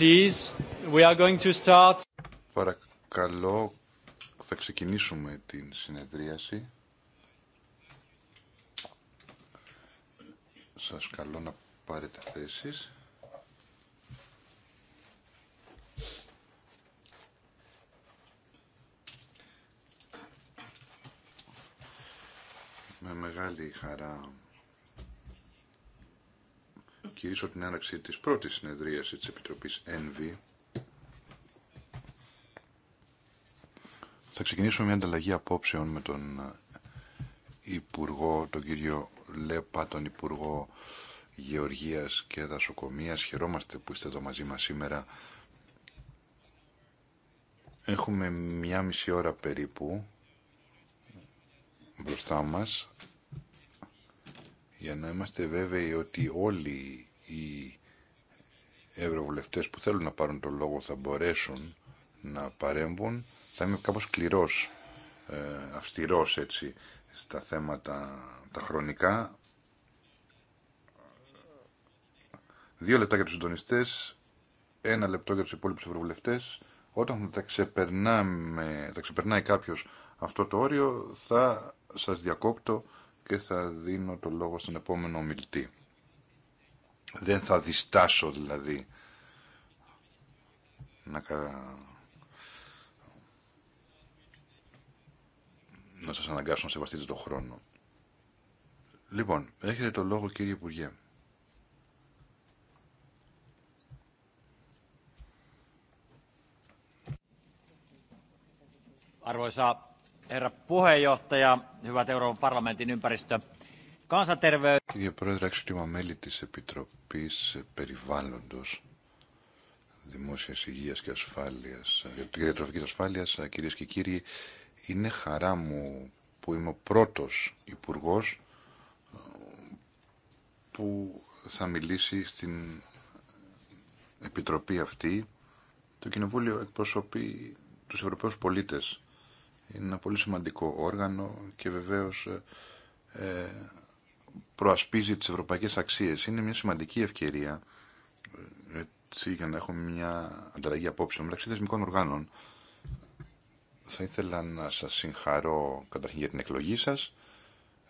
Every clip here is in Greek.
please. going to start. Παρακαλώ, θα ξεκινήσουμε την συνεδρίαση. Σας καλώ να πάρετε θέσεις. Με μεγάλη χαρά Κυρίσω την άναξη της πρώτης συνεδρίασης της Επιτροπής ΕΝΒΗ. Θα ξεκινήσουμε μια ανταλλαγή απόψεων με τον ε, Υπουργό, τον κύριο Λέπα, τον Υπουργό Γεωργίας και Δασοκομείας. Χαιρόμαστε που είστε εδώ μαζί μας σήμερα. Έχουμε μια μισή ώρα περίπου μπροστά μας για να είμαστε βέβαιοι ότι όλοι οι ευρωβουλευτές που θέλουν να πάρουν το λόγο θα μπορέσουν να παρέμβουν. Θα είμαι κάπως σκληρός, ε, αυστηρός έτσι, στα θέματα τα χρονικά. Δύο λεπτά για τους συντονιστές, ένα λεπτό για τους υπόλοιπους ευρωβουλευτές. Όταν θα, ξεπερνάμε, θα ξεπερνάει κάποιος αυτό το όριο, θα σας διακόπτω και θα δίνω το λόγο στον επόμενο ομιλητή. Δεν θα διστάσω δηλαδή να, να σας αναγκάσω να σεβαστείτε τον χρόνο. Λοιπόν, έχετε το λόγο κύριε Υπουργέ. Arvoisa herra puheenjohtaja, hyvät Euroopan parlamentin ympäristö- Κύριε Πρόεδρε, αξιότιμα μέλη της Επιτροπής Περιβάλλοντος Δημόσιας Υγείας και Ασφάλειας, Διατροφικής Ασφάλειας, κυρίες και κύριοι, είναι χαρά μου που είμαι ο πρώτος υπουργός που θα μιλήσει στην Επιτροπή αυτή. Το Κοινοβούλιο εκπροσωπεί τους Ευρωπαίους πολίτες. Είναι ένα πολύ σημαντικό όργανο και βεβαίως ε, προασπίζει τις ευρωπαϊκές αξίες. Είναι μια σημαντική ευκαιρία ε, έτσι, για να έχουμε μια ανταλλαγή απόψεων μεταξύ θεσμικών οργάνων. Θα ήθελα να σας συγχαρώ καταρχήν για την εκλογή σας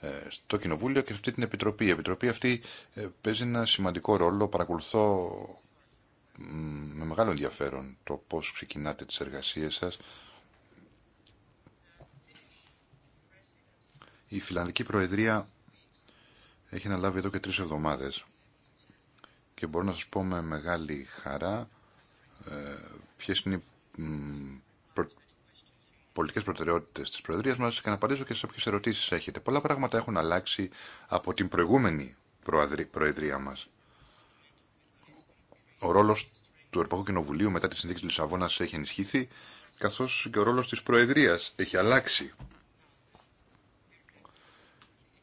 ε, στο Κοινοβούλιο και αυτή την Επιτροπή. Η Επιτροπή αυτή ε, παίζει ένα σημαντικό ρόλο. Παρακολουθώ με μεγάλο ενδιαφέρον το πώς ξεκινάτε τις εργασίες σας. Η Φιλανδική Προεδρία έχει αναλάβει εδώ και τρεις εβδομάδες και μπορώ να σας πω με μεγάλη χαρά ε, ποιες είναι οι προ... πολιτικές προτεραιότητες της Προεδρίας μας και να απαντήσω και σε όποιες ερωτήσεις έχετε. Πολλά πράγματα έχουν αλλάξει από την προηγούμενη Προεδρία μας. Ο ρόλος του Ευρωπαϊκού Κοινοβουλίου μετά τη συνδίκη της Λισαβόνας έχει ενισχύθει καθώς και ο ρόλος της Προεδρίας έχει αλλάξει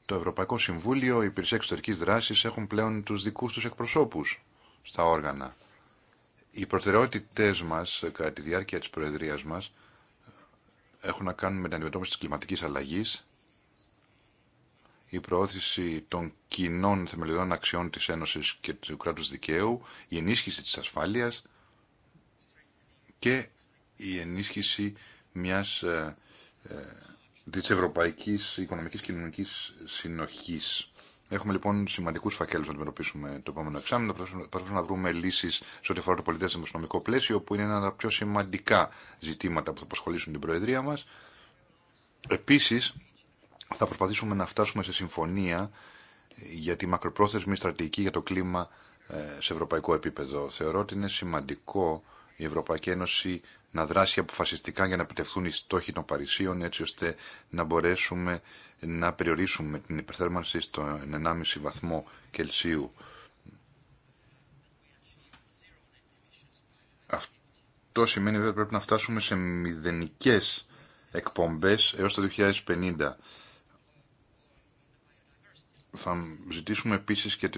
το Ευρωπαϊκό Συμβούλιο, οι υπηρεσίε Εξωτερική Δράση έχουν πλέον του δικού του εκπροσώπου στα όργανα. Οι προτεραιότητέ μα κατά τη διάρκεια τη Προεδρία μα έχουν να κάνουν με την αντιμετώπιση τη κλιματική αλλαγή, η προώθηση των κοινών θεμελιωδών αξιών τη Ένωση και του κράτου δικαίου, η ενίσχυση τη ασφάλεια και η ενίσχυση μιας ε, ε, της Ευρωπαϊκής Οικονομικής Κοινωνικής Συνοχής. Έχουμε λοιπόν σημαντικού φακέλου να αντιμετωπίσουμε το επόμενο εξάμεινο. Προσπαθούμε να βρούμε λύσει σε ό,τι αφορά το στο νομικό πλαίσιο, που είναι ένα από τα πιο σημαντικά ζητήματα που θα απασχολήσουν την Προεδρία μα. Επίση, θα προσπαθήσουμε να φτάσουμε σε συμφωνία για τη μακροπρόθεσμη στρατηγική για το κλίμα ε, σε ευρωπαϊκό επίπεδο. Θεωρώ ότι είναι σημαντικό η Ευρωπαϊκή Ένωση να δράσει αποφασιστικά για να επιτευχθούν οι στόχοι των Παρισίων έτσι ώστε να μπορέσουμε να περιορίσουμε την υπερθέρμανση στον 1,5 βαθμό Κελσίου. Αυτό σημαίνει ότι πρέπει να φτάσουμε σε μηδενικές εκπομπές έως το 2050. Θα ζητήσουμε επίσης και,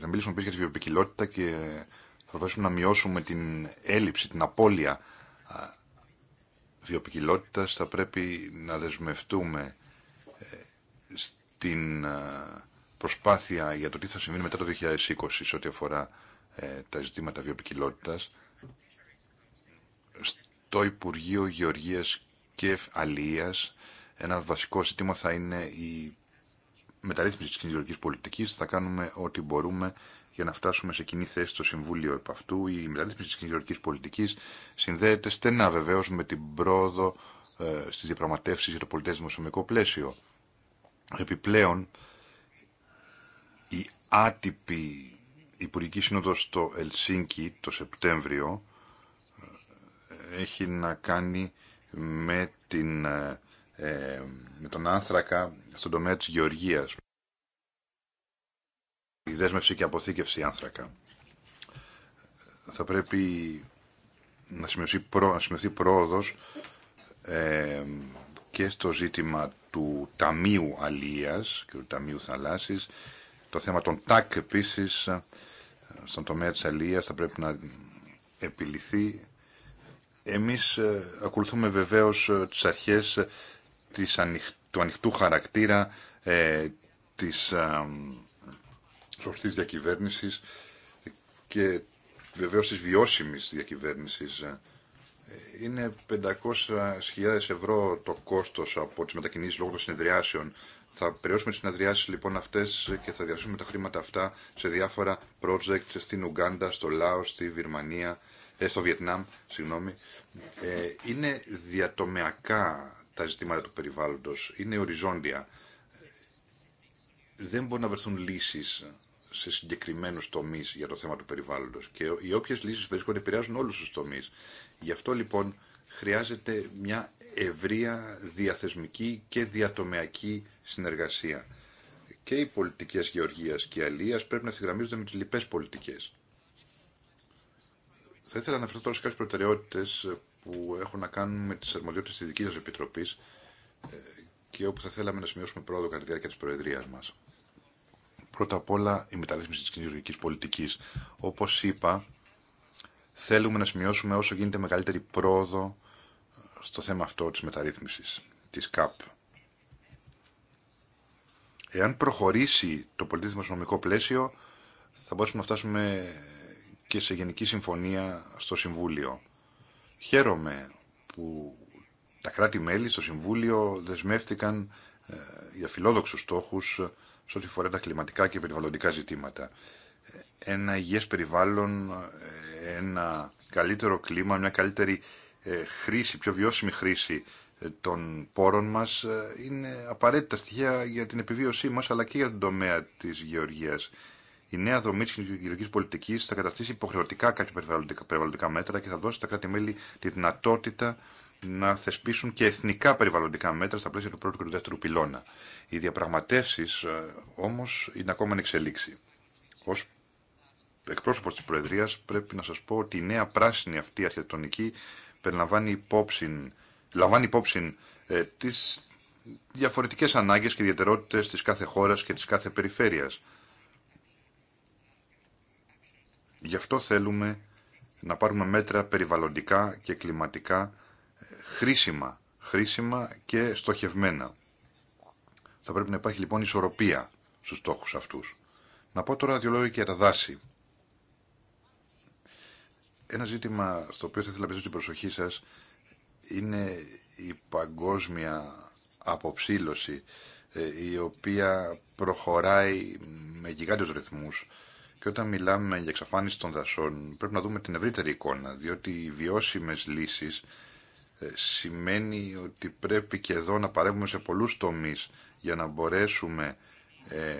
να μιλήσουμε επίσης για τη βιοπικιλότητα και προσπαθήσουμε να μειώσουμε την έλλειψη, την απώλεια βιοποικιλότητας. θα πρέπει να δεσμευτούμε ε, στην προσπάθεια για το τι θα συμβεί μετά το 2020 σε ό,τι αφορά ε, τα ζητήματα βιοπικιλότητας στο Υπουργείο Γεωργίας και Αλίας ένα βασικό ζήτημα θα είναι η μεταρρύθμιση της κοινωνικής πολιτικής θα κάνουμε ό,τι μπορούμε για να φτάσουμε σε κοινή θέση στο Συμβούλιο επ' αυτού. Η μεταρρύθμιση τη κοινωνική πολιτική συνδέεται στενά βεβαίω με την πρόοδο ε, στι διαπραγματεύσει για το πολιτέ δημοσιονομικό πλαίσιο. Επιπλέον, η άτυπη Υπουργική Σύνοδο στο Ελσίνκι το Σεπτέμβριο ε, έχει να κάνει με, την, ε, ε, με τον άνθρακα στον τομέα της γεωργίας η δέσμευση και αποθήκευση άνθρακα. Θα πρέπει να σημειωθεί, προ, να σημειωθεί πρόοδος και στο ζήτημα του Ταμείου Αλίας και του Ταμείου Θαλάσσης. Το θέμα των ΤΑΚ επίσης στον τομέα της Αλίας θα πρέπει να επιληθεί. Εμείς ε, ακολουθούμε βεβαίως ε, τις αρχές της του ανοιχτού χαρακτήρα ε, της, ε, σωστής διακυβέρνησης και βεβαίως της βιώσιμης διακυβέρνησης. Ε, είναι 500.000 ευρώ το κόστος από τις μετακινήσεις λόγω των συνεδριάσεων. Θα περιώσουμε τις συνεδριάσεις λοιπόν αυτές και θα διασώσουμε τα χρήματα αυτά σε διάφορα project στην Ουγκάντα, στο Λάο, στη Βιρμανία, ε, στο Βιετνάμ, συγγνώμη. Ε, είναι διατομεακά τα ζητήματα του περιβάλλοντος, είναι οριζόντια. Δεν μπορούν να βρεθούν λύσεις σε συγκεκριμένου τομεί για το θέμα του περιβάλλοντο. Και οι όποιε λύσει βρίσκονται επηρεάζουν όλου του τομεί. Γι' αυτό λοιπόν χρειάζεται μια ευρεία διαθεσμική και διατομεακή συνεργασία. Και οι πολιτικέ γεωργία και αλλία πρέπει να ευθυγραμμίζονται με τι λοιπέ πολιτικέ. Θα ήθελα να αναφερθώ τώρα σε κάποιε προτεραιότητε που έχουν να κάνουν με τι αρμοδιότητε τη δική σα επιτροπή ε, και όπου θα θέλαμε να σημειώσουμε πρόοδο κατά τη διάρκεια τη Προεδρία μα. Πρώτα απ' όλα η μεταρρύθμιση της κοινωνικής πολιτικής. Όπως είπα, θέλουμε να σημειώσουμε όσο γίνεται μεγαλύτερη πρόοδο στο θέμα αυτό της μεταρρύθμισης, της ΚΑΠ. Εάν προχωρήσει το πολιτισμο νομικό πλαίσιο, θα μπορέσουμε να φτάσουμε και σε γενική συμφωνία στο Συμβούλιο. Χαίρομαι που τα κράτη-μέλη στο Συμβούλιο δεσμεύτηκαν ε, για φιλόδοξους στόχους σε ό,τι φορά τα κλιματικά και περιβαλλοντικά ζητήματα. Ένα υγιές περιβάλλον, ένα καλύτερο κλίμα, μια καλύτερη ε, χρήση, πιο βιώσιμη χρήση ε, των πόρων μας ε, είναι απαραίτητα στοιχεία για την επιβίωσή μας αλλά και για τον τομέα της γεωργίας. Η νέα δομή τη γεωργική πολιτική θα καταστήσει υποχρεωτικά κάποια περιβαλλοντικά μέτρα και θα δώσει στα κράτη-μέλη τη δυνατότητα να θεσπίσουν και εθνικά περιβαλλοντικά μέτρα στα πλαίσια του πρώτου και του δεύτερου πυλώνα. Οι διαπραγματεύσει ε, όμω είναι ακόμα εν εξελίξη. Ω εκπρόσωπο τη Προεδρία πρέπει να σα πω ότι η νέα πράσινη αυτή αρχιτεκτονική περιλαμβάνει υπόψη, λαμβάνει υπόψη ε, τι διαφορετικέ ανάγκε και ιδιαιτερότητε τη κάθε χώρα και τη κάθε περιφέρεια. Γι' αυτό θέλουμε να πάρουμε μέτρα περιβαλλοντικά και κλιματικά χρήσιμα, χρήσιμα και στοχευμένα. Θα πρέπει να υπάρχει λοιπόν ισορροπία στους στόχους αυτούς. Να πω τώρα δύο λόγια για τα δάση. Ένα ζήτημα στο οποίο θα ήθελα να την προσοχή σας είναι η παγκόσμια αποψήλωση ε, η οποία προχωράει με γιγάντιους ρυθμούς και όταν μιλάμε για εξαφάνιση των δασών πρέπει να δούμε την ευρύτερη εικόνα διότι οι βιώσιμες λύσεις ε, σημαίνει ότι πρέπει και εδώ να παρεύουμε σε πολλούς τομείς για να μπορέσουμε ε,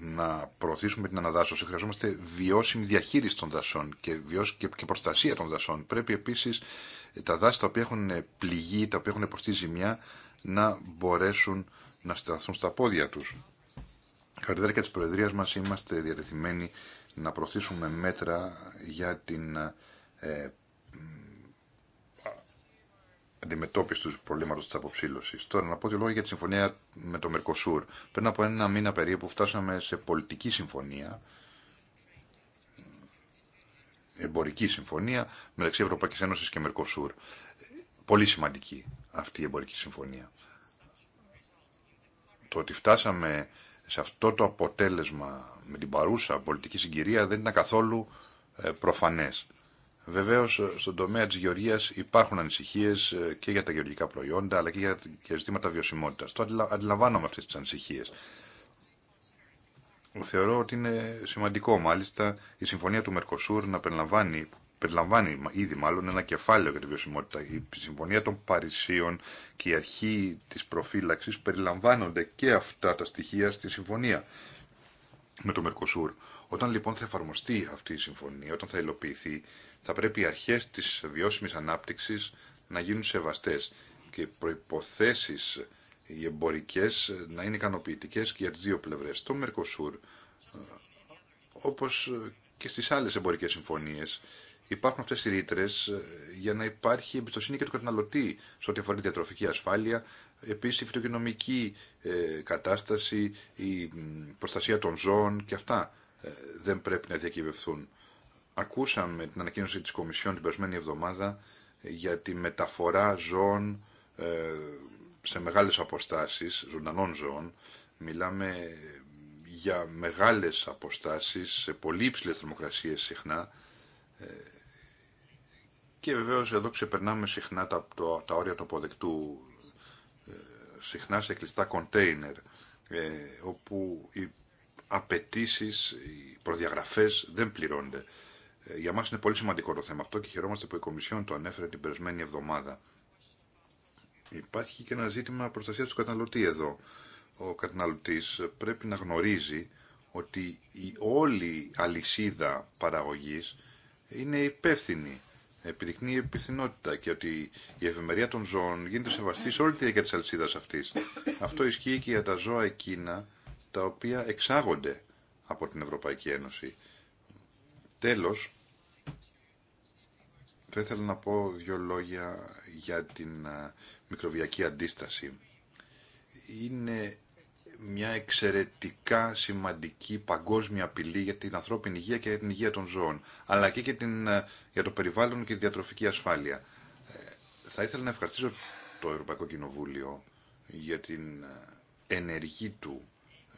να προωθήσουμε την αναδάσωση. Χρειαζόμαστε βιώσιμη διαχείριση των δασών και, και προστασία των δασών. Πρέπει επίσης ε, τα δάση τα οποία έχουν ε, πληγεί, τα οποία έχουν υποστεί ζημιά, να μπορέσουν να σταθούν στα πόδια τους. Κατά τη της Προεδρίας μας είμαστε διατεθειμένοι να προωθήσουμε μέτρα για την αντιμετώπιση του προβλήματο τη αποψήλωση. Τώρα, να πω τη λόγια για τη συμφωνία με το Μερκοσούρ. Πριν από ένα μήνα περίπου φτάσαμε σε πολιτική συμφωνία, εμπορική συμφωνία μεταξύ Ευρωπαϊκή Ένωση και Μερκοσούρ. Πολύ σημαντική αυτή η εμπορική συμφωνία. Το ότι φτάσαμε σε αυτό το αποτέλεσμα με την παρούσα πολιτική συγκυρία δεν ήταν καθόλου ε, προφανές. Βεβαίω στον τομέα τη γεωργία υπάρχουν ανησυχίε ε, και για τα γεωργικά προϊόντα αλλά και για ζητήματα βιωσιμότητα. Το αντιλαμβάνομαι αυτέ τι ανησυχίε. Θεωρώ ότι είναι σημαντικό μάλιστα η συμφωνία του Μερκοσούρ να περιλαμβάνει, περιλαμβάνει ήδη μάλλον ένα κεφάλαιο για τη βιωσιμότητα. Η συμφωνία των Παρισίων και η αρχή τη προφύλαξη περιλαμβάνονται και αυτά τα στοιχεία στη συμφωνία με το Μερκοσούρ. Όταν λοιπόν θα εφαρμοστεί αυτή η συμφωνία, όταν θα υλοποιηθεί, θα πρέπει οι αρχές της βιώσιμης ανάπτυξης να γίνουν σεβαστές και οι προϋποθέσεις οι εμπορικές να είναι ικανοποιητικές και για τις δύο πλευρές. Το Μερκοσούρ, ε, όπως και στις άλλες εμπορικές συμφωνίες, υπάρχουν αυτές οι ρήτρε ε, για να υπάρχει εμπιστοσύνη και του καταναλωτή σε ό,τι αφορά τη διατροφική ασφάλεια, επίσης η φυτοκοινωνική ε, κατάσταση, η προστασία των ζώων και αυτά δεν πρέπει να διακυβευθούν. Ακούσαμε την ανακοίνωση της Κομισιόν την περασμένη εβδομάδα για τη μεταφορά ζώων ε, σε μεγάλες αποστάσεις, ζωντανών ζώων. Μιλάμε για μεγάλες αποστάσεις, σε πολύ υψηλές θερμοκρασίες συχνά. Ε, και βεβαίως εδώ ξεπερνάμε συχνά τα, τα όρια του αποδεκτού, ε, συχνά σε κλειστά κοντέινερ, όπου οι απαιτήσει, οι προδιαγραφές δεν πληρώνται. Ε, για μας είναι πολύ σημαντικό το θέμα αυτό και χαιρόμαστε που η Κομισιόν το ανέφερε την περασμένη εβδομάδα. Υπάρχει και ένα ζήτημα προστασίας του καταναλωτή εδώ. Ο καταναλωτής πρέπει να γνωρίζει ότι η όλη αλυσίδα παραγωγής είναι υπεύθυνη, επιδεικνύει επιθυνότητα και ότι η ευημερία των ζώων γίνεται σεβαστή σε όλη τη διάρκεια της αλυσίδας αυτής. Αυτό ισχύει και για τα ζώα εκείνα τα οποία εξάγονται από την Ευρωπαϊκή Ένωση. Τέλος, θα ήθελα να πω δύο λόγια για την μικροβιακή αντίσταση. Είναι μια εξαιρετικά σημαντική παγκόσμια απειλή για την ανθρώπινη υγεία και για την υγεία των ζώων, αλλά και για, την, για το περιβάλλον και τη διατροφική ασφάλεια. Ε, θα ήθελα να ευχαριστήσω το Ευρωπαϊκό Κοινοβούλιο για την ενεργή του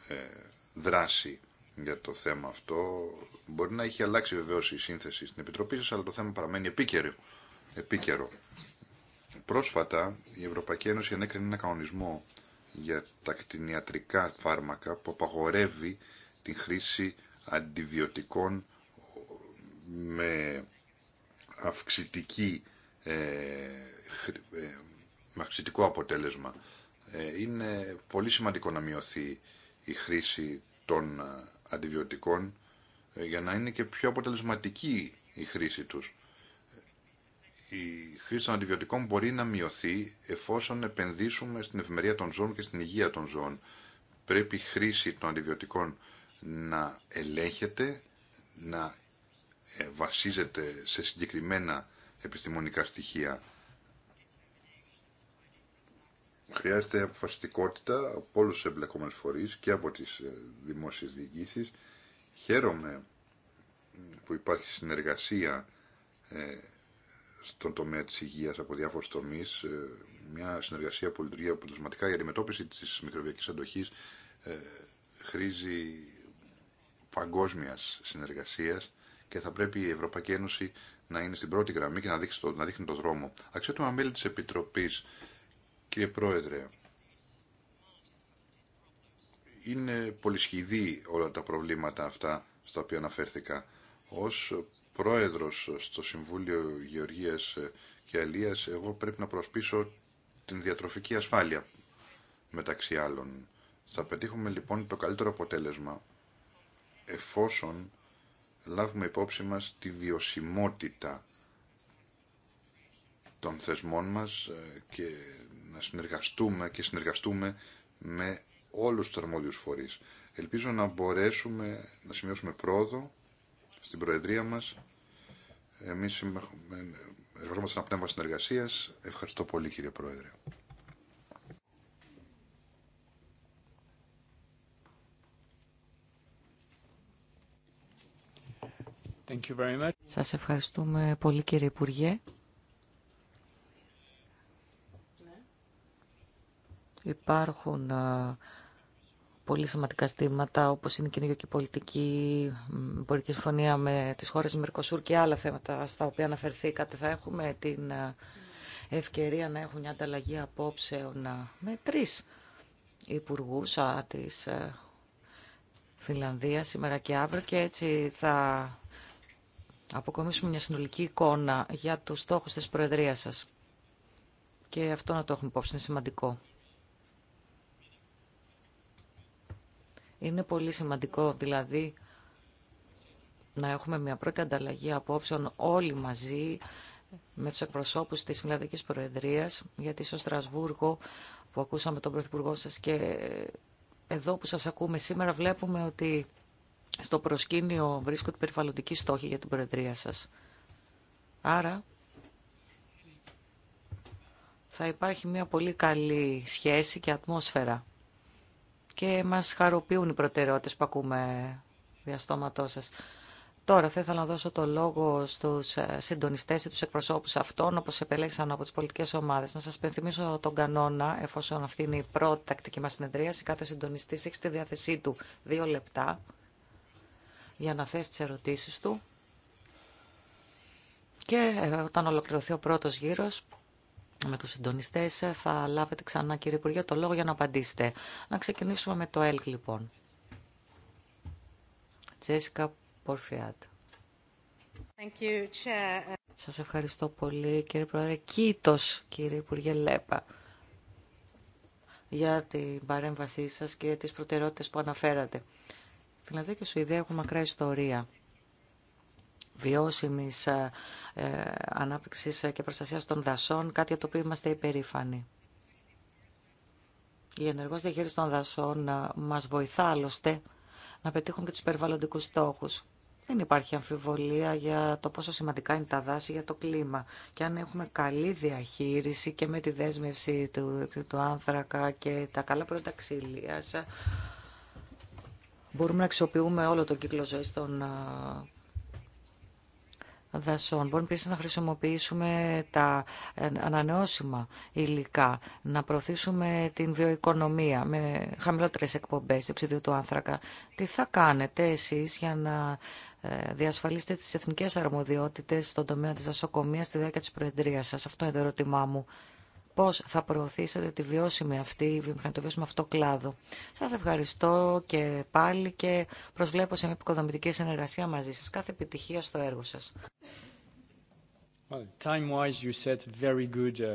ε, δράση για το θέμα αυτό. Μπορεί να έχει αλλάξει βεβαίω η σύνθεση στην Επιτροπή σας, αλλά το θέμα παραμένει επίκαιρο. επίκαιρο. Πρόσφατα η Ευρωπαϊκή Ένωση ανέκρινε ένα κανονισμό για τα κτηνιατρικά φάρμακα που απαγορεύει την χρήση αντιβιωτικών με αυξητική ε, ε με αυξητικό αποτέλεσμα. Ε, είναι πολύ σημαντικό να μειωθεί η χρήση των αντιβιωτικών ε, για να είναι και πιο αποτελεσματική η χρήση τους. Η χρήση των αντιβιωτικών μπορεί να μειωθεί εφόσον επενδύσουμε στην ευημερία των ζώων και στην υγεία των ζώων. Πρέπει η χρήση των αντιβιωτικών να ελέγχεται, να ε, βασίζεται σε συγκεκριμένα επιστημονικά στοιχεία. Χρειάζεται αποφασιστικότητα από όλου του εμπλεκόμενου φορεί και από τι ε, δημόσιε διοικήσει. Χαίρομαι που υπάρχει συνεργασία ε, στον τομέα της υγείας από διάφορους τομείς, ε, μια συνεργασία που λειτουργεί αποτελεσματικά. Η αντιμετώπιση της μικροβιακής αντοχής χρήζει παγκόσμιας συνεργασίας και θα πρέπει η Ευρωπαϊκή Ένωση να είναι στην πρώτη γραμμή και να, δείξει δείχνει το δρόμο. Αξιότιμα μέλη της Επιτροπής, Κύριε Πρόεδρε, είναι πολυσχηδή όλα τα προβλήματα αυτά στα οποία αναφέρθηκα. Ως πρόεδρος στο Συμβούλιο Γεωργίας και Αλίας, εγώ πρέπει να προσπίσω την διατροφική ασφάλεια μεταξύ άλλων. Θα πετύχουμε λοιπόν το καλύτερο αποτέλεσμα εφόσον λάβουμε υπόψη μας τη βιωσιμότητα των θεσμών μας και να συνεργαστούμε και συνεργαστούμε με όλους τους αρμόδιους φορείς. Ελπίζω να μπορέσουμε να σημειώσουμε πρόοδο στην Προεδρία μας. Εμείς εργαζόμαστε ένα πνεύμα συνεργασίας. Ευχαριστώ πολύ κύριε Πρόεδρε. Σας ευχαριστούμε πολύ κύριε Υπουργέ. Υπάρχουν πολύ σημαντικά στήματα όπως είναι η κοινωνική πολιτική, η πολιτική συμφωνία με τις χώρες Μερκοσούρ και άλλα θέματα στα οποία αναφερθήκατε. Θα έχουμε την ευκαιρία να έχουν μια ανταλλαγή απόψεων με τρεις υπουργούς της Φιλανδία σήμερα και αύριο και έτσι θα αποκομίσουμε μια συνολική εικόνα για τους στόχους της Προεδρίας σας. Και αυτό να το έχουμε υπόψη, είναι σημαντικό. Είναι πολύ σημαντικό δηλαδή να έχουμε μια πρώτη ανταλλαγή απόψεων όλοι μαζί με τους εκπροσώπους της Φιλανδικής Προεδρίας, γιατί στο Στρασβούργο που ακούσαμε τον Πρωθυπουργό σας και εδώ που σας ακούμε σήμερα βλέπουμε ότι στο προσκήνιο βρίσκονται περιβαλλοντικοί στόχοι για την Προεδρία σας. Άρα θα υπάρχει μια πολύ καλή σχέση και ατμόσφαιρα και μας χαροποιούν οι προτεραιότητες που ακούμε διαστόματό σας. Τώρα θα ήθελα να δώσω το λόγο στους ε, συντονιστές ή τους εκπροσώπους αυτών, όπως επελέξαν από τις πολιτικές ομάδες. Να σας πενθυμίσω τον κανόνα, εφόσον αυτή είναι η πρώτη τακτική μας συνεδρίαση, κάθε συντονιστής έχει στη διάθεσή του δύο λεπτά για να θέσει τις ερωτήσεις του. Και ε, όταν ολοκληρωθεί ο πρώτος γύρος, με τους συντονιστές. Θα λάβετε ξανά κύριε Υπουργέ το λόγο για να απαντήσετε. Να ξεκινήσουμε με το ΕΛΚ λοιπόν. Τζέσικα Πορφιάτ. Σας ευχαριστώ πολύ κύριε Πρόεδρε. Κίτος κύριε Υπουργέ Λέπα για την παρέμβασή σας και τις προτεραιότητες που αναφέρατε. Φιλανδία και Σουηδία έχουν μακρά ιστορία βιώσιμης ε, ε, ανάπτυξης και προστασίας των δασών, κάτι για το οποίο είμαστε υπερήφανοι. Η ενεργός διαχείριση των δασών ε, μας βοηθά άλλωστε να πετύχουν και τους περιβαλλοντικούς στόχους. Δεν υπάρχει αμφιβολία για το πόσο σημαντικά είναι τα δάση για το κλίμα. Και αν έχουμε καλή διαχείριση και με τη δέσμευση του, του άνθρακα και τα καλά πρώτα ξύλια, μπορούμε να αξιοποιούμε όλο τον κύκλο ζωής των δασών. Μπορούμε να χρησιμοποιήσουμε τα ε, ανανεώσιμα υλικά, να προωθήσουμε την βιοοικονομία με χαμηλότερες εκπομπές οξυδιού του άνθρακα. Τι θα κάνετε εσείς για να ε, διασφαλίσετε τις εθνικές αρμοδιότητες στον τομέα της δασοκομείας στη διάρκεια της Προεδρίας σας. Αυτό είναι το ερώτημά μου πώς θα προωθήσετε τη βιώσιμη αυτή, η το βιώσιμο αυτό κλάδο. Σας ευχαριστώ και πάλι και προσβλέπω σε μια επικοδομητική συνεργασία μαζί σας. Κάθε επιτυχία στο έργο σας. Προεδρο. Uh,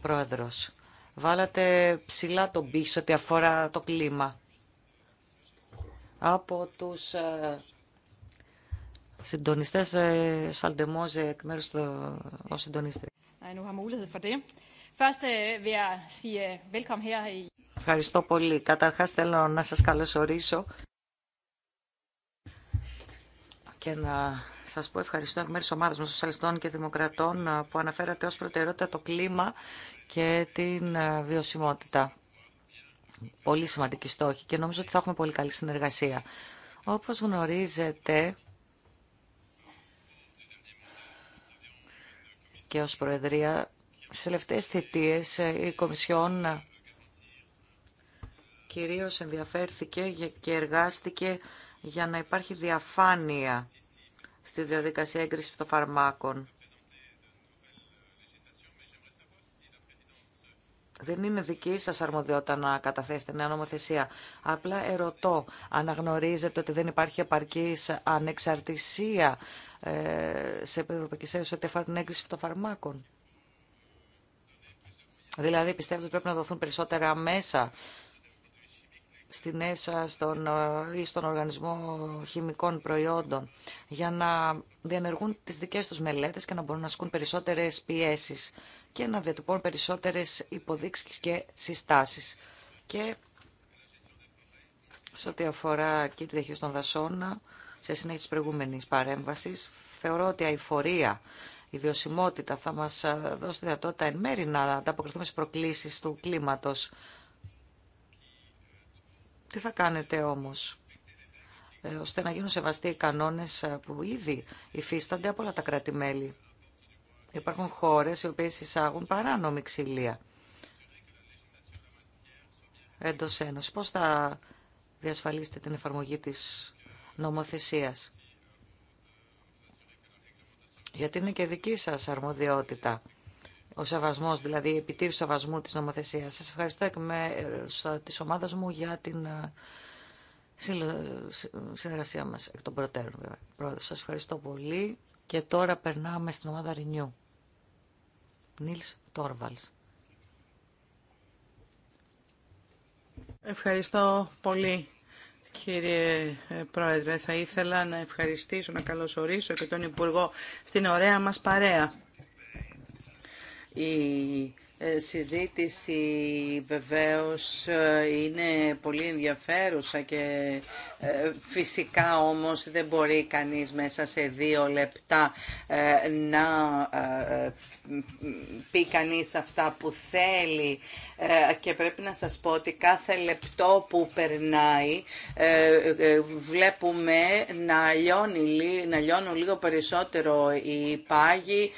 Πρόεδρος, βάλατε ψηλά τον πίσω ότι αφορά το κλίμα. Από τους ε, συντονιστές ε, Σαλντεμόζε εκ μέρους των συντονιστών. Ευχαριστώ πολύ. Καταρχάς θέλω να σας καλωσορίσω και να σας πω ευχαριστώ εκ μέρους ομάδας μας Σοσιαλιστών και Δημοκρατών ε, που αναφέρατε ως προτεραιότητα το κλίμα και την ε, βιωσιμότητα. Πολύ σημαντική στόχη και νομίζω ότι θα έχουμε πολύ καλή συνεργασία. Όπως γνωρίζετε, και ως Προεδρία στις τελευταίες θητείες ε, η Κομισιόν ε, κυρίως ενδιαφέρθηκε και εργάστηκε για να υπάρχει διαφάνεια στη διαδικασία έγκρισης των φαρμάκων. Δεν είναι δική σα αρμοδιότητα να καταθέσετε νέα νομοθεσία. Απλά ερωτώ, αναγνωρίζετε ότι δεν υπάρχει επαρκή ανεξαρτησία ε, σε Ευρωπαϊκή Ένωση ότι αφορά την έγκριση φυτοφαρμάκων. Δηλαδή πιστεύετε ότι πρέπει να δοθούν περισσότερα μέσα στην ΕΣΑ στον, ε, ή στον Οργανισμό Χημικών Προϊόντων για να διενεργούν τις δικές τους μελέτες και να μπορούν να ασκούν περισσότερες πιέσεις και να διατυπώνουν περισσότερες υποδείξεις και συστάσεις. Και σε ό,τι αφορά και τη διαχείριση των δασών, σε συνέχεια της προηγούμενης παρέμβασης, θεωρώ ότι η αηφορία, η βιωσιμότητα θα μας δώσει τη δυνατότητα εν μέρη να ανταποκριθούμε στις προκλήσεις του κλίματος. Τι θα κάνετε όμως ε, ώστε να γίνουν σεβαστοί οι κανόνες που ήδη υφίστανται από όλα τα κράτη-μέλη. Υπάρχουν χώρες οι οποίες εισάγουν παράνομη ξυλία εντός Ένωσης. Πώς θα διασφαλίσετε την εφαρμογή της νομοθεσίας. Γιατί είναι και δική σας αρμοδιότητα ο σεβασμό, δηλαδή η επιτήρηση του σεβασμού της νομοθεσίας. Σας ευχαριστώ εκ μέρους της ομάδας μου για την ε, συνεργασία μας εκ των προτέρων. Σα Σας ευχαριστώ πολύ και τώρα περνάμε στην ομάδα Renew. Νίλς Τόρβαλς. Ευχαριστώ πολύ. Κύριε ε, Πρόεδρε, θα ήθελα να ευχαριστήσω, να καλωσορίσω και τον Υπουργό στην ωραία μας παρέα. Η ε, συζήτηση βεβαίως ε, είναι πολύ ενδιαφέρουσα και φυσικά όμως δεν μπορεί κανείς μέσα σε δύο λεπτά να πει κανείς αυτά που θέλει ε, και πρέπει να σας πω ότι κάθε λεπτό που περνάει ε, ε, βλέπουμε να, λιώνει, να λιώνουν λίγο περισσότερο οι πάγοι,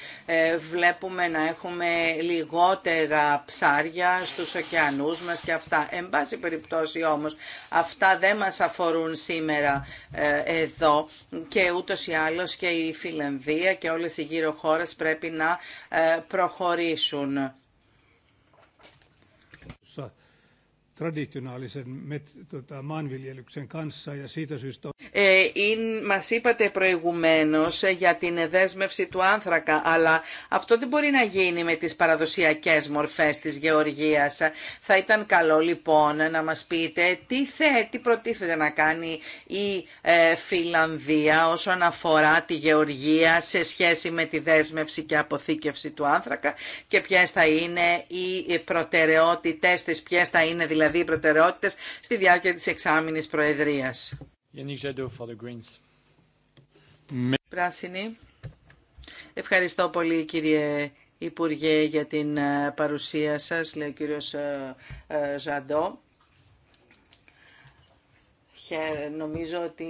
βλέπουμε να έχουμε λιγότερα ψάρια στους ωκεανούς μας και αυτά. Εν πάση περιπτώσει όμως αυτά δεν μας αφορούν σήμερα εδώ και ούτως ή άλλως και η Φιλανδία και όλες οι γύρω χώρες πρέπει να ε, προχωρήσουν. Tota, ε, Μα είπατε προηγουμένω ε, για την δέσμευση του άνθρακα, αλλά αυτό δεν μπορεί να γίνει με τις παραδοσιακές μορφέ της γεωργίας. Θα ήταν καλό λοιπόν να μας πείτε τι, θε, τι προτίθεται να κάνει η ε, Φιλανδία όσον αφορά τη γεωργία σε σχέση με τη δέσμευση και αποθήκευση του άνθρακα και ποιε θα είναι οι προτεραιότητε τη θα είναι δηλαδή δηλαδή οι προτεραιότητες στη διάρκεια της εξάμηνης προεδρίας. Πράσινη. Ευχαριστώ πολύ κύριε Υπουργέ για την ε, παρουσία σας, λέει ο κύριος Ζαντό. Ε, ε, νομίζω ότι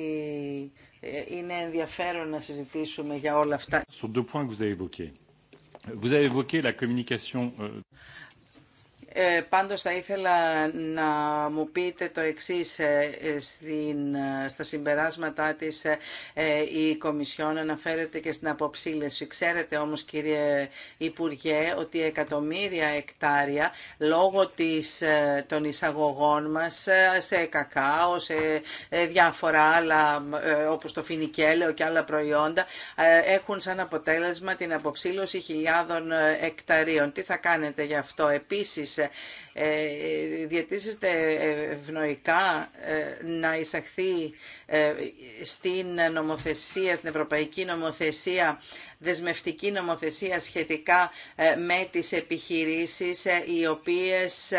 είναι ενδιαφέρον να συζητήσουμε για όλα αυτά. Ε, πάντως θα ήθελα να μου πείτε το εξής ε, ε, στην, ε, στα συμπεράσματα της η Κομισιόν αναφέρεται και στην αποψήλεση. Ξέρετε όμως κύριε Υπουργέ ότι εκατομμύρια εκτάρια λόγω της, των εισαγωγών μας σε κακάο, σε διάφορα άλλα όπως το φινικέλαιο και άλλα προϊόντα έχουν σαν αποτέλεσμα την αποψήλωση χιλιάδων εκταρίων. Τι θα κάνετε γι' αυτό επίσης ε, διατίθεστε ευνοϊκά ε, να εισαχθεί ε, στην νομοθεσία, στην ευρωπαϊκή νομοθεσία, δεσμευτική νομοθεσία σχετικά με τις επιχειρήσεις οι οποίες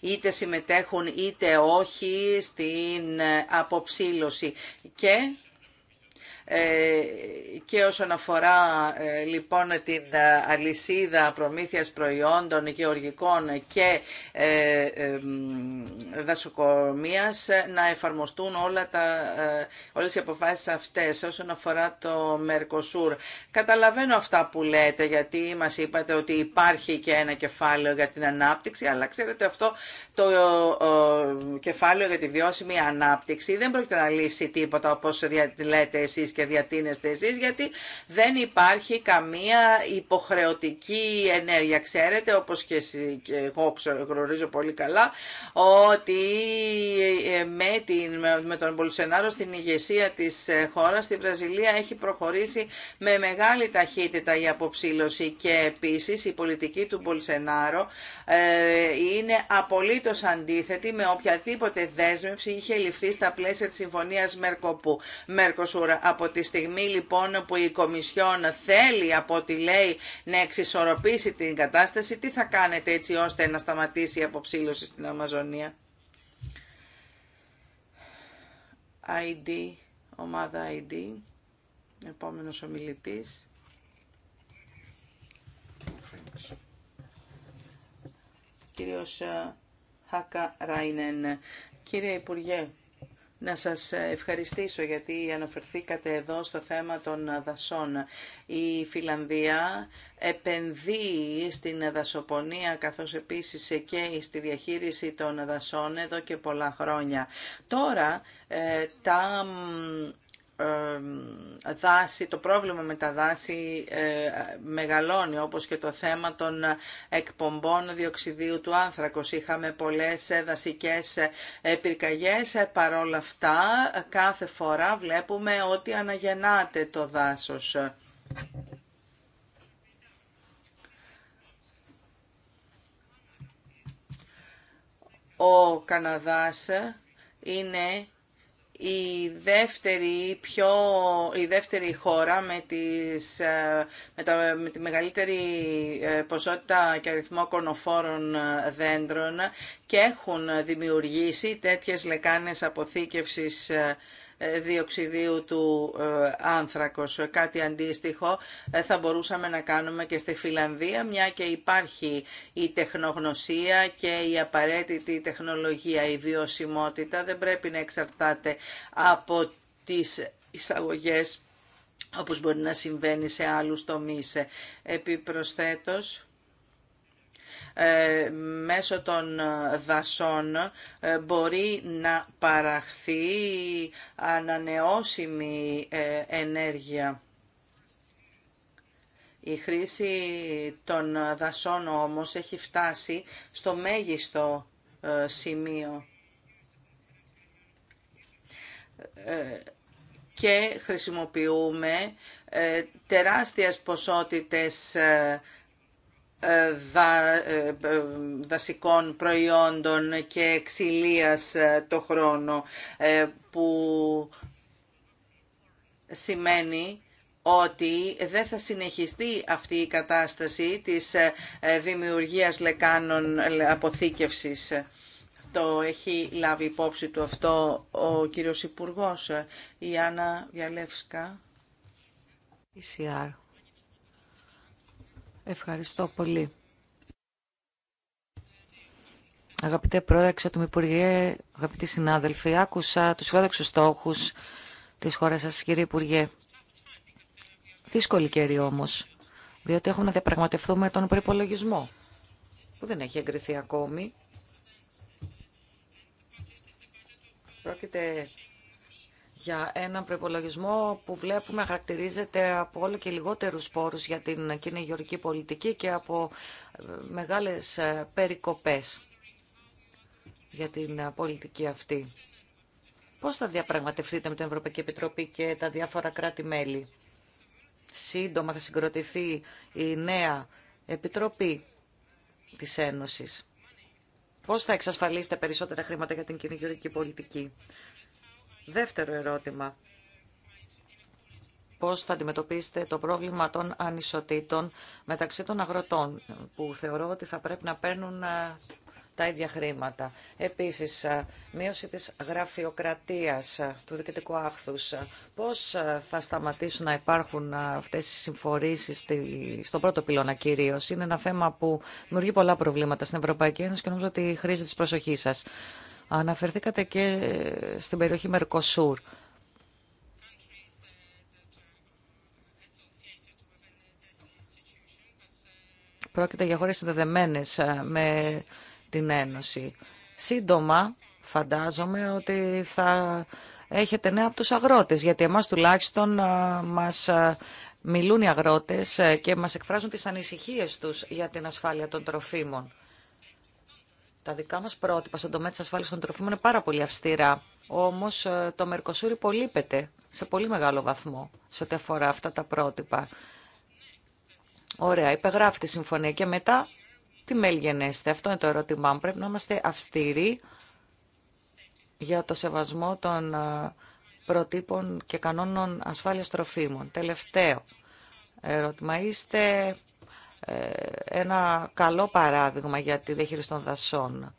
είτε συμμετέχουν είτε όχι στην αποψήλωση και ε, και όσον αφορά ε, λοιπόν την ε, αλυσίδα προμήθειας προϊόντων γεωργικών και δασοκομείας να εφαρμοστούν όλα τα, όλες οι αποφάσεις αυτές όσον αφορά το Mercosur. Καταλαβαίνω αυτά που λέτε γιατί μας είπατε ότι υπάρχει και ένα κεφάλαιο για την ανάπτυξη αλλά ξέρετε αυτό το κεφάλαιο για τη βιώσιμη ανάπτυξη δεν πρόκειται να λύσει τίποτα όπως λέτε εσείς και διατείνεστε εσείς, γιατί δεν υπάρχει καμία υποχρεωτική ενέργεια. Ξέρετε, όπως και, εγώ γνωρίζω πολύ καλά, ότι ε, με, την, με τον Μπολσενάρο στην ηγεσία της ε, χώρας, στη Βραζιλία έχει προχωρήσει με μεγάλη ταχύτητα η αποψήλωση και επίσης η πολιτική του Μπολσενάρο ε, είναι απολύτως αντίθετη με οποιαδήποτε δέσμευση είχε ληφθεί στα πλαίσια της συμφωνίας Μερκοπού, Μερκοσούρα από από τη στιγμή λοιπόν που η Κομισιόν θέλει από ό,τι λέει να εξισορροπήσει την κατάσταση, τι θα κάνετε έτσι ώστε να σταματήσει η αποψήλωση στην Αμαζονία. ID, ομάδα ID, επόμενος ομιλητής. Κύριος ε, Χάκα Ράινεν. Κύριε Υπουργέ, να σας ευχαριστήσω γιατί αναφερθήκατε εδώ στο θέμα των δασών. Η Φιλανδία επενδύει στην δασοπονία καθώς επίσης και στη διαχείριση των δασών εδώ και πολλά χρόνια. Τώρα ε, τα δάση, το πρόβλημα με τα δάση ε, μεγαλώνει όπως και το θέμα των εκπομπών διοξιδίου του άνθρακος. Είχαμε πολλές δασικές πυρκαγιές, παρόλα αυτά κάθε φορά βλέπουμε ότι αναγεννάται το δάσος. Ο Καναδάς είναι η δεύτερη, πιο, η δεύτερη χώρα με, τις, ε, με, τα, με τη μεγαλύτερη ε, ποσότητα και αριθμό κονοφόρων ε, δέντρων και έχουν δημιουργήσει τέτοιες λεκάνες αποθήκευσης ε, διοξιδίου του ε, άνθρακος. Κάτι αντίστοιχο ε, θα μπορούσαμε να κάνουμε και στη Φιλανδία, μια και υπάρχει η τεχνογνωσία και η απαραίτητη τεχνολογία, η βιωσιμότητα δεν πρέπει να εξαρτάται από τις εισαγωγές όπως μπορεί να συμβαίνει σε άλλους τομείς. Επιπροσθέτως, ε, μέσω των ε, δασών ε, μπορεί να παραχθεί ανανεώσιμη ενέργεια. Η χρήση των δασών όμως έχει φτάσει στο μέγιστο σημείο και χρησιμοποιούμε τεράστιες ποσότητες ε, ε, δασικών προϊόντων και ξυλίας ε, το χρόνο που σημαίνει ότι δεν θα συνεχιστεί αυτή η κατάσταση της δημιουργίας λεκάνων αποθήκευσης. Το έχει λάβει υπόψη του αυτό ο κύριος Υπουργός, η Άννα Βιαλεύσκα. ECR. Ευχαριστώ πολύ. Αγαπητέ Πρόεδρε, Αξιότιμη Υπουργέ, αγαπητοί συνάδελφοι, άκουσα τους φιλόδοξους στόχους της χώρας σας, κύριε Υπουργέ. Δύσκολη καιρή όμως, διότι έχουμε να διαπραγματευτούμε τον προπολογισμό, που δεν έχει εγκριθεί ακόμη. Πρόκειται για έναν προπολογισμό που βλέπουμε χαρακτηρίζεται από όλο και λιγότερους πόρους για την κοινή πολιτική και από ε, μεγάλες ε, περικοπές για την ε, πολιτική αυτή. Πώς θα διαπραγματευτείτε με την Ευρωπαϊκή Επιτροπή και τα διάφορα κράτη-μέλη. Σύντομα θα συγκροτηθεί η νέα Επιτροπή της Ένωσης. Πώς θα εξασφαλίσετε περισσότερα χρήματα για την κυνηγιορική πολιτική. Δεύτερο ερώτημα. Πώς θα αντιμετωπίσετε το πρόβλημα των ανισοτήτων μεταξύ των αγροτών, που θεωρώ ότι θα πρέπει να παίρνουν ε, τα ίδια χρήματα. Επίσης, ε, μείωση της γραφειοκρατίας ε, του διοικητικού άχθους. Πώς θα σταματήσουν να υπάρχουν αυτές οι συμφορήσεις στον πρώτο πυλώνα κυρίω. Είναι ένα θέμα που δημιουργεί πολλά προβλήματα στην Ευρωπαϊκή Ένωση και νομίζω ότι χρήζει της προσοχής σας. Αναφερθήκατε και στην περιοχή Μερκοσούρ. Πρόκειται για χώρες συνδεδεμένες ε, με την Ένωση. Σύντομα, φαντάζομαι ότι θα έχετε νέα από τους αγρότες, γιατί εμάς τουλάχιστον ε, μας ε, μιλούν οι αγρότες και μας εκφράζουν τις ανησυχίες τους για την ασφάλεια των τροφίμων. Τα δικά μας πρότυπα στον τομέα της ασφάλειας των τροφίμων είναι πάρα πολύ αυστηρά. Όμως ε, το Μερκοσούρ υπολείπεται σε πολύ μεγάλο βαθμό σε ό,τι αφορά αυτά τα πρότυπα. Ωραία, υπεγράφει τη συμφωνία και μετά τι μελγενέστε. Αυτό είναι το ερώτημά μου. Πρέπει να είμαστε αυστηροί για το σεβασμό των ε, προτύπων και κανόνων ασφάλειας τροφίμων. Τελευταίο ερώτημα. Είστε ε, ένα καλό παράδειγμα για τη διαχείριση των δασών.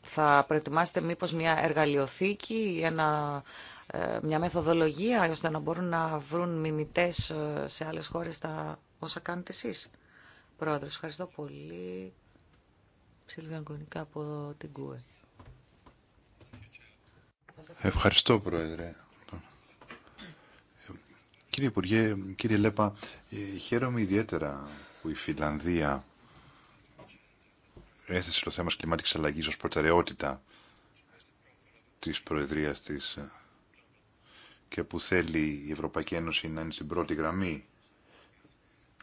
Θα προετοιμάσετε μήπως μια εργαλειοθήκη, ένα, ε, μια μεθοδολογία, ώστε να μπορούν να βρουν μιμητές ε, σε άλλες χώρες τα όσα κάνετε εσείς. Πρόεδρος, ευχαριστώ πολύ. Ψήλβια από την ΚΟΕ. Ευχαριστώ, Πρόεδρε. Κύριε Υπουργέ, κύριε Λέπα, ε, χαίρομαι ιδιαίτερα που η Φιλανδία έθεσε το θέμα της κλιματικής αλλαγής ως προτεραιότητα της Προεδρίας της και που θέλει η Ευρωπαϊκή Ένωση να είναι στην πρώτη γραμμή.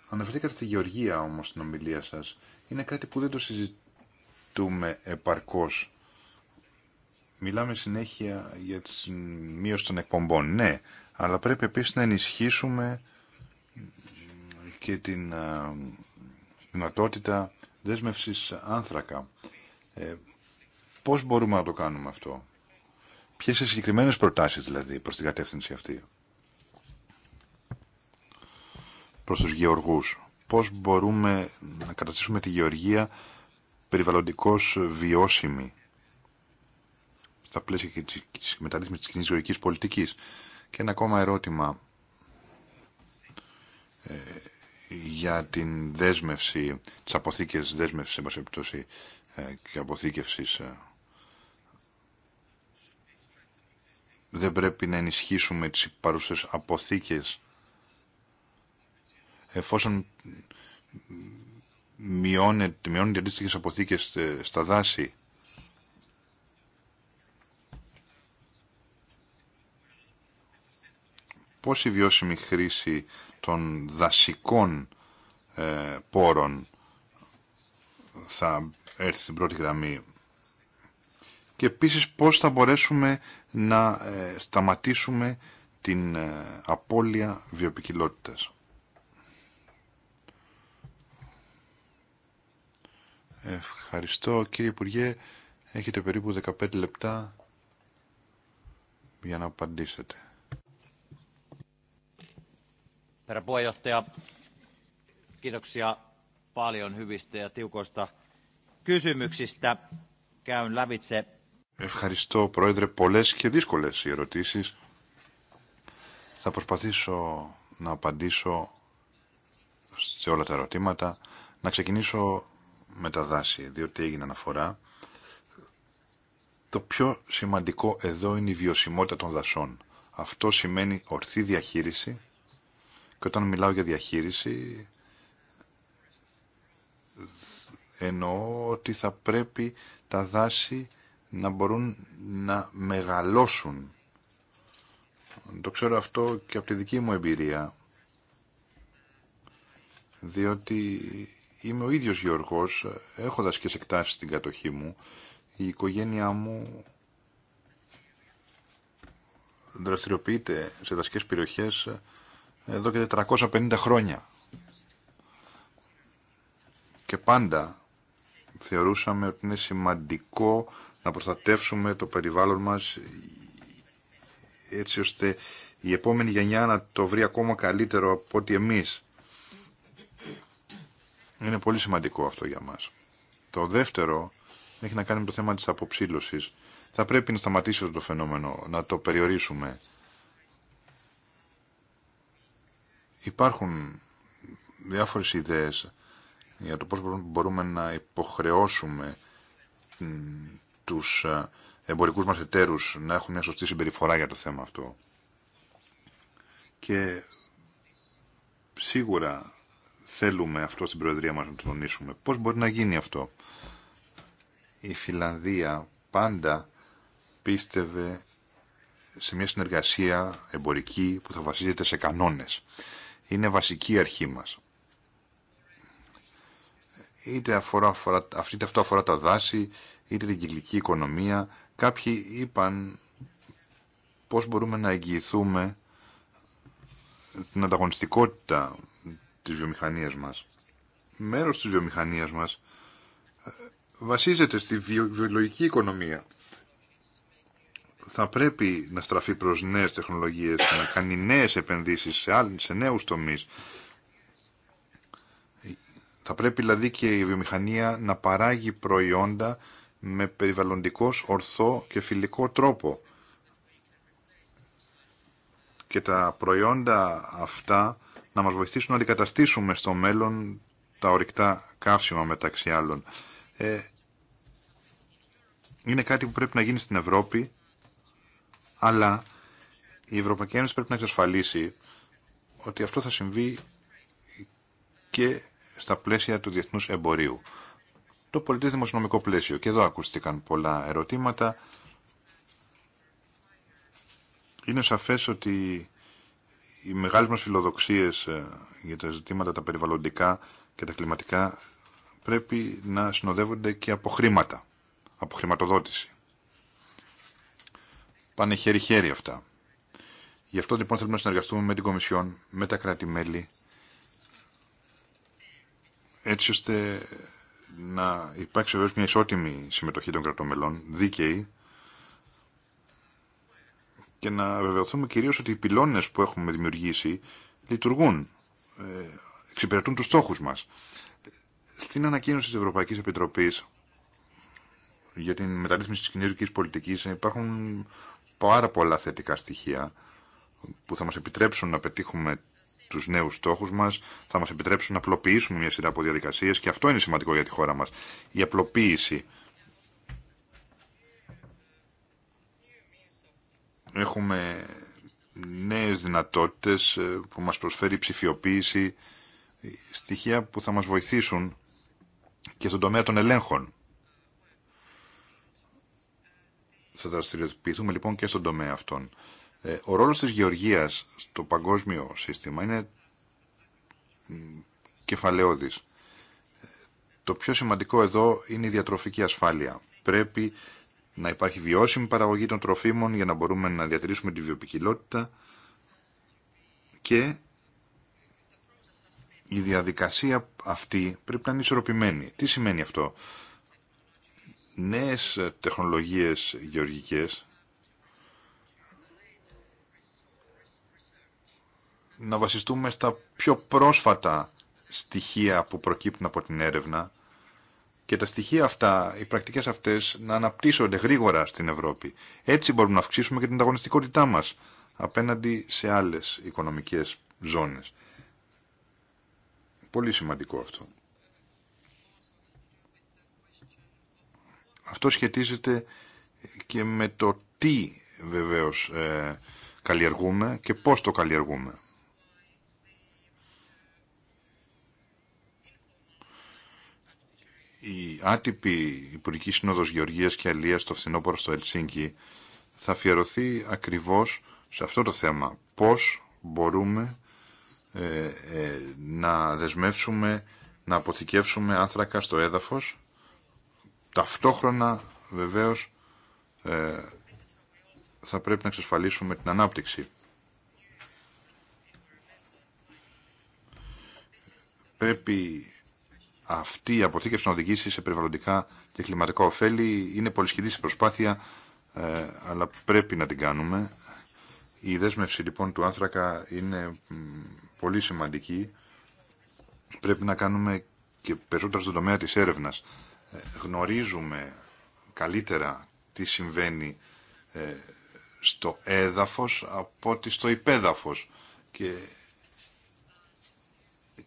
Αναφερθήκατε στη Γεωργία όμως στην ομιλία σας. Είναι κάτι που δεν το συζητούμε επαρκώς. Μιλάμε συνέχεια για τη μείωση των εκπομπών. Ναι, αλλά πρέπει επίσης να ενισχύσουμε και την ε, δυνατότητα δέσμευσης άνθρακα. Ε, πώς μπορούμε να το κάνουμε αυτό. Ποιες είναι συγκεκριμένες προτάσεις δηλαδή προς την κατεύθυνση αυτή. Προς τους γεωργούς. Πώς μπορούμε να καταστήσουμε τη γεωργία περιβαλλοντικώς βιώσιμη στα πλαίσια και της, της μεταρρύθμισης της κοινής πολιτικής. Και ένα ακόμα ερώτημα ε, για την δέσμευση, τις αποθήκες δέσμευσης, σε ε, και αποθήκευσης. Ε. Δεν πρέπει να ενισχύσουμε τις παρουσές αποθήκες εφόσον μειώνεται, μειώνεται αντίστοιχε αποθήκες ε, στα δάση πώς η βιώσιμη χρήση των δασικών ε, πόρων θα έρθει στην πρώτη γραμμή και επίσης πώς θα μπορέσουμε να ε, σταματήσουμε την ε, απώλεια βιοπικιλότητας. Ευχαριστώ κύριε Υπουργέ. Έχετε περίπου 15 λεπτά για να απαντήσετε herra puheenjohtaja kiitoksia paljon hyvistä ja tiukoista kysymyksistä. Käyn lävitse. Ευχαριστώ πρόεδρε πολλές και δύσκολε οι ερωτήσεις. Θα προσπαθήσω να απαντήσω σε όλα τα ερωτήματα. Να ξεκινήσω με τα δάση, διότι έγινε αναφορά. Το πιο σημαντικό εδώ είναι η βιωσιμότητα των δασών. Αυτό σημαίνει ορθή διαχείριση και όταν μιλάω για διαχείριση, εννοώ ότι θα πρέπει τα δάση να μπορούν να μεγαλώσουν. Το ξέρω αυτό και από τη δική μου εμπειρία, διότι είμαι ο ίδιος Γιώργος, έχοντας και σε εκτάσεις στην κατοχή μου, η οικογένειά μου δραστηριοποιείται σε δασικές περιοχές εδώ και 450 χρόνια. Και πάντα θεωρούσαμε ότι είναι σημαντικό να προστατεύσουμε το περιβάλλον μας έτσι ώστε η επόμενη γενιά να το βρει ακόμα καλύτερο από ό,τι εμείς. Είναι πολύ σημαντικό αυτό για μας. Το δεύτερο έχει να κάνει με το θέμα της αποψήλωσης. Θα πρέπει να σταματήσουμε το φαινόμενο, να το περιορίσουμε. Υπάρχουν διάφορες ιδέες για το πώς μπορούμε να υποχρεώσουμε τους ε, εμπορικούς μας εταίρους να έχουν μια σωστή συμπεριφορά για το θέμα αυτό. Και σίγουρα θέλουμε αυτό στην Προεδρία μας να το τονίσουμε. Πώς μπορεί να γίνει αυτό. Η Φιλανδία πάντα πίστευε σε μια συνεργασία εμπορική που θα βασίζεται σε κανόνες είναι βασική αρχή μας. Είτε αφορά, αυτή, αυτό αφορά τα δάση, είτε την κυκλική οικονομία. Κάποιοι είπαν πώς μπορούμε να εγγυηθούμε την ανταγωνιστικότητα της βιομηχανίας μας. Μέρος της βιομηχανίας μας ε, βασίζεται στη βιολογική οικονομία θα πρέπει να στραφεί προς νέες τεχνολογίες, να κάνει νέες επενδύσεις σε, σε νέους τομείς. Θα πρέπει δηλαδή και η βιομηχανία να παράγει προϊόντα με περιβαλλοντικός ορθό και φιλικό τρόπο. Και τα προϊόντα αυτά να μας βοηθήσουν να αντικαταστήσουμε στο μέλλον τα ορυκτά καύσιμα μεταξύ άλλων. Ε, είναι κάτι που πρέπει να γίνει στην Ευρώπη αλλά η Ευρωπαϊκή Ένωση πρέπει να εξασφαλίσει ότι αυτό θα συμβεί και στα πλαίσια του διεθνούς εμπορίου. Το πολιτικό δημοσιονομικό πλαίσιο. Και εδώ ακούστηκαν πολλά ερωτήματα. Είναι σαφές ότι οι μεγάλες μας φιλοδοξίες ε, για τα ζητήματα τα περιβαλλοντικά και τα κλιματικά πρέπει να συνοδεύονται και από χρήματα, από χρηματοδότηση πάνε χέρι-χέρι αυτά. Γι' αυτό λοιπόν θέλουμε να συνεργαστούμε με την Κομισιόν, με τα κράτη-μέλη, έτσι ώστε να υπάρξει βεβαίως, μια ισότιμη συμμετοχή των κρατών μελών, δίκαιη, και να βεβαιωθούμε κυρίω ότι οι πυλώνες που έχουμε δημιουργήσει λειτουργούν, ε, εξυπηρετούν τους στόχους μας. Στην ανακοίνωση της Ευρωπαϊκής Επιτροπής για την μεταρρύθμιση τη κοινωνική πολιτική υπάρχουν πάρα πολλά θετικά στοιχεία που θα μας επιτρέψουν να πετύχουμε τους νέους στόχους μας, θα μας επιτρέψουν να απλοποιήσουμε μια σειρά από διαδικασίες και αυτό είναι σημαντικό για τη χώρα μας. Η απλοποίηση. Έχουμε νέες δυνατότητες ε, που μας προσφέρει η ψηφιοποίηση, στοιχεία που θα μας βοηθήσουν και στον τομέα των ελέγχων. θα δραστηριοποιηθούμε λοιπόν και στον τομέα αυτών. Ε, ο ρόλος της γεωργίας στο παγκόσμιο σύστημα είναι κεφαλαιώδης. Ε, το πιο σημαντικό εδώ είναι η διατροφική ασφάλεια. Πρέπει να υπάρχει βιώσιμη παραγωγή των τροφίμων για να μπορούμε να διατηρήσουμε τη βιοπικιλότητα και η διαδικασία αυτή πρέπει να είναι ισορροπημένη. Τι σημαίνει αυτό νέες τεχνολογίες γεωργικές να βασιστούμε στα πιο πρόσφατα στοιχεία που προκύπτουν από την έρευνα και τα στοιχεία αυτά, οι πρακτικές αυτές να αναπτύσσονται γρήγορα στην Ευρώπη. Έτσι μπορούμε να αυξήσουμε και την ανταγωνιστικότητά μας απέναντι σε άλλες οικονομικές ζώνες. Πολύ σημαντικό αυτό. Αυτό σχετίζεται και με το τι βεβαίως ε, καλλιεργούμε και πώς το καλλιεργούμε. Η άτυπη Υπουργική Σύνοδος Γεωργίας και Αλίας στο φθινόπωρο στο Ελσίνκι θα αφιερωθεί ακριβώς σε αυτό το θέμα. Πώς μπορούμε ε, ε, να δεσμεύσουμε, να αποθηκεύσουμε άνθρακα στο έδαφος Ταυτόχρονα βεβαίως ε, θα πρέπει να εξασφαλίσουμε την ανάπτυξη. Πρέπει αυτή η αποθήκευση να οδηγήσει σε περιβαλλοντικά και κλιματικά ωφέλη. Είναι πολυσχεδής η προσπάθεια, ε, αλλά πρέπει να την κάνουμε. Η δέσμευση λοιπόν του άνθρακα είναι πολύ σημαντική. Πρέπει να κάνουμε και περισσότερο στον τομέα της έρευνας γνωρίζουμε καλύτερα τι συμβαίνει ε, στο έδαφος από ότι στο υπέδαφος και,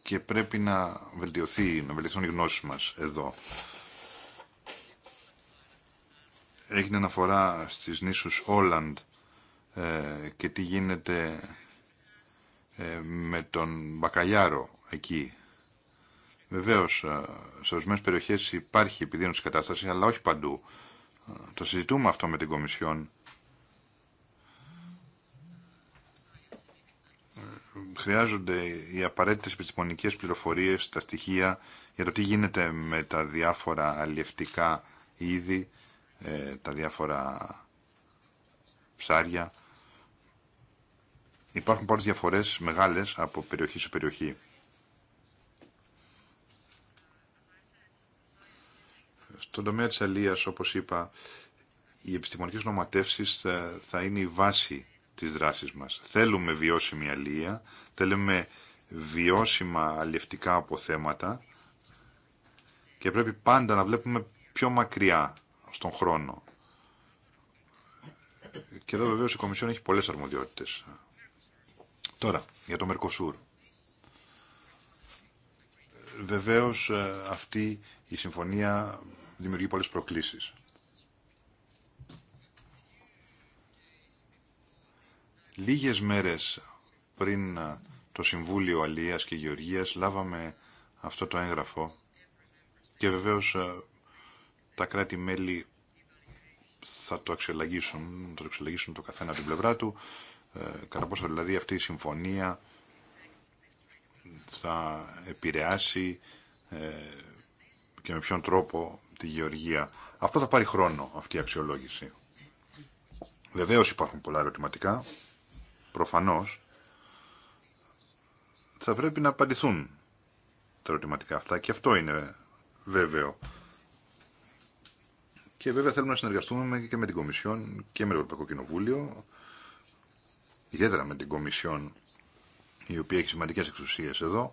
και πρέπει να βελτιωθεί, να βελτιωθούν οι γνώσεις μας εδώ. Έγινε αναφορά στις νήσους Όλαντ ε, και τι γίνεται ε, με τον Μπακαλιάρο εκεί. Βεβαίω, ε, σε ορισμένε περιοχέ υπάρχει επιδείνωση κατάσταση, αλλά όχι παντού. Ε, το συζητούμε αυτό με την Κομισιόν. Ε, χρειάζονται οι απαραίτητε επιστημονικέ πληροφορίε, τα στοιχεία για το τι γίνεται με τα διάφορα αλλιευτικά είδη, τα διάφορα ψάρια. Υπάρχουν πολλές διαφορές μεγάλες από περιοχή σε περιοχή. Στον τομέα της αλίας, όπως είπα, οι επιστημονικές νοματεύσεις ε, θα, είναι η βάση της δράσης μας. Θέλουμε βιώσιμη αλία, θέλουμε βιώσιμα αλλιευτικά αποθέματα και πρέπει πάντα να βλέπουμε πιο μακριά στον χρόνο. Και εδώ βεβαίως η Κομισιόν έχει πολλές αρμοδιότητες. Τώρα, για το Μερκοσούρ. Βεβαίως ε, αυτή η συμφωνία δημιουργεί πολλές προκλήσεις. Λίγες μέρες πριν ε, το Συμβούλιο Αλίας και Γεωργίας λάβαμε αυτό το έγγραφο και βεβαίως ε, τα κράτη-μέλη θα το αξιολογήσουν, θα το αξιολογήσουν το καθένα την πλευρά του, ε, κατά πόσο δηλαδή αυτή η συμφωνία θα επηρεάσει και με ποιον τρόπο τη γεωργία. Αυτό θα πάρει χρόνο, αυτή η αξιολόγηση. Βεβαίως υπάρχουν πολλά ερωτηματικά, προφανώς. Θα πρέπει να απαντηθούν τα ερωτηματικά αυτά και αυτό είναι βέβαιο. Και βέβαια θέλουμε να συνεργαστούμε και με την Κομισιόν και με το Ευρωπαϊκό Κοινοβούλιο, ιδιαίτερα με την Κομισιόν η οποία έχει σημαντικές εξουσίες εδώ,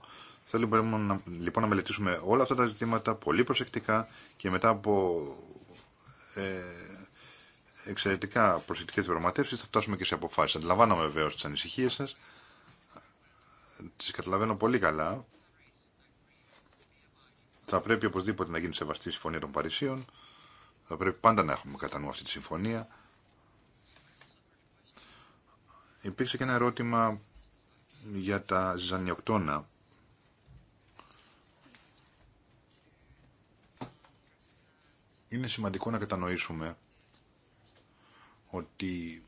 Θέλουμε λοιπόν, λοιπόν να μελετήσουμε όλα αυτά τα ζητήματα πολύ προσεκτικά και μετά από ε, εξαιρετικά προσεκτικές διαπραγματεύσεις θα φτάσουμε και σε αποφάσεις. Αντιλαμβάνομαι βεβαίως τις ανησυχίες σας, τις καταλαβαίνω πολύ καλά. Θα πρέπει οπωσδήποτε να γίνει σεβαστή η Συμφωνία των Παρισίων. Θα πρέπει πάντα να έχουμε κατά νου αυτή τη συμφωνία. Υπήρξε και ένα ερώτημα για τα ζανιοκτώνα. είναι σημαντικό να κατανοήσουμε ότι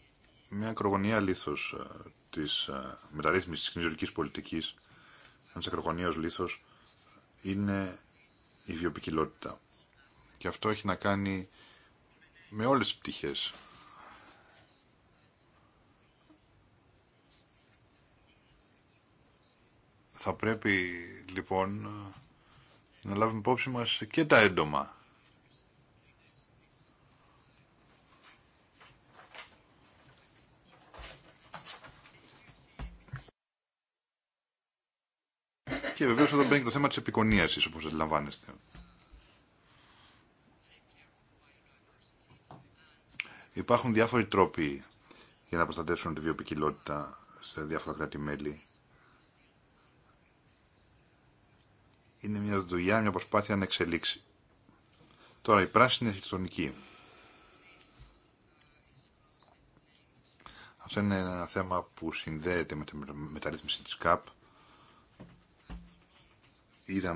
μια ακρογωνία λήθος ε, της ε, μεταρρύθμισης της κοινωνικής πολιτικής, ένας ακρογωνίας λήθος, είναι η βιοπικιλότητα. Και αυτό έχει να κάνει με όλες τις πτυχές. Θα πρέπει λοιπόν να λάβουμε υπόψη μας και τα έντομα και βεβαίω εδώ μπαίνει το θέμα τη επικονίαση, όπω αντιλαμβάνεστε. Υπάρχουν διάφοροι τρόποι για να προστατεύσουν τη βιοπικιλότητα σε διάφορα κράτη-μέλη. Είναι μια δουλειά, μια προσπάθεια να εξελίξει. Τώρα, η πράσινη αρχιτεκτονική. Αυτό είναι ένα θέμα που συνδέεται με τη μεταρρύθμιση της ΚΑΠ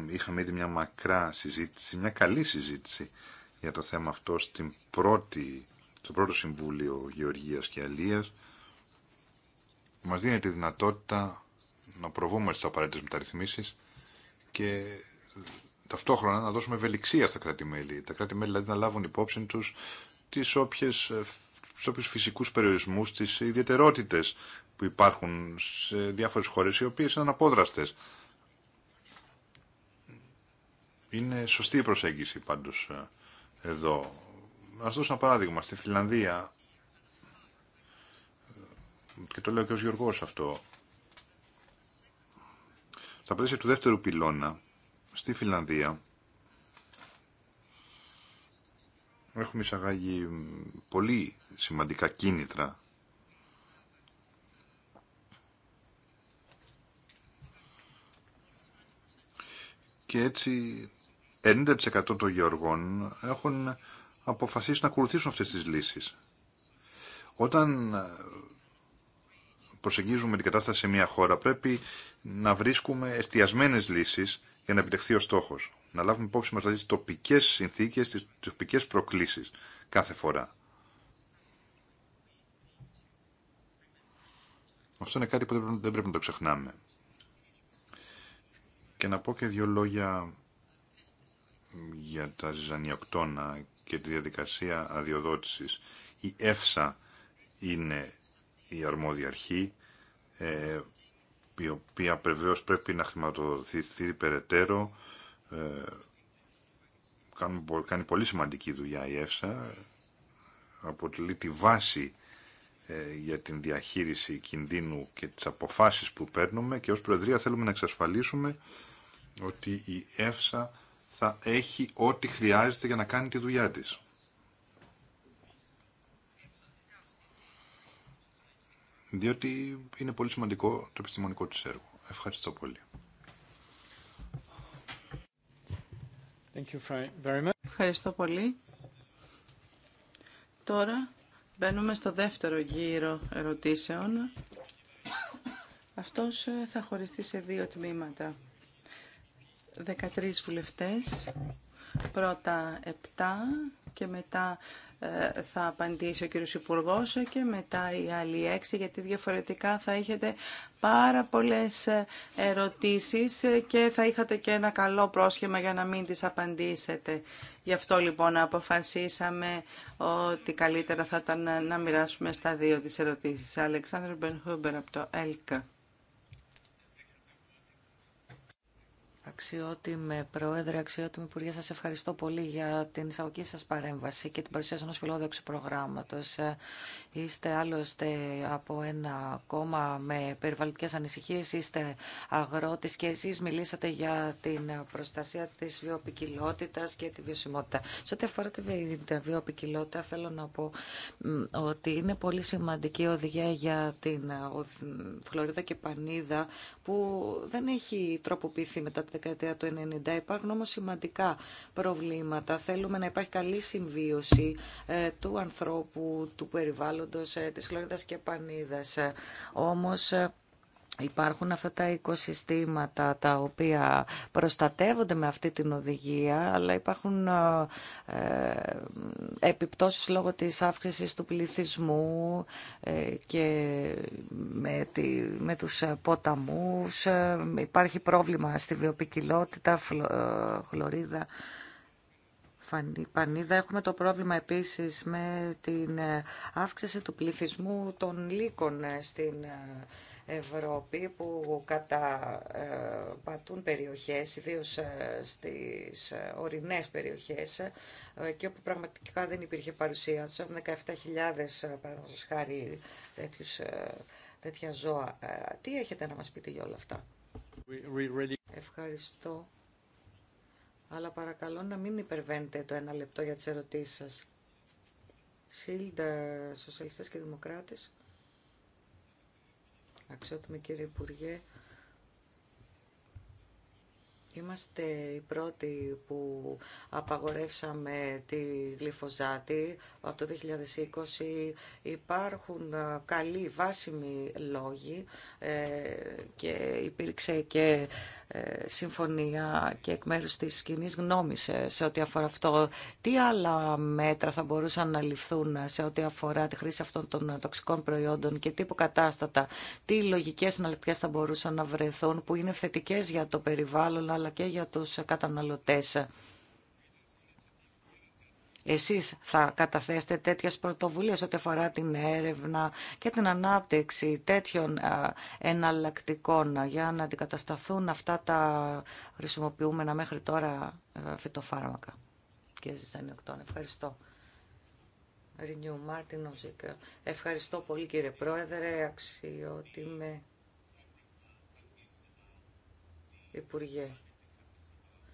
είχαμε ήδη μια μακρά συζήτηση, μια καλή συζήτηση για το θέμα αυτό στην πρώτη, στο πρώτο Συμβούλιο Γεωργίας και Αλίας. Μας δίνει τη δυνατότητα να προβούμε στις απαραίτητες μεταρρυθμίσεις και ταυτόχρονα να δώσουμε ευελιξία στα κράτη-μέλη. Τα κράτη-μέλη δηλαδή να λάβουν υπόψη τους τις όποιες, ε, όποιους φυσικούς περιορισμούς, τις ιδιαιτερότητες που υπάρχουν σε διάφορες χώρες οι οποίες είναι αναπόδραστες. Είναι σωστή η προσέγγιση πάντως ε, εδώ. Να δώσω ένα παράδειγμα. Στη Φιλανδία, και το λέω και ως Γιωργός αυτό, στα πλαίσια του δεύτερου πυλώνα, στη Φιλανδία, έχουμε εισαγάγει πολύ σημαντικά κίνητρα και έτσι 90% των γεωργών έχουν αποφασίσει να ακολουθήσουν αυτές τις λύσεις. Όταν προσεγγίζουμε την κατάσταση σε μια χώρα πρέπει να βρίσκουμε εστιασμένες λύσεις για να επιτευχθεί ο στόχος. Να λάβουμε υπόψη μας δηλαδή τις τοπικές συνθήκες, τις τοπικές προκλήσεις κάθε φορά. Αυτό είναι κάτι που δεν πρέπει να το ξεχνάμε. Και να πω και δύο λόγια για τα ζυζανιοκτώνα και τη διαδικασία αδειοδότησης. Η ΕΦΣΑ είναι η αρμόδια αρχή, ε, η οποία πρέπει να χρηματοδοτηθεί περαιτέρω. Ε, κάνει πολύ σημαντική δουλειά η ΕΦΣΑ, αποτελεί τη βάση ε, για την διαχείριση κινδύνου και τις αποφάσεις που παίρνουμε και ως Προεδρία θέλουμε να εξασφαλίσουμε ότι η ΕΦΣΑ θα έχει ό,τι χρειάζεται για να κάνει τη δουλειά της. Διότι είναι πολύ σημαντικό το επιστημονικό της έργο. Ευχαριστώ πολύ. Thank Ευχαριστώ πολύ. Τώρα μπαίνουμε στο δεύτερο γύρο ερωτήσεων. Αυτός ε, θα χωριστεί σε δύο τμήματα. 13 βουλευτές, πρώτα 7 και μετά ε, θα απαντήσει ο κύριος Υπουργό και μετά οι άλλοι έξι, γιατί διαφορετικά θα έχετε πάρα πολλές ε, ερωτήσεις και θα είχατε και ένα καλό πρόσχημα για να μην τις απαντήσετε. Γι' αυτό λοιπόν αποφασίσαμε ότι καλύτερα θα ήταν να μοιράσουμε στα δύο τις ερωτήσεις. Αλεξάνδρου Μπενχούμπερ από το ΕΛΚΑ. Αξιότιμε Πρόεδρε, αξιότιμη Υπουργέ, σα ευχαριστώ πολύ για την εισαγωγή σα παρέμβαση και την παρουσίαση ενό φιλόδοξου προγράμματο. Είστε άλλωστε από ένα κόμμα με περιβαλλοντικέ ανησυχίε, είστε αγρότης και εσεί μιλήσατε για την προστασία τη βιοπικιλότητας και τη βιωσιμότητα. Σε ό,τι αφορά τη βιοπικιλότητα θέλω να πω ότι είναι πολύ σημαντική η οδηγία για την ε, Φλωρίδα και Πανίδα που δεν έχει τροποποιηθεί μετά τη δεκαετία του 90. Υπάρχουν όμως σημαντικά προβλήματα. Θέλουμε να υπάρχει καλή συμβίωση ε, του ανθρώπου, του περιβάλλοντος, ε, της λόγιδας και Πανίδας. Ε, όμως Υπάρχουν αυτά τα οικοσυστήματα τα οποία προστατεύονται με αυτή την οδηγία, αλλά υπάρχουν ε, ε, επιπτώσεις λόγω της αύξησης του πληθυσμού ε, και με, τη, με τους ποταμούς. Υπάρχει πρόβλημα στη βιοπικιλότητα, χλωρίδα, πανίδα. Έχουμε το πρόβλημα επίσης με την αύξηση του πληθυσμού των λύκων στην Ευρώπη που καταπατούν ε, περιοχές, ιδίως ε, στις ε, ορεινές περιοχές και όπου πραγματικά δεν υπήρχε παρουσία τους. Έχουν 17.000 παραδείγματος χάρη τέτοιους, τέτοια ζώα. Τι έχετε να μας πείτε για όλα αυτά. Ευχαριστώ. Αλλά παρακαλώ να μην υπερβαίνετε το ένα λεπτό για τις ερωτήσεις σας. Σίλντα, σοσιαλιστές και δημοκράτες. Αξιότιμη κύριε Υπουργέ, Είμαστε οι πρώτοι που απαγορεύσαμε τη γλυφοζάτη από το 2020. Υπάρχουν ε, καλοί βάσιμοι λόγοι ε, και υπήρξε και ε, συμφωνία και εκ μέρους της κοινή γνώμης σε ό,τι αφορά αυτό. Τι άλλα μέτρα θα μπορούσαν να ληφθούν σε ό,τι αφορά τη χρήση αυτών των τοξικών προϊόντων και τι υποκατάστατα, τι λογικές συναλλακτικές θα μπορούσαν να βρεθούν που είναι θετικές για το περιβάλλον αλλά και για τους καταναλωτές. Εσείς θα καταθέσετε τέτοιες πρωτοβουλίες ό,τι αφορά την έρευνα και την ανάπτυξη τέτοιων εναλλακτικών για να αντικατασταθούν αυτά τα χρησιμοποιούμενα μέχρι τώρα φυτοφάρμακα και ζυζανιοκτών. Ευχαριστώ. Renew Martin Ευχαριστώ πολύ κύριε Πρόεδρε, αξιότιμε Υπουργέ.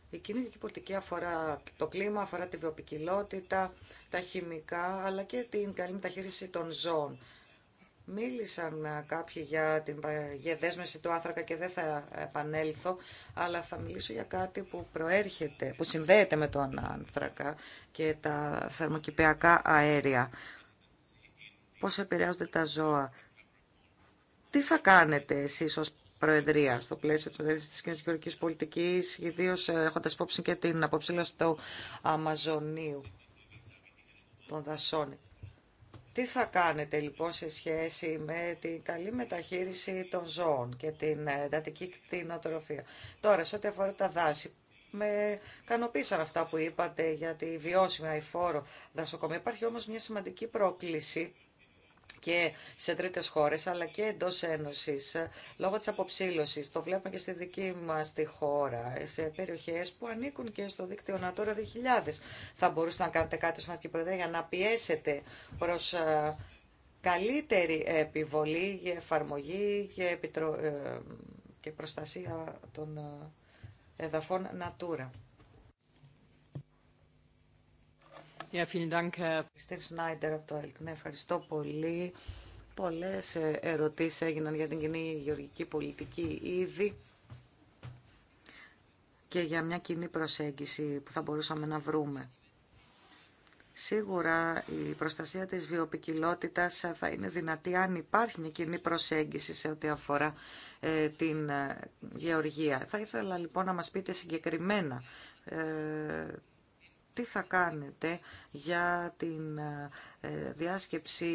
Η κοινωνική πολιτική αφορά το κλίμα, αφορά τη βιοπικιλότητα, τα χημικά, αλλά και την καλή μεταχείριση των ζώων. Μίλησαν κάποιοι για την για δέσμευση του άνθρακα και δεν θα επανέλθω, αλλά θα μιλήσω για κάτι που προέρχεται, που συνδέεται με τον άνθρακα και τα θερμοκηπιακά αέρια. Πώς επηρεάζονται τα ζώα. Τι θα κάνετε εσείς ως Προεδρία στο πλαίσιο τη μεταρρύθμιση τη και πολιτικής, πολιτική, ιδίω ε, έχοντα υπόψη και την αποψήλωση του Αμαζονίου των δασών. Τι θα κάνετε λοιπόν σε σχέση με την καλή μεταχείριση των ζώων και την ε, εντατική κτηνοτροφία. Τώρα, σε ό,τι αφορά τα δάση, με κανοποίησαν αυτά που είπατε για τη βιώσιμη αηφόρο δασοκομεία. Υπάρχει όμως μια σημαντική πρόκληση και σε τρίτες χώρες αλλά και εντός Ένωσης λόγω της αποψήλωσης. Το βλέπουμε και στη δική μας τη χώρα, σε περιοχές που ανήκουν και στο δίκτυο Natura 2000. Θα μπορούσατε να κάνετε κάτι στον Προεδρία, για να πιέσετε προς ε, καλύτερη επιβολή για εφαρμογή και, επιτρο... Ε, και προστασία των ε, εδαφών Natura. Ναι, ευχαριστώ πολύ. Πολλές ε, ερωτήσεις έγιναν για την κοινή γεωργική πολιτική ήδη και για μια κοινή προσέγγιση που θα μπορούσαμε να βρούμε. Σίγουρα η προστασία της βιοπικιλότητας θα είναι δυνατή αν υπάρχει μια κοινή προσέγγιση σε ό,τι αφορά ε, την ε, γεωργία. Θα ήθελα λοιπόν να μας πείτε συγκεκριμένα τι θα κάνετε για την ε, ε, διάσκεψη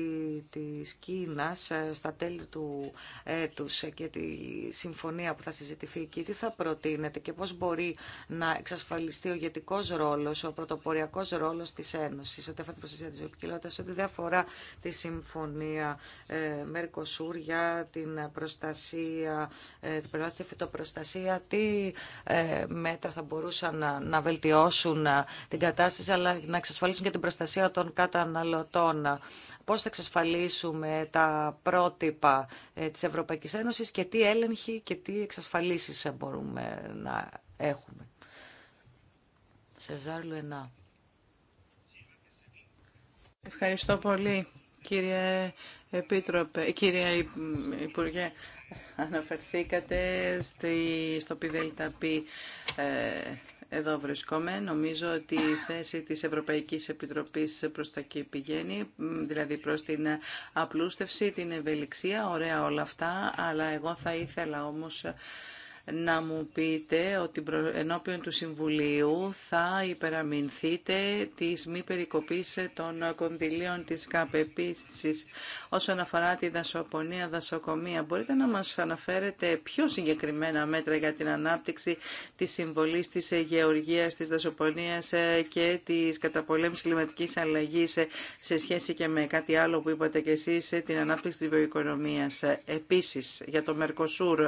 της Κίνας ε, στα τέλη του έτους ε, και τη συμφωνία που θα συζητηθεί εκεί, τι θα προτείνετε και πώς μπορεί να εξασφαλιστεί ο γετικός ρόλος, ο πρωτοποριακός ρόλος της Ένωσης, ότι αυτή η προστασία της βιοποικιλότητας, ότι δεν αφορά τη συμφωνία ε, Μερκοσούρ για την προστασία, ε, την τη φυτοπροστασία, τι μέτρα θα μπορούσαν να, να βελτιώσουν την κατάσταση, αλλά να εξασφαλίσουν και την προστασία των καταναλωτών Πώ πώς θα εξασφαλίσουμε τα πρότυπα ε, της Ευρωπαϊκής Ένωσης και τι έλεγχοι και τι εξασφαλίσεις μπορούμε να έχουμε. Σεζάρ Λουενά. Ευχαριστώ πολύ κύριε Επίτροπε, κύριε Υπουργέ, αναφερθήκατε στη, στο ΠΙΔΕΛΤΑΠΗ. Ε, εδώ βρισκόμαι. Νομίζω ότι η θέση της Ευρωπαϊκής Επιτροπής προς τα εκεί πηγαίνει, δηλαδή προς την απλούστευση, την ευελιξία. Ωραία όλα αυτά, αλλά εγώ θα ήθελα όμως να μου πείτε ότι ενώπιον του Συμβουλίου θα υπεραμεινθείτε της μη περικοπής των κονδυλίων της ΚΑΠ. όσον αφορά τη δασοπονία, δασοκομεία, μπορείτε να μας αναφέρετε πιο συγκεκριμένα μέτρα για την ανάπτυξη της συμβολής της γεωργίας, της δασοπονίας και της καταπολέμησης κλιματικής αλλαγής σε σχέση και με κάτι άλλο που είπατε και εσείς, την ανάπτυξη της βιοοικονομίας. Επίσης, για το Μερκοσούρ,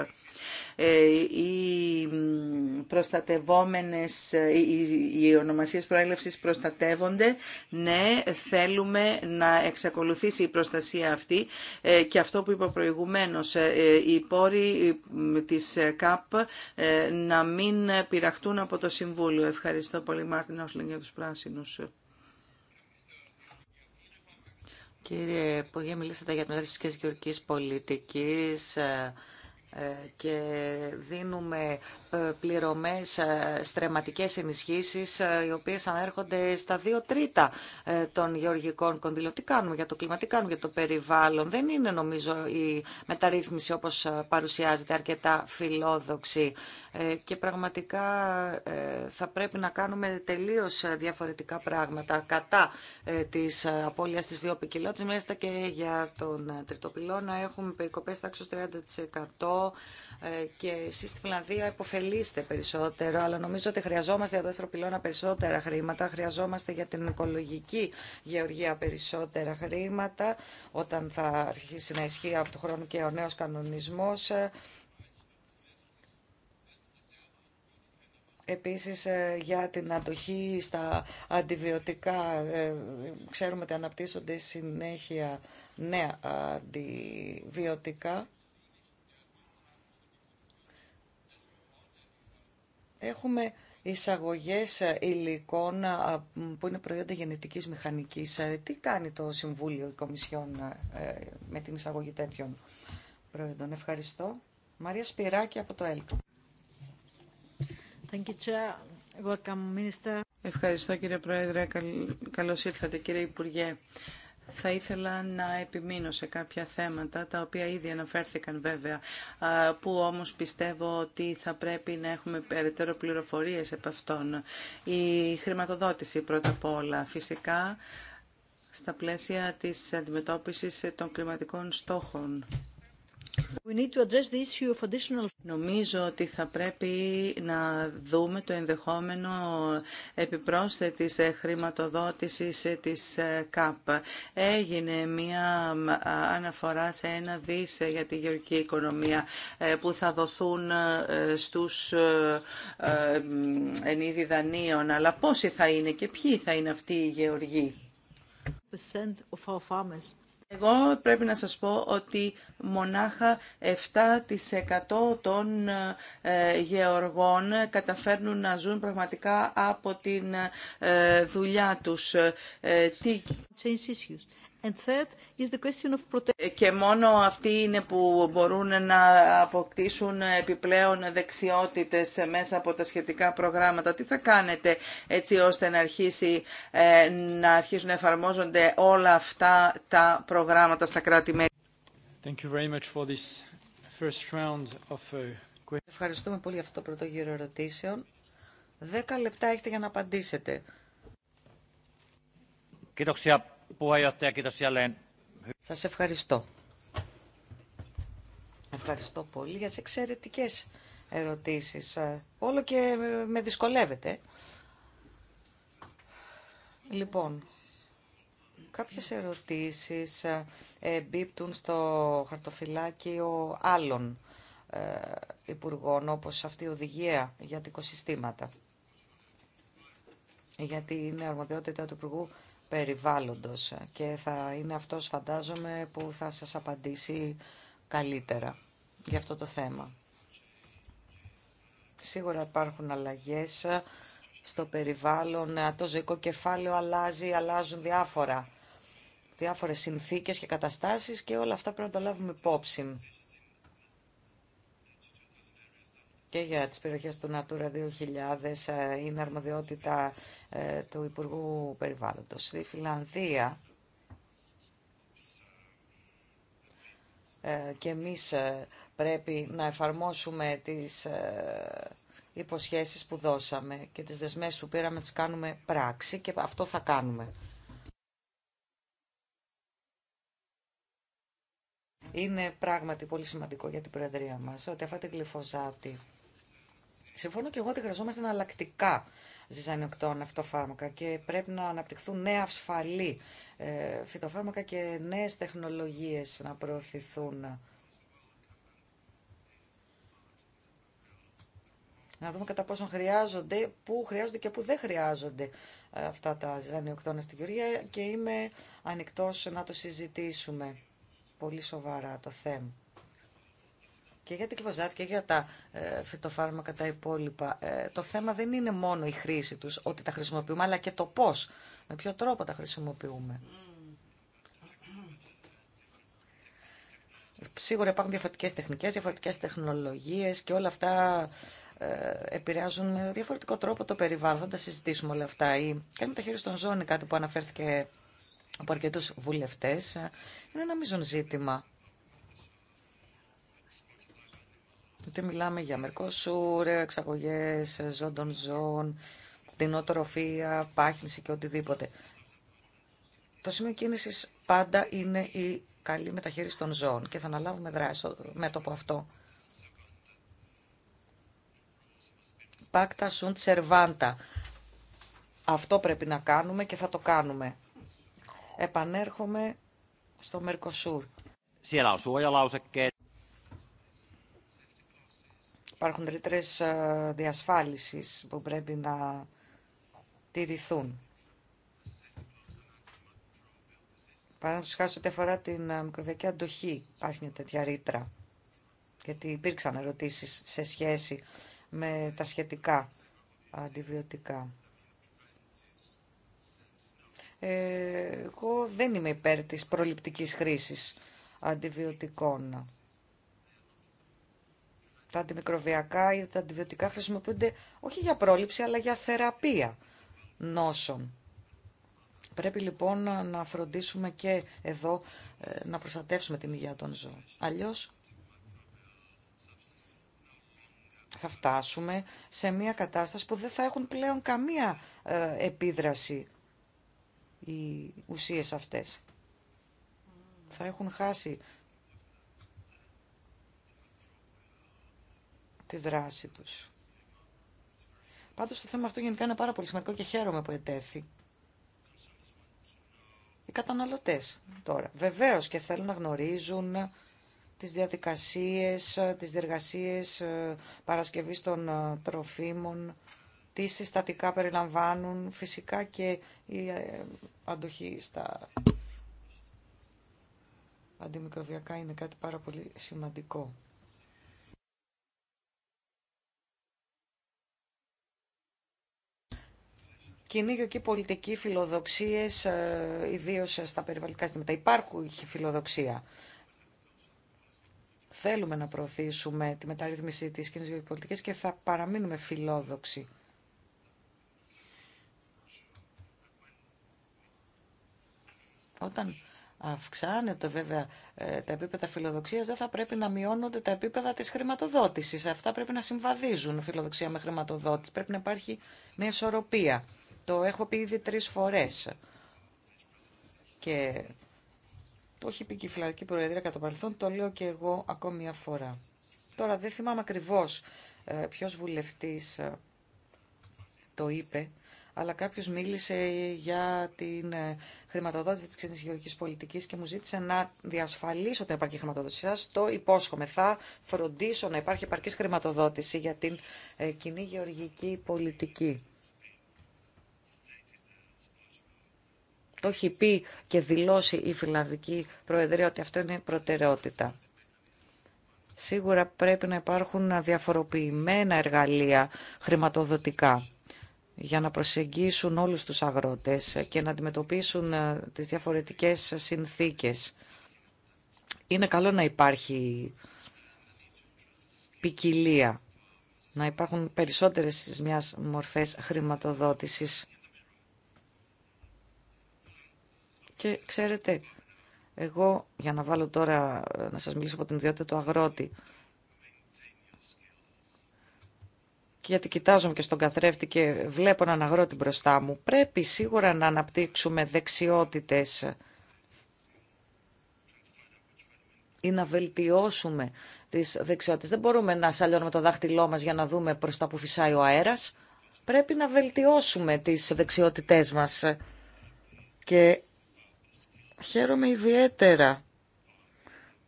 ε, οι προστατευόμενες, ε, οι ονομασίες προέλευσης προστατεύονται. Ναι, θέλουμε να εξακολουθήσει η προστασία αυτή ε, και αυτό που είπα προηγουμένως, οι πόροι της ΚΑΠ να μην πειραχτούν από το Συμβούλιο. Ευχαριστώ πολύ Μάρτιν για τους πράσινους. Κύριε Υπουργέ, μιλήσατε για την τη Πολιτική. Ε, και δίνουμε ε, πληρωμές ε, στρεματικές ενισχύσεις ε, οι οποίες ανέρχονται στα δύο τρίτα των γεωργικών κονδύλων. Τι κάνουμε για το κλίμα, τι κάνουμε για το περιβάλλον. Δεν είναι νομίζω η μεταρρύθμιση όπως παρουσιάζεται αρκετά φιλόδοξη και πραγματικά θα πρέπει να κάνουμε τελείως διαφορετικά πράγματα κατά της απώλειας της βιοπικιλότητας μέσα και για τον να έχουμε περικοπές τάξης 30% και εσείς στη Φιλανδία ωφελείστε περισσότερο, αλλά νομίζω ότι χρειαζόμαστε για το δεύτερο πυλώνα περισσότερα χρήματα, χρειαζόμαστε για την οικολογική γεωργία περισσότερα χρήματα, όταν θα αρχίσει να ισχύει από το χρόνο και ο νέος κανονισμός. Επίσης ε, για την αντοχή στα αντιβιωτικά, ε, ξέρουμε ότι αναπτύσσονται συνέχεια νέα αντιβιωτικά Έχουμε εισαγωγές ε, υλικών ε, που είναι προϊόντα γενετικής μηχανικής. Ε, τι κάνει το Συμβούλιο Κομισιόν με την εισαγωγή τέτοιων προϊόντων. Ευχαριστώ. Μαρία Σπυράκη από το ΕΛΚ. Ευχαριστώ κύριε Πρόεδρε. Καλώς ήρθατε κύριε Υπουργέ. Θα ήθελα να επιμείνω σε κάποια θέματα, τα οποία ήδη αναφέρθηκαν βέβαια, που όμως πιστεύω ότι θα πρέπει να έχουμε περαιτέρω πληροφορίες από αυτόν. Η χρηματοδότηση πρώτα απ' όλα. Φυσικά, στα πλαίσια της αντιμετώπισης των κλιματικών στόχων. Νομίζω ότι θα πρέπει να δούμε το ενδεχόμενο επιπρόσθετης ε, χρηματοδότησης ε, της ε, ΚΑΠ. Έγινε μια αναφορά σε ένα δις για τη γεωργική οικονομία που θα δοθούν στους ενίδη δανείων. Αλλά πόσοι θα είναι και ποιοι θα είναι αυτοί οι γεωργοί. Εγώ πρέπει να σας πω ότι μονάχα 7% των ε, γεωργών καταφέρνουν να ζουν πραγματικά από την ε, δουλειά τους. Ε, τι... Ε, και μόνο αυτοί είναι που μπορούν να αποκτήσουν επιπλέον δεξιότητες μέσα από τα σχετικά προγράμματα. Τι θα κάνετε έτσι ώστε να, αρχίσει, ε, να αρχίσουν να εφαρμόζονται όλα αυτά τα προγράμματα στα κράτη-μέλη. Ευχαριστούμε πολύ για αυτό το πρώτο γύρο ερωτήσεων. Δέκα λεπτά έχετε για να απαντήσετε. Κοίταξε, σας ευχαριστώ. Ευχαριστώ πολύ για τις εξαιρετικές ερωτήσεις. Όλο και με δυσκολεύετε. Λοιπόν, κάποιες ερωτήσεις εμπίπτουν στο χαρτοφυλάκιο άλλων ε, υπουργών, όπως αυτή η οδηγία για τα οικοσυστήματα. Γιατί είναι αρμοδιότητα του Υπουργού περιβάλλοντος και θα είναι αυτός φαντάζομαι που θα σας απαντήσει καλύτερα για αυτό το θέμα. Σίγουρα υπάρχουν αλλαγές στο περιβάλλον, το ζωικό κεφάλαιο αλλάζει, αλλάζουν διάφορα, διάφορες συνθήκες και καταστάσεις και όλα αυτά πρέπει να τα λάβουμε υπόψη. και για τις περιοχές του Natura 2000 ε, είναι αρμοδιότητα ε, του Υπουργού Περιβάλλοντος. Στη Φιλανδία ε, και εμείς πρέπει να εφαρμόσουμε τις υποσχέσεις που δώσαμε και τις δεσμεύσεις που πήραμε τις κάνουμε πράξη και αυτό θα κάνουμε. Είναι πράγματι πολύ σημαντικό για την Προεδρία μας ότι αυτή τη γλυφοζάτη Συμφωνώ και εγώ ότι χρειαζόμαστε εναλλακτικά ζυζανιοκτώνα φυτοφάρμακα και πρέπει να αναπτυχθούν νέα ασφαλή ε, φυτοφάρμακα και νέες τεχνολογίες να προωθηθούν. Να δούμε κατά πόσο χρειάζονται, πού χρειάζονται και πού δεν χρειάζονται ε, αυτά τα ζυζανιοκτώνα στην κυρία και είμαι ανοιχτός να το συζητήσουμε πολύ σοβαρά το θέμα και για την κυβοζάτη και για τα ε, φυτοφάρμακα τα υπόλοιπα. Ε, το θέμα δεν είναι μόνο η χρήση τους, ότι τα χρησιμοποιούμε, αλλά και το πώς, με ποιο τρόπο τα χρησιμοποιούμε. Σίγουρα υπάρχουν διαφορετικές τεχνικές, διαφορετικές τεχνολογίες και όλα αυτά ε, επηρεάζουν με διαφορετικό τρόπο το περιβάλλον. Θα τα συζητήσουμε όλα αυτά. Η καλή μεταχείριση των στον κάτι που αναφέρθηκε από αρκετού βουλευτέ. Είναι ένα μείζον ζήτημα. Τι μιλάμε για Μερκοσούρ, εξαγωγές των ζώων, κτηνοτροφία, πάχνηση και οτιδήποτε. Το σημείο κίνηση πάντα είναι η καλή μεταχείριση των ζώων και θα αναλάβουμε δράση στο μέτωπο αυτό. Πάκτα sunt servanta. Αυτό πρέπει να κάνουμε και θα το κάνουμε. Επανέρχομαι στο Μερκοσούρ. Υπάρχουν ρήτρες ε, διασφάλισης που πρέπει να τηρηθούν. Παραδείγματο χάσω ό,τι αφορά την ε, μικροβιακή αντοχή, υπάρχει μια τέτοια ρήτρα. Γιατί υπήρξαν ερωτήσεις σε σχέση με τα σχετικά αντιβιωτικά. Ε, εγώ δεν είμαι υπέρ της προληπτικής χρήσης αντιβιωτικών τα αντιμικροβιακά ή τα αντιβιωτικά χρησιμοποιούνται όχι για πρόληψη αλλά για θεραπεία νόσων. Πρέπει λοιπόν να φροντίσουμε και εδώ ε, να προστατεύσουμε την υγεία των ζώων. Αλλιώς θα φτάσουμε σε μια κατάσταση που δεν θα έχουν πλέον καμία ε, επίδραση οι ουσίες αυτές. Θα έχουν χάσει τη δράση τους. Πάντως το θέμα αυτό γενικά είναι πάρα πολύ σημαντικό και χαίρομαι που ετέθη. Οι καταναλωτές τώρα. Βεβαίως και θέλουν να γνωρίζουν τις διαδικασίες, τις διεργασίες ε, παρασκευής των ε, τροφίμων, τι συστατικά περιλαμβάνουν, φυσικά και η ε, αντοχή στα αντιμικροβιακά είναι κάτι πάρα πολύ σημαντικό. κοινή γεωκή πολιτική, φιλοδοξίες, ε, ιδίω στα περιβαλλοντικά ζητήματα. Υπάρχουν φιλοδοξία. Θέλουμε να προωθήσουμε τη μεταρρύθμιση τη κοινής πολιτική πολιτικής και θα παραμείνουμε φιλόδοξοι. Όταν αυξάνεται βέβαια ε, τα επίπεδα φιλοδοξίας, δεν θα πρέπει να μειώνονται τα επίπεδα της χρηματοδότησης. Αυτά πρέπει να συμβαδίζουν φιλοδοξία με χρηματοδότηση. Πρέπει να υπάρχει μια ισορροπία. Το έχω πει ήδη τρεις φορές. Και το έχει πει και η Προεδρία κατά το παρελθόν, το λέω και εγώ ακόμη μια φορά. Τώρα δεν θυμάμαι ακριβώ ε, ποιος βουλευτής ε, το είπε, αλλά κάποιος μίλησε για την ε, χρηματοδότηση της ξένης γεωργικής πολιτικής και μου ζήτησε να διασφαλίσω την επαρκή χρηματοδότηση. Σας το υπόσχομαι. Θα φροντίσω να υπάρχει επαρκής χρηματοδότηση για την κοινή γεωργική πολιτική. Το έχει πει και δηλώσει η Φιλανδική Προεδρία ότι αυτό είναι προτεραιότητα. Σίγουρα πρέπει να υπάρχουν διαφοροποιημένα εργαλεία χρηματοδοτικά για να προσεγγίσουν όλους τους αγρότες και να αντιμετωπίσουν ε, τις διαφορετικές συνθήκες. Είναι καλό να υπάρχει ποικιλία, να υπάρχουν περισσότερες στις μιας μορφές χρηματοδότησης Και ξέρετε, εγώ για να βάλω τώρα, να σας μιλήσω από την ιδιότητα του αγρότη, και γιατί κοιτάζομαι και στον καθρέφτη και βλέπω έναν αγρότη μπροστά μου, πρέπει σίγουρα να αναπτύξουμε δεξιότητες ή να βελτιώσουμε τις δεξιότητες. Δεν μπορούμε να σαλιώνουμε το δάχτυλό μας για να δούμε προς τα που φυσάει ο αέρας. Πρέπει να βελτιώσουμε τις δεξιότητές μας. Και Χαίρομαι ιδιαίτερα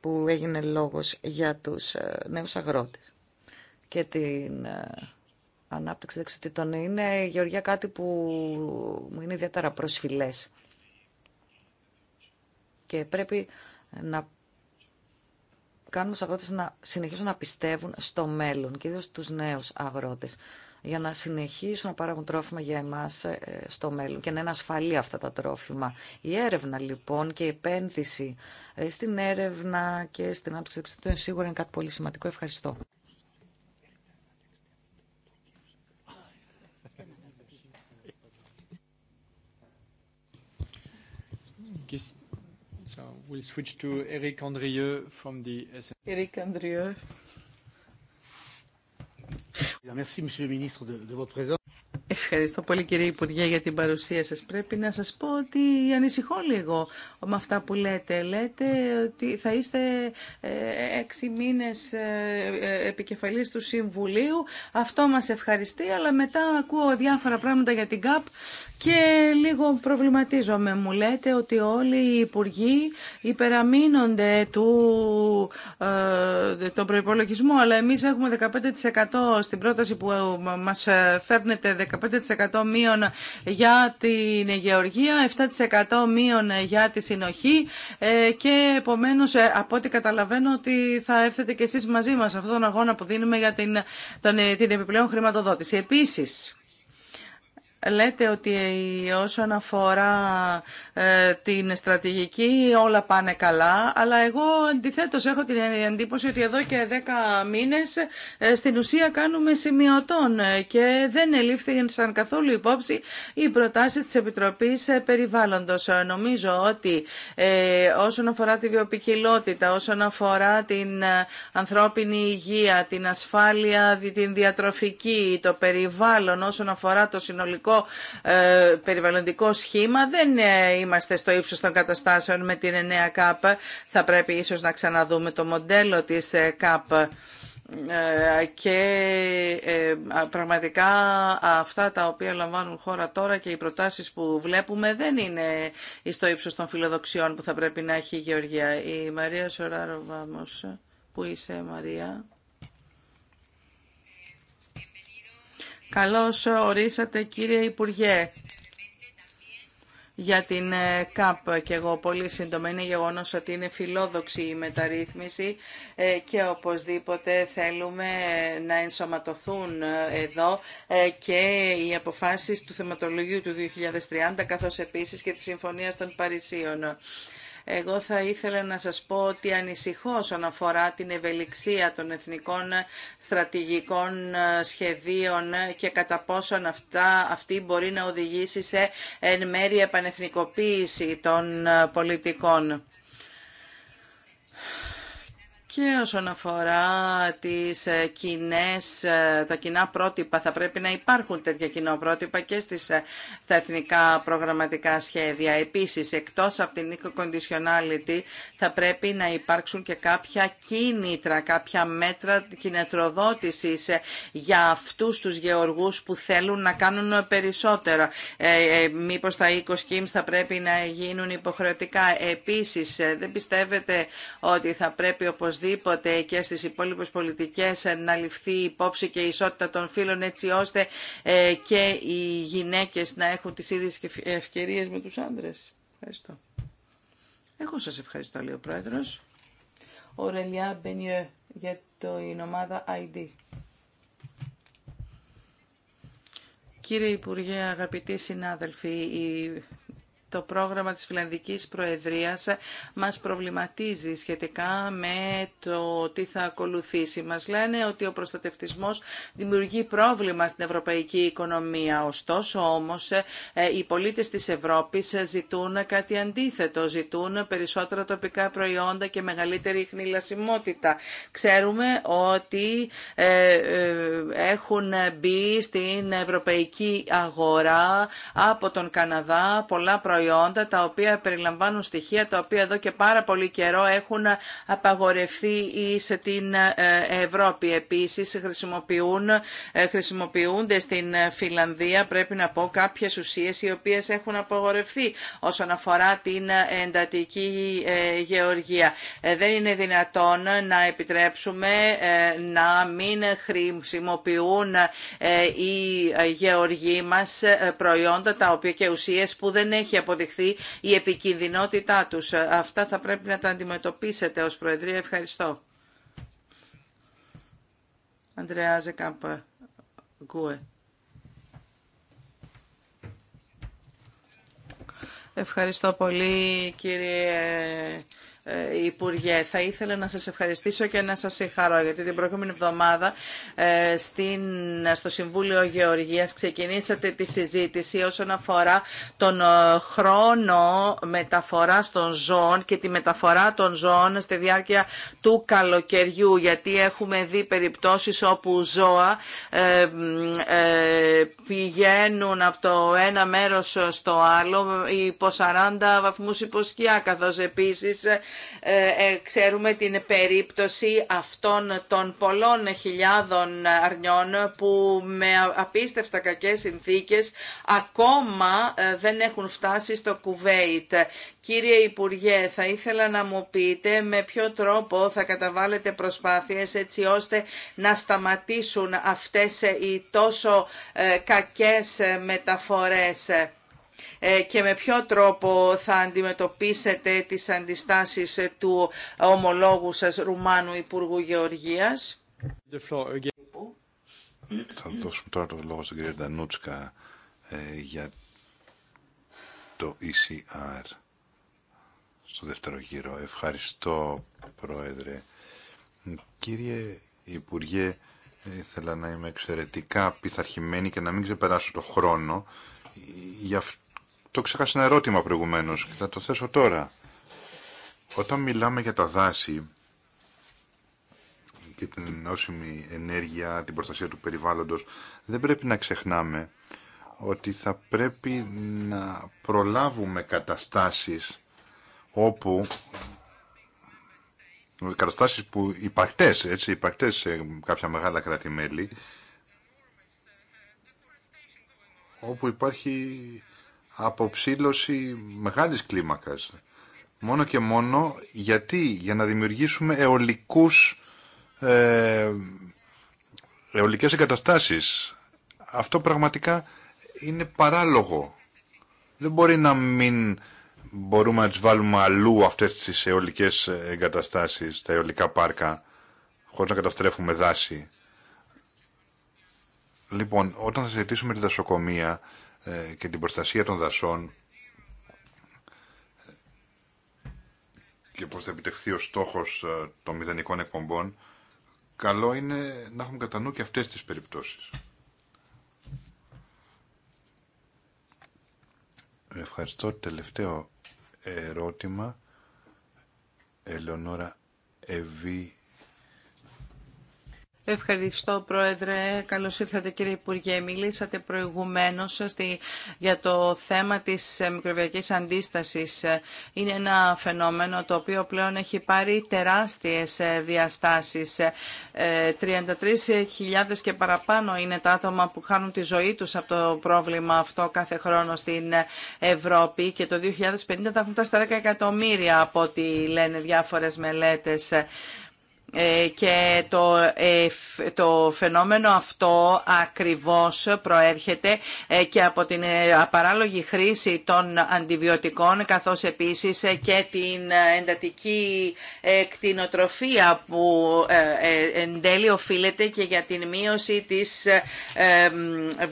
που έγινε λόγος για τους ε, νέους αγρότες και την ε, ανάπτυξη τον Είναι, Γεωργία, κάτι που μου είναι ιδιαίτερα προσφυλές. Και πρέπει να κάνουμε τους αγρότες να συνεχίσουν να πιστεύουν στο μέλλον και ιδίως τους νέους αγρότες για να συνεχίσουν να παράγουν τρόφιμα για εμάς ε, στο μέλλον και να είναι ασφαλή αυτά τα τρόφιμα. Η έρευνα λοιπόν και η επένδυση ε, στην έρευνα και στην άπτυξη είναι σίγουρα κάτι πολύ σημαντικό. Ευχαριστώ. Ευχαριστώ πολύ κύριε Υπουργέ για την παρουσία σας. Πρέπει να σας πω ότι ανησυχώ λίγο με αυτά που λέτε. Λέτε ότι θα είστε ε, έξι μήνες ε, ε, επικεφαλής του Συμβουλίου. Αυτό μας ευχαριστεί, αλλά μετά ακούω διάφορα πράγματα για την ΚΑΠ και λίγο προβληματίζομαι. Μου λέτε ότι όλοι οι υπουργοί υπεραμείνονται του, ε, τον προπολογισμό, αλλά εμείς έχουμε 15% στην πρόταση που ε, μας ε, φέρνετε 15% μείον για την γεωργία, 7% μείον για τη συνοχή ε, και επομένως από ό,τι καταλαβαίνω ότι θα έρθετε και εσείς μαζί μας αυτόν τον αγώνα που δίνουμε για την, την επιπλέον χρηματοδότηση. Επίσης, Λέτε ότι όσον αφορά ε, την στρατηγική όλα πάνε καλά, αλλά εγώ αντιθέτως έχω την εντύπωση ότι εδώ και δέκα μήνες ε, στην ουσία κάνουμε σημειωτών ε, και δεν σαν καθόλου υπόψη οι προτάσεις της Επιτροπής Περιβάλλοντος. Νομίζω ότι όσον αφορά τη βιοπικιλότητα, όσον αφορά την ανθρώπινη υγεία, την ασφάλεια, την διατροφική, το περιβάλλον, όσον αφορά το συνολικό περιβαλλοντικό, ε, περιβαλλοντικό σχήμα δεν ε, είμαστε στο ύψος των καταστάσεων με την νέα ΚΑΠ. Θα πρέπει ίσως να ξαναδούμε το μοντέλο της ε, ΚΑΠ και πραγματικά αυτά τα οποία λαμβάνουν χώρα τώρα και οι προτάσεις που βλέπουμε δεν είναι στο ύψος των φιλοδοξιών που θα πρέπει να έχει η Γεωργία. Η Μαρία Σοράροβα όμως, που είσαι Μαρία. Καλώς ορίσατε κύριε Υπουργέ για την ε, ΚΑΠ και εγώ πολύ σύντομα. Είναι γεγονό ότι είναι φιλόδοξη η μεταρρύθμιση ε, και οπωσδήποτε θέλουμε ε, να ενσωματωθούν εδώ και οι αποφάσεις του θεματολογίου του 2030 καθώς επίσης και τη Συμφωνία των Παρισίων. Εγώ θα ήθελα να σας πω ότι ανησυχώ όσον αφορά την ευελιξία των εθνικών στρατηγικών ε, σχεδίων και κατά πόσον αυτά, αυτή μπορεί να οδηγήσει σε εν μέρει επανεθνικοποίηση των ε, πολιτικών. Και όσον αφορά τις ε, κοινές, ε, τα κοινά πρότυπα, θα πρέπει να υπάρχουν τέτοια κοινό πρότυπα και στις, ε, στα εθνικά προγραμματικά σχέδια. Επίσης, εκτός από την eco-conditionality, θα πρέπει να υπάρξουν και κάποια κίνητρα, κάποια μέτρα κινητροδότησης για αυτούς τους γεωργούς που θέλουν να κάνουν περισσότερο. Ε, μήπως τα eco-schemes θα πρέπει να γίνουν υποχρεωτικά. Επίσης, δεν πιστεύετε ότι θα πρέπει οπωσδήποτε και στις υπόλοιπες πολιτικές να ληφθεί υπόψη και η ισότητα των φύλων έτσι ώστε ε, και οι γυναίκες να έχουν τις ίδιες ευκαιρίες με τους άντρες. Ευχαριστώ. Εγώ σας ευχαριστώ, λέει ο Πρόεδρος. Ορελιά Μπενιέ για την ομάδα ID. Κύριε Υπουργέ, αγαπητοί συνάδελφοι, η το πρόγραμμα της Φιλανδικής Προεδρίας μας προβληματίζει σχετικά με το τι θα ακολουθήσει. Μας λένε ότι ο προστατευτισμός δημιουργεί πρόβλημα στην ευρωπαϊκή οικονομία. Ωστόσο όμως ε, οι πολίτες της Ευρώπης ζητούν κάτι αντίθετο. Ζητούν περισσότερα τοπικά προϊόντα και μεγαλύτερη χνηλασιμότητα. Ξέρουμε ότι ε, ε, έχουν μπει στην ευρωπαϊκή αγορά από τον Καναδά πολλά προϊόντα προϊόντα τα οποία περιλαμβάνουν στοιχεία τα οποία εδώ και πάρα πολύ καιρό έχουν ή σε την ε, Ευρώπη. Επίσης χρησιμοποιούν, ε, χρησιμοποιούνται στην ε, Φιλανδία πρέπει να πω κάποιες ουσίες οι οποίες έχουν απαγορευτεί όσον αφορά την εντατική γεωργία. Δεν είναι δυνατόν να επιτρέψουμε να μην χρησιμοποιούν οι γεωργοί μας προϊόντα τα οποία και ουσίες που δεν έχει αποδειχθεί η επικίνδυνοτητά τους. Αυτά θα πρέπει να τα αντιμετωπίσετε ως Προεδρία. Ευχαριστώ. Αντρέα Ζεκάμπ Γκουε. Ευχαριστώ πολύ κύριε ε, Υπουργέ. Θα ήθελα να σας ευχαριστήσω και να σας συγχαρώ γιατί την προηγούμενη εβδομάδα ε, στην, στο Συμβούλιο Γεωργίας ξεκινήσατε τη συζήτηση όσον αφορά τον ε, χρόνο μεταφοράς των ζώων και τη μεταφορά των ζώων στη διάρκεια του καλοκαιριού γιατί έχουμε δει περιπτώσεις όπου ζώα πηγαίνουν από το ένα μέρος στο άλλο υπό 40 βαθμούς υποσκιά καθώς επίσης ε, ε, ξέρουμε την περίπτωση αυτών των πολλών χιλιάδων αρνιών που με απίστευτα κακές συνθήκες ακόμα ε, δεν έχουν φτάσει στο Κουβέιτ. Κύριε Υπουργέ, θα ήθελα να μου πείτε με ποιο τρόπο θα καταβάλλετε προσπάθειες έτσι ώστε να σταματήσουν αυτές οι τόσο κακές μεταφορές ε, και με ποιο τρόπο θα αντιμετωπίσετε τις αντιστάσεις ε, του ομολόγου σας Ρουμάνου Υπουργού Γεωργίας. Θα δώσουμε τώρα το λόγο στην κυρία Ντανούτσκα ε, για το ECR στο δεύτερο γύρο. Ευχαριστώ, Πρόεδρε. Κύριε Υπουργέ, ήθελα να είμαι εξαιρετικά πειθαρχημένη και να μην ξεπεράσω το χρόνο. Γι' αυτό το ξέχασα ένα ερώτημα προηγουμένως και θα το θέσω τώρα. Όταν μιλάμε για τα δάση και την νόσιμη ενέργεια, την προστασία του περιβάλλοντος, δεν πρέπει να ξεχνάμε ότι θα πρέπει να προλάβουμε καταστάσεις όπου καταστάσεις που υπαρκτές, έτσι, υπαρκτές σε κάποια μεγάλα κράτη-μέλη, όπου υπάρχει αποψήλωση μεγάλης κλίμακας. Μόνο και μόνο γιατί, για να δημιουργήσουμε αιωλικούς, ε, αιωλικές εγκαταστάσεις. Αυτό πραγματικά είναι παράλογο. Δεν μπορεί να μην μπορούμε να τις βάλουμε αλλού αυτές τις αιωλικές εγκαταστάσεις, τα αιωλικά πάρκα, χωρίς να καταστρέφουμε δάση. Λοιπόν, όταν θα συζητήσουμε τη δασοκομεία, ε, και την προστασία των δασών και πώς θα επιτευχθεί ο στόχος ε, των μηδενικών εκπομπών, καλό είναι να έχουμε κατά νου και αυτές τις περιπτώσεις. Ευχαριστώ. Τελευταίο ερώτημα. Ελεονόρα Ευή. Ευχαριστώ Πρόεδρε. Καλώς ήρθατε κύριε Υπουργέ. Μιλήσατε προηγουμένως στη, για το θέμα της μικροβιακής αντίστασης. Είναι ένα φαινόμενο το οποίο πλέον έχει πάρει τεράστιες διαστάσεις. 33.000 ε, και παραπάνω είναι τα άτομα που χάνουν τη ζωή τους από το πρόβλημα αυτό κάθε χρόνο στην Ευρώπη και το 2050 θα έχουν φτάσει στα 10 εκατομμύρια από ό,τι λένε διάφορες μελέτες. Ε, και το, ε, το φαινόμενο αυτό ακριβώς προέρχεται ε, και από την απαράλογη χρήση των αντιβιωτικών καθώς επίσης και την εντατική κτηνοτροφία που εν τέλει οφείλεται και για την μείωση της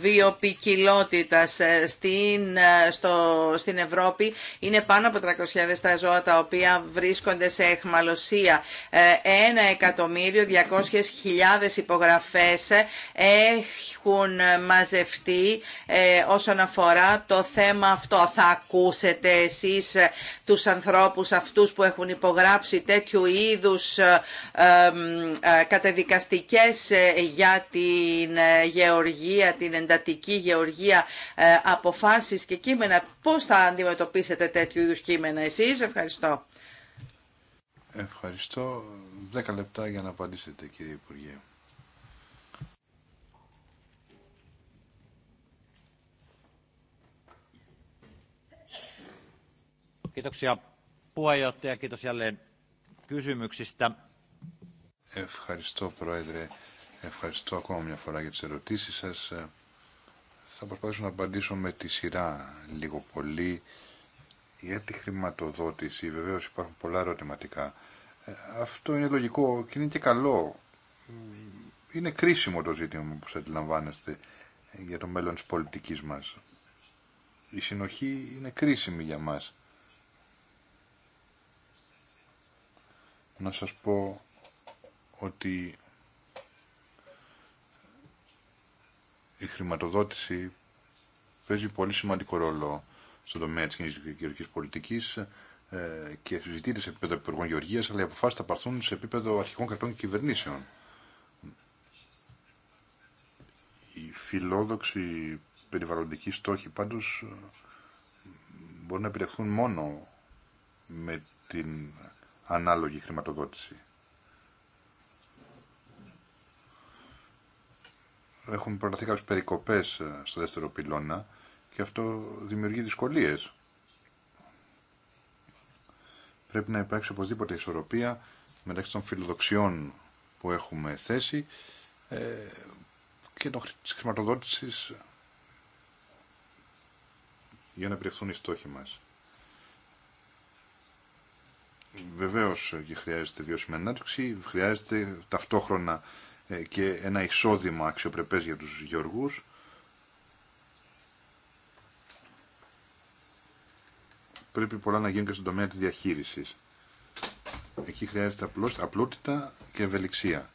βιοπικιλότητας στην, στο, στην Ευρώπη είναι πάνω από 300.000 τα ζώα τα οποία βρίσκονται σε εχμαλωσία. Ένα εκατομμύριο 200.000 υπογραφές έχουν μαζευτεί ε, όσον αφορά το θέμα αυτό. Θα ακούσετε εσείς τους ανθρώπους αυτούς που έχουν υπογράψει τέτοιου είδους ε, ε, καταδικαστικές για την γεωργία, την εντατική γεωργία αποφάσεις και κείμενα. Πώς θα αντιμετωπίσετε τέτοιου είδους κείμενα εσείς. Ευχαριστώ. Ευχαριστώ. Δέκα λεπτά για να απαντήσετε κύριε Υπουργέ. που puheenjohtaja, kiitos jälleen kysymyksistä. Ευχαριστώ Πρόεδρε, ευχαριστώ ακόμα μια φορά για τις ερωτήσεις σας. Θα προσπαθήσω να απαντήσω με τη σειρά λίγο πολύ για τη χρηματοδότηση βεβαίως υπάρχουν πολλά ερωτηματικά. Ε, αυτό είναι λογικό και είναι και καλό. Είναι κρίσιμο το ζήτημα που αντιλαμβάνεστε για το μέλλον της πολιτικής μας. Η συνοχή είναι κρίσιμη για μας. Να σας πω ότι η χρηματοδότηση παίζει πολύ σημαντικό ρόλο στον τομέα τη κοινή πολιτική ε, και συζητείται σε επίπεδο Υπουργών Γεωργία, αλλά οι αποφάσει θα παρθούν σε επίπεδο αρχικών κρατών και κυβερνήσεων. Οι φιλόδοξοι περιβαλλοντικοί στόχοι πάντω ε, μπορούν να επιτευχθούν μόνο με την ανάλογη χρηματοδότηση. Έχουν προταθεί κάποιε περικοπέ ε, στο δεύτερο πυλώνα και αυτό δημιουργεί δυσκολίες. Πρέπει να υπάρξει οπωσδήποτε ισορροπία μεταξύ των φιλοδοξιών που έχουμε θέσει ε, και της χρηματοδότησης για να επιτευχθούν οι στόχοι μας. Βεβαίως και ε, χρειάζεται βιώσιμη ανάπτυξη, χρειάζεται ταυτόχρονα ε, και ένα εισόδημα αξιοπρεπές για τους γεωργούς πρέπει πολλά να γίνουν και στον τομέα της διαχείρισης. Εκεί χρειάζεται απλότητα και ευελιξία.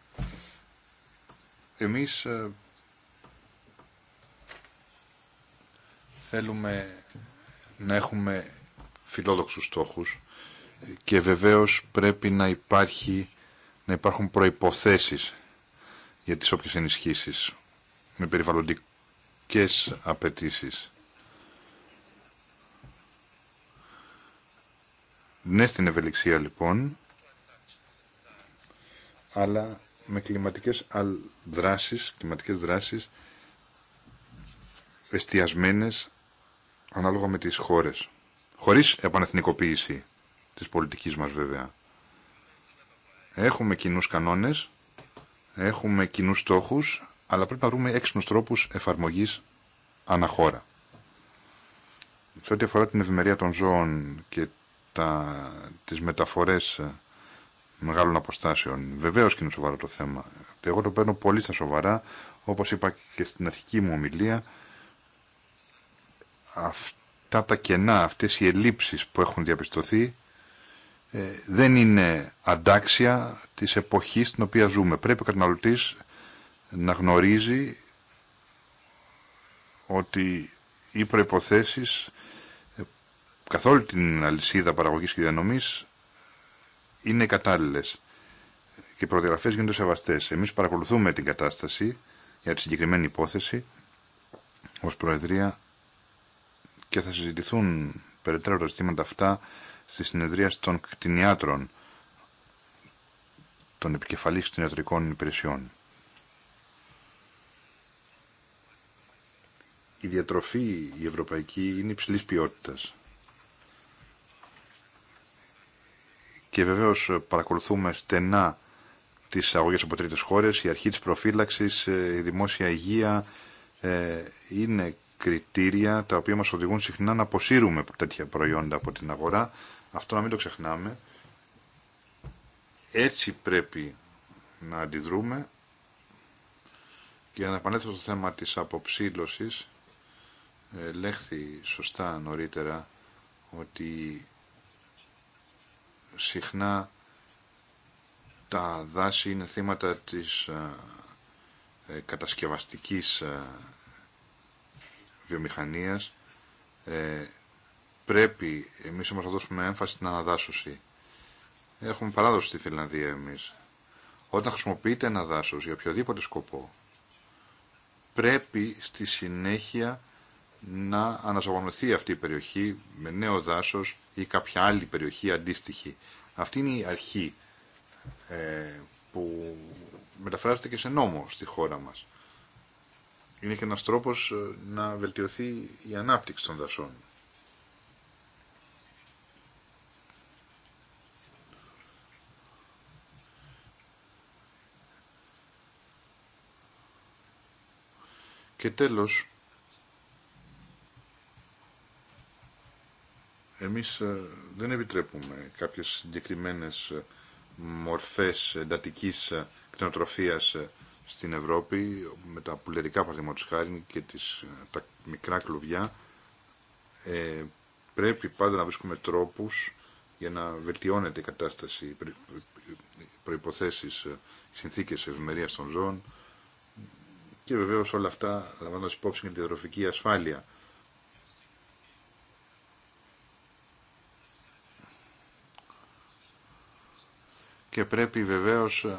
Εμείς ε, θέλουμε να έχουμε φιλόδοξους στόχους και βεβαίως πρέπει να, υπάρχει, να υπάρχουν προϋποθέσεις για τις όποιες ενισχύσεις με περιβαλλοντικές απαιτήσεις. Ναι στην ευελιξία λοιπόν, αλλά με κλιματικές δράσεις, κλιματικές δράσεις εστιασμένες ανάλογα με τις χώρες. Χωρίς επανεθνικοποίηση της πολιτικής μας βέβαια. Έχουμε κοινούς κανόνες, έχουμε κοινούς στόχους, αλλά πρέπει να βρούμε έξυπνους τρόπους εφαρμογής αναχώρα. Σε ό,τι αφορά την ευημερία των ζώων και τα, τις μεταφορές ε, μεγάλων αποστάσεων. Βεβαίως και είναι σοβαρό το θέμα. Εγώ το παίρνω πολύ στα σοβαρά, όπως είπα και στην αρχική μου ομιλία, αυτά τα κενά, αυτές οι ελλείψεις που έχουν διαπιστωθεί ε, δεν είναι αντάξια της εποχής στην οποία ζούμε. Πρέπει ο καταναλωτής να γνωρίζει ότι οι προϋποθέσεις Καθόλου την αλυσίδα παραγωγής και διανομής είναι κατάλληλες και οι προδιαγραφές γίνονται σεβαστές. Εμείς παρακολουθούμε την κατάσταση για τη συγκεκριμένη υπόθεση ως Προεδρία και θα συζητηθούν περαιτέρω τα ζητήματα αυτά στη συνεδρία των κτηνιάτρων των επικεφαλής κτηνιατρικών υπηρεσιών. Η διατροφή η ευρωπαϊκή είναι υψηλής ποιότητας. και βεβαίω ε, παρακολουθούμε στενά τις αγωγές από τρίτε χώρες, η αρχή της προφύλαξης, ε, η δημόσια υγεία ε, είναι κριτήρια τα οποία μας οδηγούν συχνά να αποσύρουμε τέτοια προϊόντα από την αγορά. Αυτό να μην το ξεχνάμε. Έτσι πρέπει να αντιδρούμε και να επανέλθω στο θέμα της αποψήλωσης. Ε, λέχθη σωστά νωρίτερα ότι συχνά τα δάση είναι θύματα της ε, ε, κατασκευαστικής ε, βιομηχανίας. Πρέπει εμείς όμως να δώσουμε έμφαση στην αναδάσωση. Έχουμε παράδοση στη Φιλανδία εμείς. Όταν χρησιμοποιείται ένα δάσος για οποιοδήποτε σκοπό, πρέπει στη συνέχεια να αναζωογονωθεί αυτή η περιοχή με νέο δάσος ή κάποια άλλη περιοχή αντίστοιχη. Αυτή είναι η αρχή ε, που μεταφράζεται και σε νόμο στη χώρα μας. Είναι και ένας τρόπος ε, να βελτιωθεί η ανάπτυξη των δασών. Και τέλος, Εμείς ε, δεν επιτρέπουμε κάποιες συγκεκριμένε ε, μορφές εντατικής ε, κτηνοτροφίας στην Ευρώπη, με τα πουλερικά παραδείγματος χάρη και τις, τα μικρά κλουβιά. Ε, πρέπει πάντα να βρίσκουμε τρόπους για να βελτιώνεται η κατάσταση, προϋποθέσεις, συνθήκες ευημερίας των ζώων και βεβαίως όλα αυτά λαμβάνοντας υπόψη για τη διατροφική ασφάλεια και πρέπει βεβαίως ε,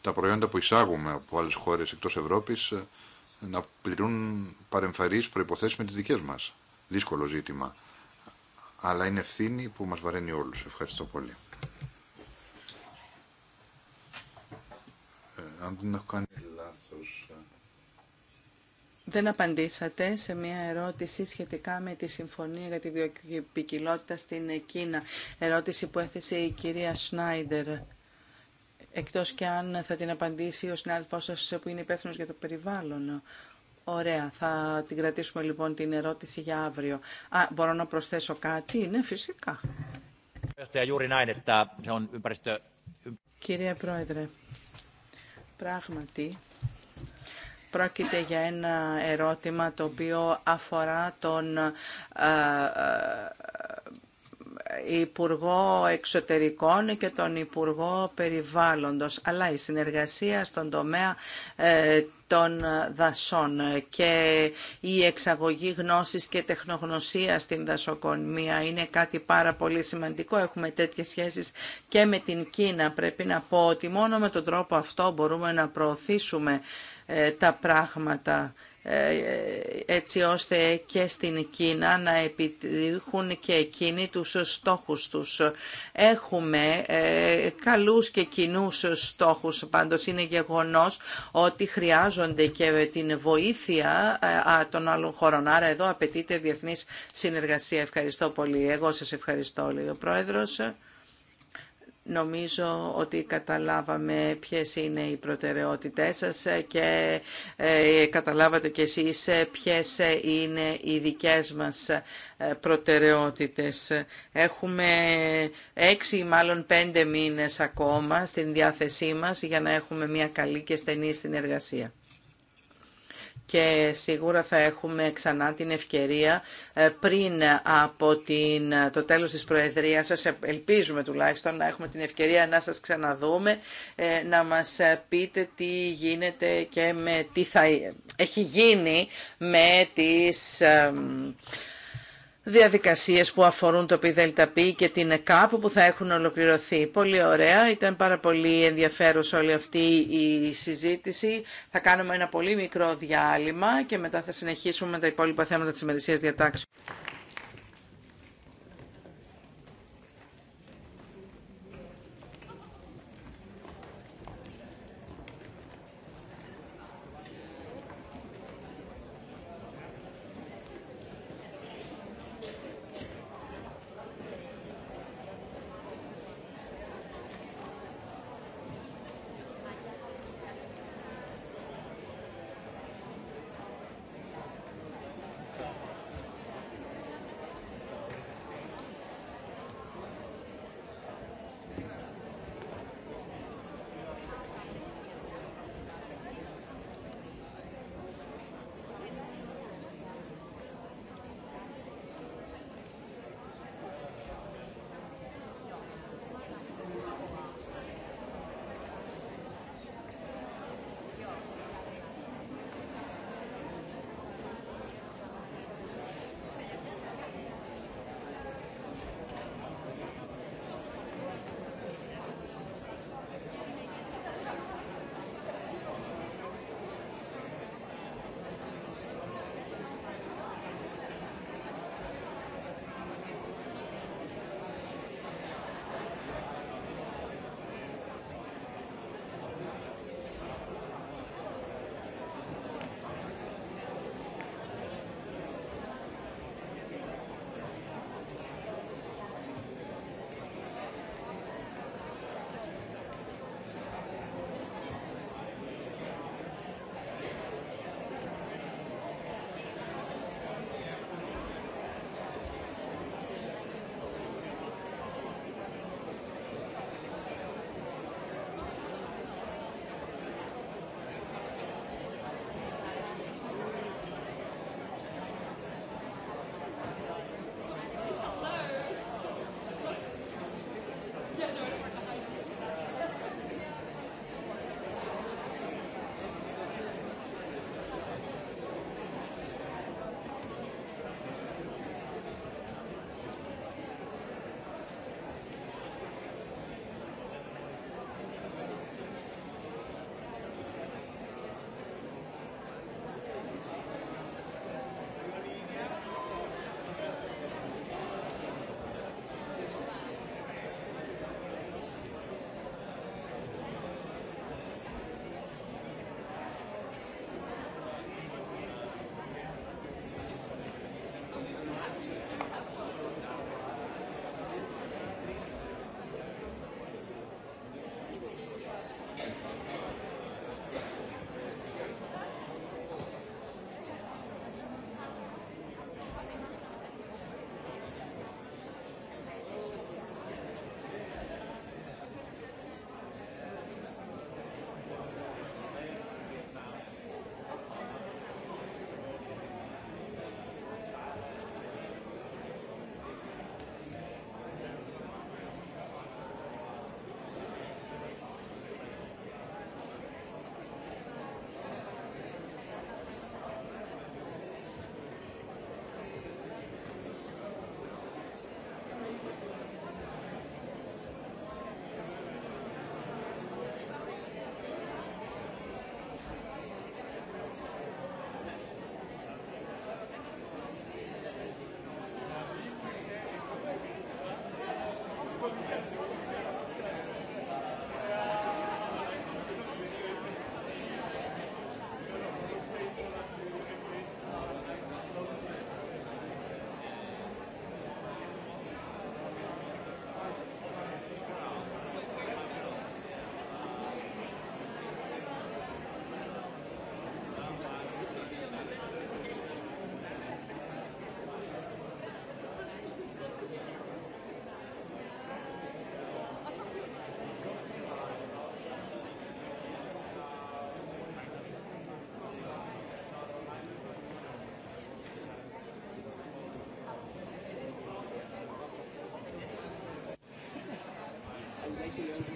τα προϊόντα που εισάγουμε από άλλες χώρες εκτός Ευρώπης ε, να πληρούν παρεμφαρείς προϋποθέσεις με τις δικές μας. Δύσκολο ζήτημα. Αλλά είναι ευθύνη που μας βαραίνει όλους. Ευχαριστώ πολύ. Ε, αν δεν έχω κάνει δεν απαντήσατε σε μια ερώτηση σχετικά με τη Συμφωνία για τη Βιοποικιλότητα στην Κίνα. Ερώτηση που έθεσε η κυρία Σνάιντερ. Εκτός και αν θα την απαντήσει ο συνάδελφός σας που είναι υπεύθυνο για το περιβάλλον. Ωραία, θα την κρατήσουμε λοιπόν την ερώτηση για αύριο. Α, μπορώ να προσθέσω κάτι, ναι, φυσικά. Κύριε Πρόεδρε, πράγματι Πρόκειται για ένα ερώτημα το οποίο αφορά τον ε, ε, Υπουργό Εξωτερικών και τον Υπουργό Περιβάλλοντος, αλλά η συνεργασία στον τομέα ε, των δασών και η εξαγωγή γνώσης και τεχνογνωσία στην δασοκομία είναι κάτι πάρα πολύ σημαντικό. Έχουμε τέτοιες σχέσεις και με την Κίνα. Πρέπει να πω ότι μόνο με τον τρόπο αυτό μπορούμε να προωθήσουμε ε, τα πράγματα ε, έτσι ώστε και στην Κίνα να επιτύχουν και εκείνοι τους στόχους τους. Έχουμε ε, καλούς και κοινού στόχους, πάντως είναι γεγονός ότι χρειάζονται και την βοήθεια των άλλων χωρών. Άρα εδώ απαιτείται διεθνής συνεργασία. Ευχαριστώ πολύ. Εγώ σας ευχαριστώ, λέει ο Πρόεδρος. Νομίζω ότι καταλάβαμε ποιες είναι οι προτεραιότητές σας και ε, καταλάβατε κι εσείς ποιες είναι οι δικές μας ε, προτεραιότητες. Έχουμε έξι ή μάλλον πέντε μήνες ακόμα στην διάθεσή μας για να έχουμε μια καλή και στενή συνεργασία και σίγουρα θα έχουμε ξανά την ευκαιρία ε, πριν από την, ε, το τέλος της Προεδρίας σας, ε, ελπίζουμε τουλάχιστον να έχουμε την ευκαιρία να σας ξαναδούμε, να μας πείτε τι γίνεται και με τι θα έχει γίνει με τις διαδικασίες που αφορούν το ΠΔΠ και την ΕΚΑΠ που θα έχουν ολοκληρωθεί. Πολύ ωραία, ήταν πάρα πολύ ενδιαφέρουσα όλη αυτή η συζήτηση. Θα κάνουμε ένα πολύ μικρό διάλειμμα και μετά θα συνεχίσουμε με τα υπόλοιπα θέματα της ημερησίας διατάξεων.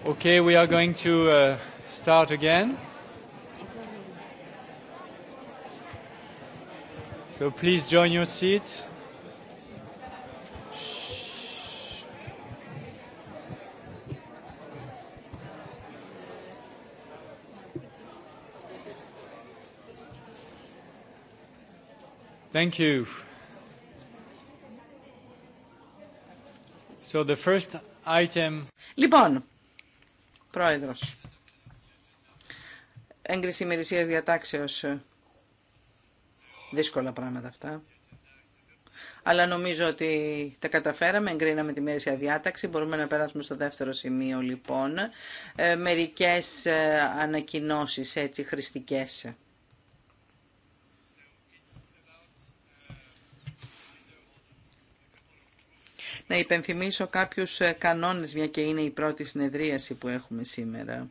Okay, we are going to uh, start again. So please join your seat. Thank you. So the first Item. Λοιπόν, πρόεδρος, έγκριση ημερησίας διατάξεως, δύσκολα πράγματα αυτά. Αλλά νομίζω ότι τα καταφέραμε, εγκρίναμε τη μέρησια διάταξη. Μπορούμε να περάσουμε στο δεύτερο σημείο λοιπόν. Ε, μερικές ε, ανακοινώσεις έτσι χρηστικές. να υπενθυμίσω κάποιους ε, κανόνες, μια και είναι η πρώτη συνεδρίαση που έχουμε σήμερα.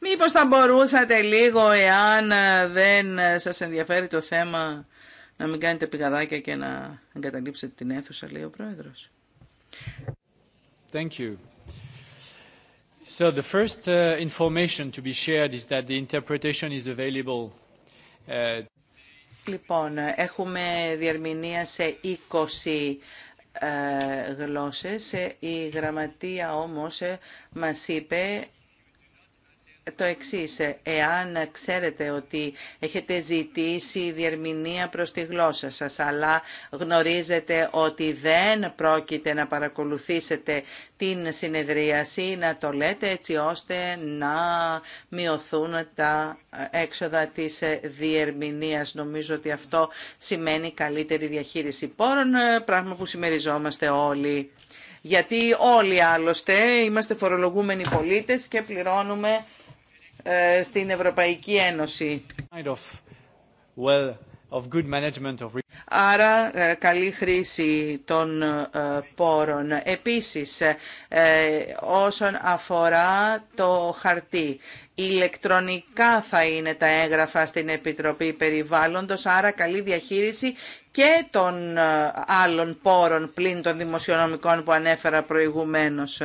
Μήπως θα μπορούσατε λίγο, εάν ε, δεν ε, σας ενδιαφέρει το θέμα, να μην κάνετε πηγαδάκια και να εγκαταλείψετε την αίθουσα, λέει ο Πρόεδρος. Thank you. So the first uh, information to be shared is that the interpretation is available. Uh, λοιπόν, έχουμε διερμηνία σε 20 ε, γλώσσες. Η γραμματεία όμως μας είπε το εξής, εάν ξέρετε ότι έχετε ζητήσει διερμηνία προς τη γλώσσα σας, αλλά γνωρίζετε ότι δεν πρόκειται να παρακολουθήσετε την συνεδρίαση, να το λέτε έτσι ώστε να μειωθούν τα έξοδα της διερμηνίας. Νομίζω ότι αυτό σημαίνει καλύτερη διαχείριση πόρων, πράγμα που συμμεριζόμαστε όλοι. Γιατί όλοι άλλωστε είμαστε φορολογούμενοι πολίτες και πληρώνουμε ε, στην Ευρωπαϊκή Ένωση. Of good management of... Άρα ε, καλή χρήση των ε, πόρων. Επίσης, όσον αφορά το χαρτί, Ηλεκτρονικά θα είναι τα έγγραφα στην Επιτροπή Περιβάλλοντος, άρα καλή διαχείριση και των ε, άλλων πόρων πλην των δημοσιονομικών που ανέφερα προηγουμένως.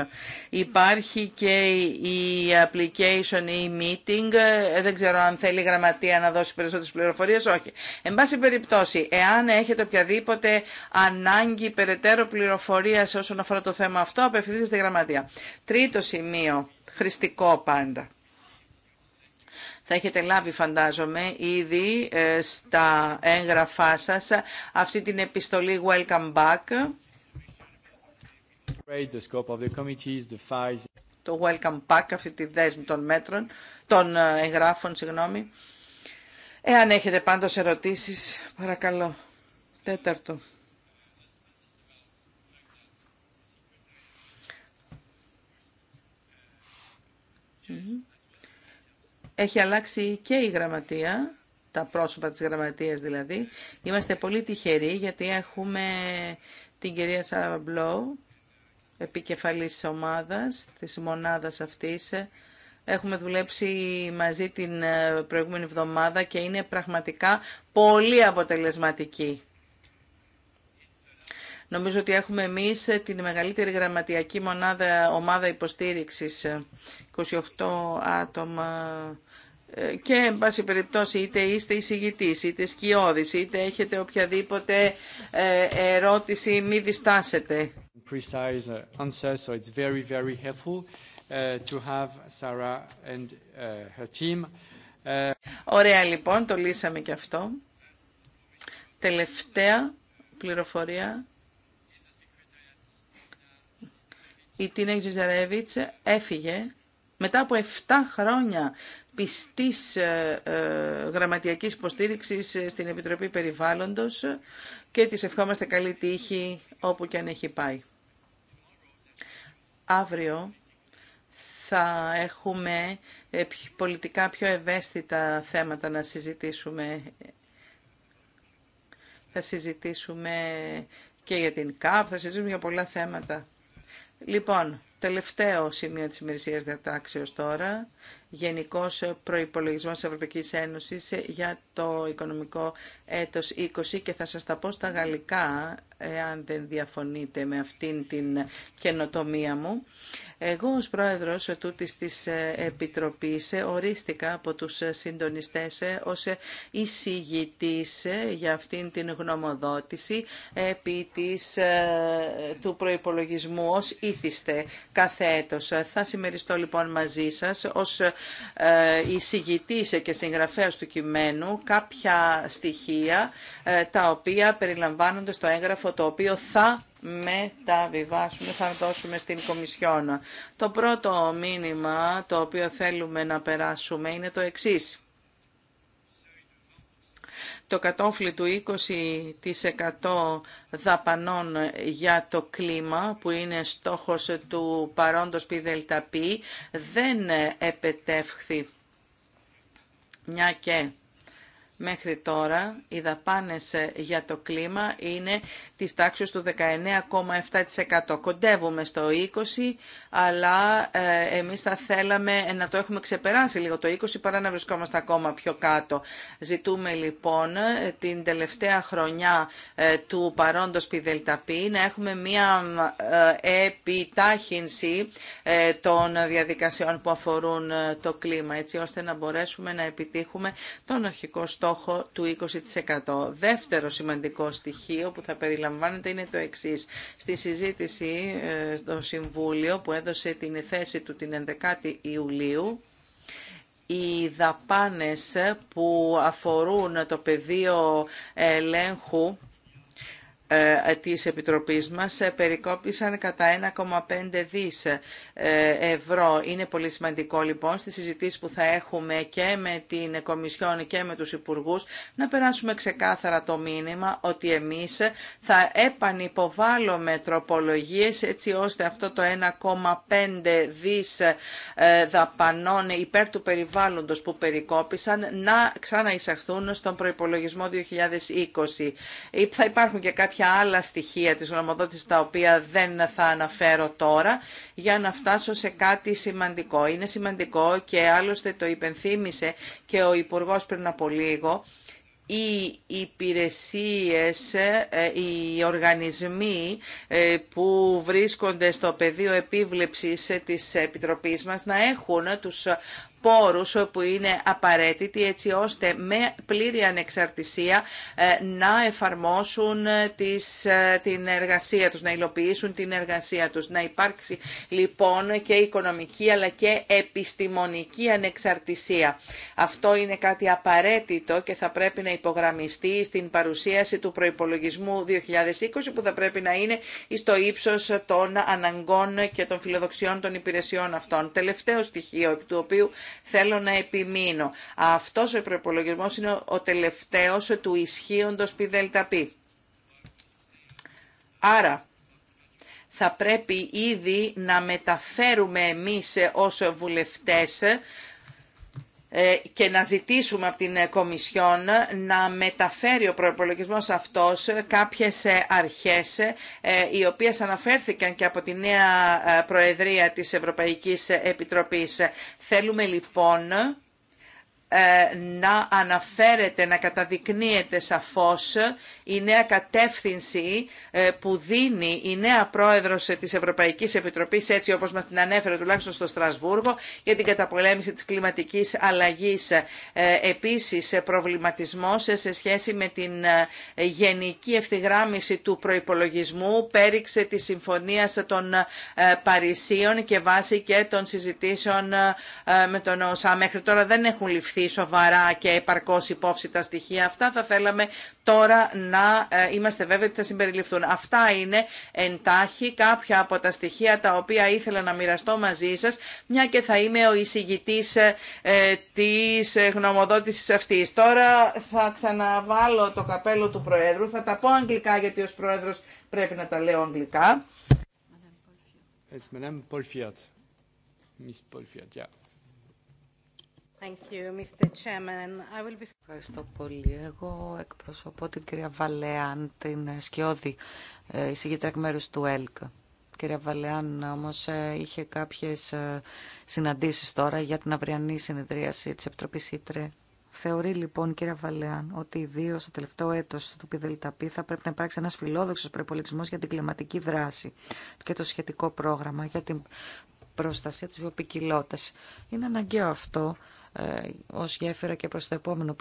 Υπάρχει και η application ή e meeting, ε, δεν ξέρω αν θέλει η γραμματεία να δώσει περισσότερες πληροφορίες, όχι. Εν πάση περιπτώσει, εάν έχετε οποιαδήποτε ανάγκη περαιτέρω πληροφορία όσον αφορά το θέμα αυτό, απευθύνεστε στη γραμματεία. Τρίτο σημείο, χρηστικό πάντα. Θα έχετε λάβει φαντάζομαι ήδη ε, στα έγγραφά σας αυτή την επιστολή Welcome Back. Το Welcome Back, αυτή τη δέσμη των μέτρων, των ε, εγγράφων, συγγνώμη. Εάν έχετε πάντως ερωτήσεις, παρακαλώ. Τέταρτο. Mm έχει αλλάξει και η γραμματεία, τα πρόσωπα της γραμματείας δηλαδή. Είμαστε πολύ τυχεροί γιατί έχουμε την κυρία Σαραμπλό, επικεφαλής της ομάδας, της μονάδας αυτής. Έχουμε δουλέψει μαζί την ε, προηγούμενη εβδομάδα και είναι πραγματικά πολύ αποτελεσματική. Νομίζω ότι έχουμε εμείς την μεγαλύτερη γραμματιακή μονάδα, ομάδα υποστήριξης, ε, 28 άτομα ε, και εν πάση περιπτώσει είτε είστε εισηγητής, είτε σκιώδης, είτε έχετε οποιαδήποτε ε, ερώτηση, μη διστάσετε. Uh, it's very, very helpful uh, to have Sarah and uh, her team. Ωραία λοιπόν, το λύσαμε και αυτό. Τελευταία πληροφορία. Η Τίνα Ζιζαρέβιτς έφυγε μετά από 7 χρόνια πιστής ε, ε, γραμματιακής υποστήριξης ε, στην Επιτροπή Περιβάλλοντος και της ευχόμαστε καλή τύχη όπου και αν έχει πάει. Αύριο θα έχουμε πολιτικά πιο ευαίσθητα θέματα να συζητήσουμε. Θα συζητήσουμε και για την ΚΑΠ, θα συζητήσουμε για πολλά θέματα. Λοιπόν, τελευταίο σημείο της ημερησίας διατάξεως τώρα Γενικός Προϋπολογισμός Ευρωπαϊκής Ένωση για το οικονομικό έτος 20 και θα σας τα πω στα γαλλικά, αν δεν διαφωνείτε με αυτήν την καινοτομία μου. Εγώ ως πρόεδρος τούτη της Επιτροπής ορίστηκα από τους συντονιστές ως εισηγητής για αυτήν την γνωμοδότηση επί της, ε, του προϋπολογισμού ως ήθιστε κάθε έτος. Θα συμμεριστώ λοιπόν μαζί σας ως ε, εισηγητής και συγγραφέας του κειμένου κάποια στοιχεία ε, τα οποία περιλαμβάνονται στο έγγραφο το οποίο θα μεταβιβάσουμε, θα δώσουμε στην Κομισιόνα. Το πρώτο μήνυμα το οποίο θέλουμε να περάσουμε είναι το εξής το κατόφλι του 20% δαπανών για το κλίμα, που είναι στόχος του παρόντος ΠΙΔΕΛΤΑΠΗ, δεν επετεύχθη. Μια και Μέχρι τώρα οι δαπάνες ε, για το κλίμα είναι της τάξης του 19,7%. Κοντεύουμε στο 20% αλλά ε, εμείς θα θέλαμε να το έχουμε ξεπεράσει λίγο το 20% παρά να βρισκόμαστε ακόμα πιο κάτω. Ζητούμε λοιπόν ε, την τελευταία χρονιά του παρόντος πιδελταπή να έχουμε μια επιτάχυνση των διαδικασιών που αφορούν το κλίμα έτσι ώστε να μπορέσουμε να επιτύχουμε τον αρχικό στόχο στόχο του 20%. Δεύτερο σημαντικό στοιχείο που θα περιλαμβάνεται είναι το εξή. Στη συζήτηση ε, στο Συμβούλιο που έδωσε την θέση του την 11η Ιουλίου, οι δαπάνες που αφορούν το πεδίο ελέγχου ε, της Επιτροπής μας ε, περικόπησαν κατά 1,5 δις ε, ευρώ. Είναι πολύ σημαντικό λοιπόν στις συζητήσεις που θα έχουμε και με την Κομισιόν και με τους Υπουργούς να περάσουμε ξεκάθαρα το μήνυμα ότι εμείς θα επανυποβάλλουμε τροπολογίες έτσι ώστε αυτό το 1,5 δις δαπανών υπέρ του περιβάλλοντος που περικόπησαν να ξαναεισαχθούν στον προϋπολογισμό 2020. Θα υπάρχουν και κάποιοι και άλλα στοιχεία της γνωμοδότησης τα οποία δεν θα αναφέρω τώρα για να φτάσω σε κάτι σημαντικό. Είναι σημαντικό και άλλωστε το υπενθύμησε και ο Υπουργός πριν από λίγο οι υπηρεσίες, ε, οι οργανισμοί ε, που βρίσκονται στο πεδίο επίβλεψης της Επιτροπής μας να έχουν τους πόρους που είναι απαραίτητοι έτσι ώστε με πλήρη ανεξαρτησία ε, να εφαρμόσουν ε, τις, ε, την εργασία τους, να υλοποιήσουν την εργασία τους. Να υπάρξει λοιπόν και οικονομική αλλά και επιστημονική ανεξαρτησία. Αυτό είναι κάτι απαραίτητο και θα πρέπει να υπογραμμιστεί στην παρουσίαση του προϋπολογισμού 2020 που θα πρέπει να είναι στο ύψος των αναγκών και των φιλοδοξιών των υπηρεσιών αυτών. Τελευταίο στοιχείο του οποίου θέλω να επιμείνω. Αυτός ο προπολογισμό είναι ο τελευταίος του ισχύοντος πι Άρα, θα πρέπει ήδη να μεταφέρουμε εμείς ως βουλευτές ε, και να ζητήσουμε από την ε, Κομισιόν ε, να μεταφέρει ο προπολογισμό αυτός κάποιες αρχές οι οποίες αναφέρθηκαν και από τη νέα Προεδρία της Ευρωπαϊκής Επιτροπής. Θέλουμε λοιπόν ε, να αναφέρεται, να καταδεικνύεται σαφώς η νέα κατεύθυνση ε, που δίνει η νέα πρόεδρος της Ευρωπαϊκής Επιτροπής, έτσι όπως μας την ανέφερε τουλάχιστον στο Στρασβούργο, για την καταπολέμηση της κλιματικής αλλαγής. Ε, επίσης, προβληματισμός σε σχέση με την γενική ευθυγράμμιση του προϋπολογισμού πέριξε τη Συμφωνία των Παρισίων και βάση και των συζητήσεων με τον ΟΣΑ. Μέχρι τώρα δεν έχουν ληφθεί ληφθεί σοβαρά και επαρκώς υπόψη τα στοιχεία αυτά. Θα θέλαμε τώρα να ε, είμαστε βέβαιοι ότι θα συμπεριληφθούν. Αυτά είναι εντάχει κάποια από τα στοιχεία τα οποία ήθελα να μοιραστώ μαζί σας, μια και θα είμαι ο εισηγητή ε, ε, της γνωμοδότησης αυτής. Τώρα θα ξαναβάλω το καπέλο του Προέδρου, θα τα πω αγγλικά γιατί ω προέδρο πρέπει να τα λέω αγγλικά. Miss Ευχαριστώ πολύ. Εγώ εκπροσωπώ την κυρία Βαλεάν, την σκιώδη ε, εισηγήτρια εκ μέρους του ΕΛΚ. κυρία Βαλεάν όμω ε, είχε κάποιε συναντήσει τώρα για την αυριανή συνεδρίαση τη Επιτροπής Ήτρε. Θεωρεί λοιπόν, κυρία Βαλεάν, ότι ιδίω στο τελευταίο έτο του ΠΔΕΛΤΑΠΗ θα πρέπει να υπάρξει ένα φιλόδοξο προπολογισμό για την κλιματική δράση και το σχετικό πρόγραμμα για την προστασία της βιοπικιλότητας. Είναι αναγκαίο αυτό ε, ως γέφυρα και προς το επόμενο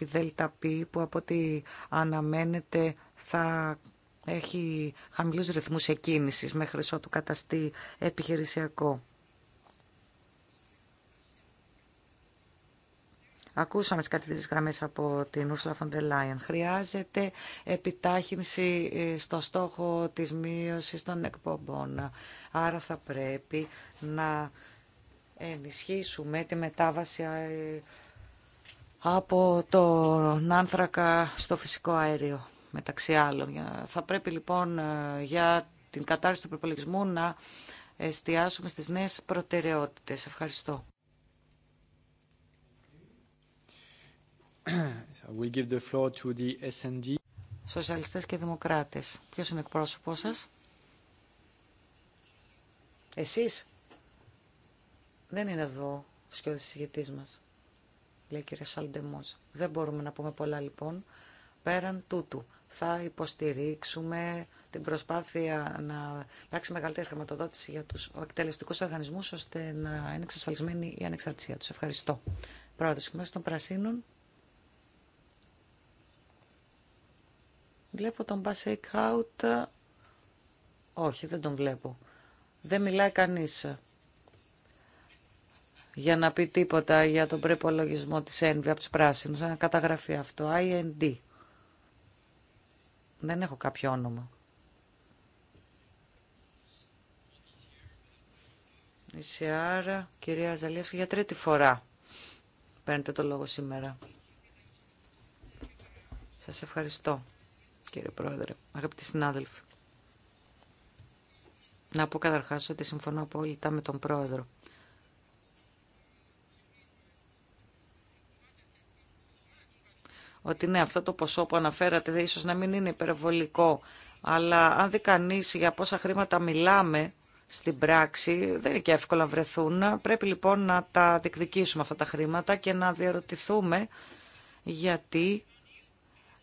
πι που από ό,τι αναμένεται θα έχει χαμηλούς ρυθμούς εκκίνησης μέχρι ότου καταστεί επιχειρησιακό. Ακούσαμε τις κατηδίες γραμμές από την Ursula von der Leyen. Χρειάζεται επιτάχυνση ε, στο στόχο της μείωσης των εκπομπών. Άρα θα πρέπει να ενισχύσουμε τη μετάβαση ε, από τον άνθρακα στο φυσικό αέριο, μεταξύ άλλων. Θα πρέπει λοιπόν ε, για την κατάρριση του προπολογισμού να εστιάσουμε στις νέες προτεραιότητες. Ευχαριστώ. Σοσιαλιστέ Σοσιαλιστές και Δημοκράτες. Ποιος είναι εκπρόσωπός σας? Εσείς. Δεν είναι εδώ ο σκιώδης μας, λέει η κυρία Σαλντεμός. Δεν μπορούμε να πούμε πολλά λοιπόν. Πέραν τούτου θα υποστηρίξουμε την προσπάθεια να αλλάξει μεγαλύτερη χρηματοδότηση για τους εκτελεστικούς οργανισμούς ώστε να είναι εξασφαλισμένη η ανεξαρτησία τους. Ευχαριστώ. Πρόεδρος μέσω των Πρασίνων. Βλέπω τον Πασέικ Χάουτ. Όχι, δεν τον βλέπω. Δεν μιλάει κανείς για να πει τίποτα για τον προπολογισμό της ΕΝΒΙ από τους πράσινους. Να καταγραφεί αυτό. IND. Δεν έχω κάποιο όνομα. Είσαι άρα, κυρία Ζαλίας, για τρίτη φορά παίρνετε το λόγο σήμερα. Σας ευχαριστώ, κύριε Πρόεδρε, αγαπητοί συνάδελφοι. Να πω καταρχάς ότι συμφωνώ απόλυτα με τον Πρόεδρο. ότι ναι, αυτό το ποσό που αναφέρατε ίσως να μην είναι υπερβολικό, αλλά αν δει κανεί για πόσα χρήματα μιλάμε στην πράξη, δεν είναι και εύκολα να βρεθούν. Πρέπει λοιπόν να τα διεκδικήσουμε αυτά τα χρήματα και να διαρωτηθούμε γιατί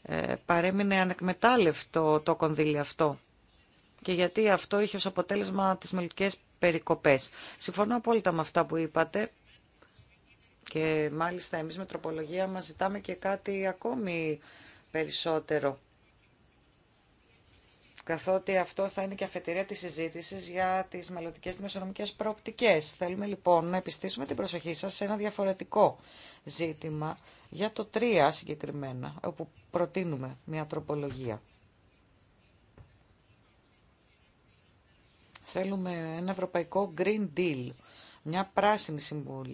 ε, παρέμεινε ανεκμετάλλευτο το κονδύλι αυτό και γιατί αυτό είχε ως αποτέλεσμα τις μελικές περικοπές. Συμφωνώ απόλυτα με αυτά που είπατε. Και μάλιστα εμείς με τροπολογία μας ζητάμε και κάτι ακόμη περισσότερο. Καθότι αυτό θα είναι και αφετηρία της συζήτησης για τις μελλοντικέ δημοσιονομικές προοπτικές. Θέλουμε λοιπόν να επιστήσουμε την προσοχή σας σε ένα διαφορετικό ζήτημα για το 3 συγκεκριμένα, όπου προτείνουμε μια τροπολογία. Θέλουμε ένα ευρωπαϊκό Green Deal μια πράσινη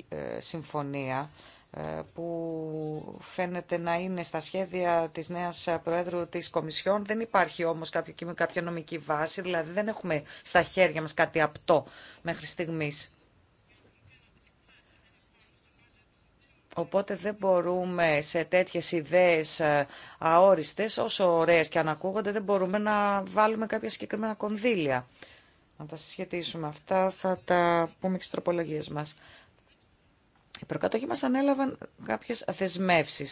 ε, συμφωνία ε, που φαίνεται να είναι στα σχέδια της νέας Προέδρου της Κομισιόν. Δεν υπάρχει όμως κάποιο κάποια νομική βάση, δηλαδή δεν έχουμε στα χέρια μας κάτι απτό μέχρι στιγμής. Οπότε δεν μπορούμε σε τέτοιες ιδέες ε, αόριστες, όσο ωραίες και ανακούγονται, δεν μπορούμε να βάλουμε κάποια συγκεκριμένα κονδύλια να τα συσχετίσουμε αυτά, θα τα πούμε και στις τροπολογίες μας. Οι προκατοχοί μας ανέλαβαν κάποιες δεσμεύσει.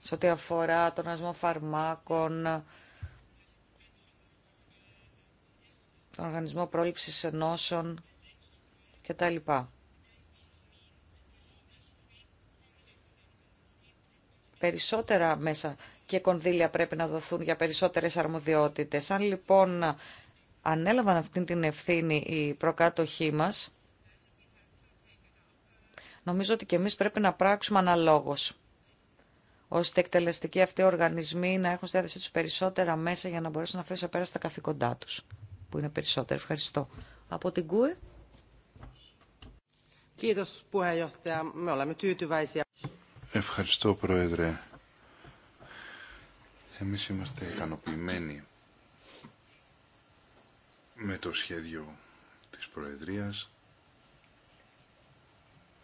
σε ό,τι αφορά τον ασμό φαρμάκων, τον οργανισμό πρόληψης ενώσεων κτλ. Περισσότερα μέσα και κονδύλια πρέπει να δοθούν για περισσότερες αρμοδιότητες. Αν λοιπόν ανέλαβαν αυτή την ευθύνη οι προκάτοχοί μας, νομίζω ότι και εμείς πρέπει να πράξουμε αναλόγως, ώστε εκτελεστικοί αυτοί οι οργανισμοί να έχουν στη διάθεσή τους περισσότερα μέσα για να μπορέσουν να φέρουν πέρα στα καθήκοντά τους, που είναι περισσότερο. Ευχαριστώ. Από την Κούε. Ευχαριστώ, Πρόεδρε. Εμείς είμαστε ικανοποιημένοι με το σχέδιο της Προεδρίας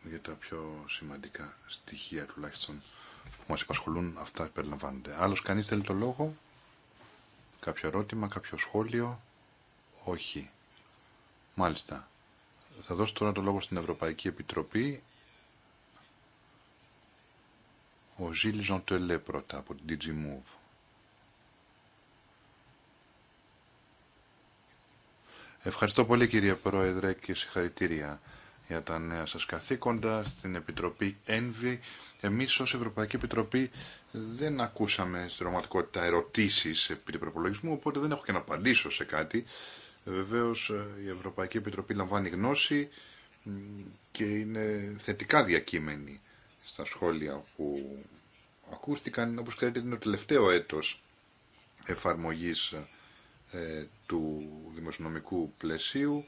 για τα πιο σημαντικά στοιχεία τουλάχιστον που μας απασχολούν αυτά περιλαμβάνονται. Άλλος κανείς θέλει το λόγο, κάποιο ερώτημα, κάποιο σχόλιο, όχι. Μάλιστα. Θα δώσω τώρα το λόγο στην Ευρωπαϊκή Επιτροπή. Ο Ζήλ Ζοντελέ πρώτα από την DG Move. Ευχαριστώ πολύ κύριε Πρόεδρε και συγχαρητήρια για τα νέα σας καθήκοντα στην Επιτροπή ΕΝΒΗ. Εμείς ως Ευρωπαϊκή Επιτροπή δεν ακούσαμε στην πραγματικότητα ερωτήσεις επί του προπολογισμού, οπότε δεν έχω και να απαντήσω σε κάτι. Ε, βεβαίως ε, η Ευρωπαϊκή Επιτροπή λαμβάνει γνώση και είναι θετικά διακείμενη στα σχόλια που ακούστηκαν. Όπως ξέρετε είναι το τελευταίο έτος εφαρμογής ε, ε, του δημοσιονομικού πλαισίου.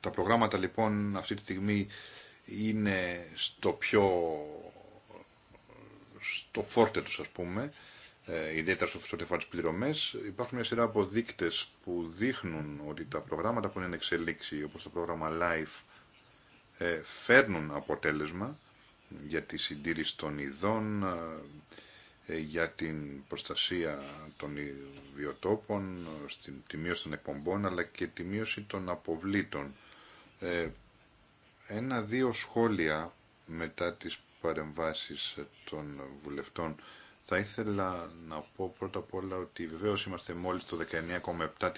Τα προγράμματα λοιπόν αυτή τη στιγμή είναι στο πιο στο φόρτε τους ας πούμε ε, ιδιαίτερα στο ό,τι της πληρωμές υπάρχουν μια σειρά από δείκτες που δείχνουν ότι τα προγράμματα που είναι εξελίξη όπως το πρόγραμμα LIFE ε, φέρνουν αποτέλεσμα για τη συντήρηση των ειδών ε, ε, για την προστασία των βιοτόπων, στην, τη μείωση των εκπομπών αλλά και τη μείωση των αποβλήτων. Ε, ένα-δύο σχόλια μετά τις παρεμβάσεις των βουλευτών. Θα ήθελα να πω πρώτα απ' όλα ότι βεβαίω είμαστε μόλις το 19,7%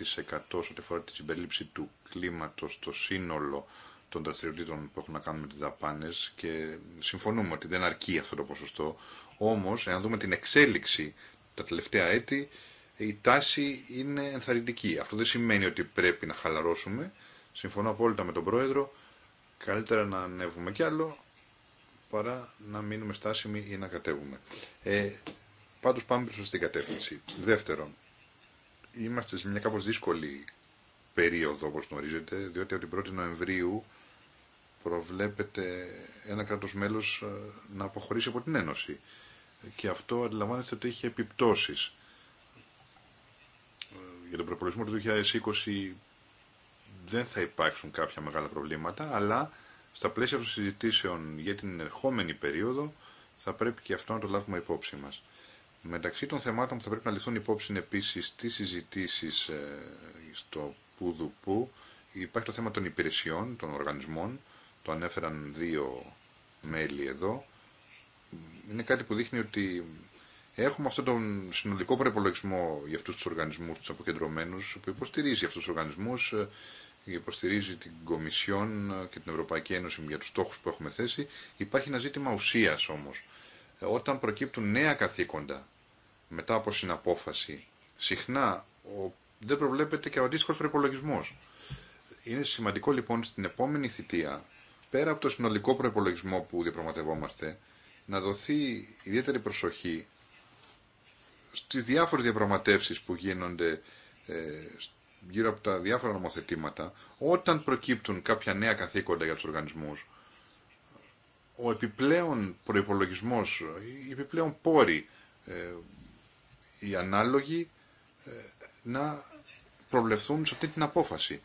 ό,τι αφορά τη συμπερίληψη του κλίματος στο σύνολο των δραστηριοτήτων που έχουν να κάνουν με τις δαπάνες και συμφωνούμε ότι δεν αρκεί αυτό το ποσοστό όμως, εάν δούμε την εξέλιξη τα τελευταία έτη, η τάση είναι ενθαρρυντική. Αυτό δεν σημαίνει ότι πρέπει να χαλαρώσουμε. Συμφωνώ απόλυτα με τον Πρόεδρο. Καλύτερα να ανέβουμε κι άλλο παρά να μείνουμε στάσιμοι ή να κατέβουμε. Ε, πάντως πάμε προς την κατεύθυνση. Δεύτερον, είμαστε σε μια κάπως δύσκολη περίοδο όπως γνωρίζετε, διότι από την 1η Νοεμβρίου προβλέπεται ένα κράτος μέλος ε, να αποχωρήσει από την Ένωση και αυτό αντιλαμβάνεστε ότι έχει επιπτώσεις. Ε, για τον προπολογισμό του 2020 δεν θα υπάρξουν κάποια μεγάλα προβλήματα, αλλά στα πλαίσια των συζητήσεων για την ερχόμενη περίοδο θα πρέπει και αυτό να το λάβουμε υπόψη μας. Μεταξύ των θεμάτων που θα πρέπει να ληφθούν υπόψη είναι επίσης τις συζητήσεις ε, στο Πουδουπού υπάρχει το θέμα των υπηρεσιών, των οργανισμών, το ανέφεραν δύο μέλη εδώ είναι κάτι που δείχνει ότι έχουμε αυτόν τον συνολικό προπολογισμό για αυτού του οργανισμού του αποκεντρωμένου, που υποστηρίζει αυτού του οργανισμού, ε, υποστηρίζει την Κομισιόν ε, και την Ευρωπαϊκή Ένωση για του στόχου που έχουμε θέσει. Υπάρχει ένα ζήτημα ουσία όμω. Ε, όταν προκύπτουν νέα καθήκοντα μετά από συναπόφαση, συχνά ο, δεν προβλέπεται και ο αντίστοιχο προπολογισμό. Είναι σημαντικό λοιπόν στην επόμενη θητεία, πέρα από το συνολικό προπολογισμό που διαπραγματευόμαστε, να δοθεί ιδιαίτερη προσοχή στις διάφορες διαπραγματεύσεις που γίνονται ε, γύρω από τα διάφορα νομοθετήματα, όταν προκύπτουν κάποια νέα καθήκοντα για τους οργανισμούς, ο επιπλέον προϋπολογισμός, οι επιπλέον πόροι, ε, οι ανάλογοι, ε, να προβλεφθούν σε αυτή την απόφαση.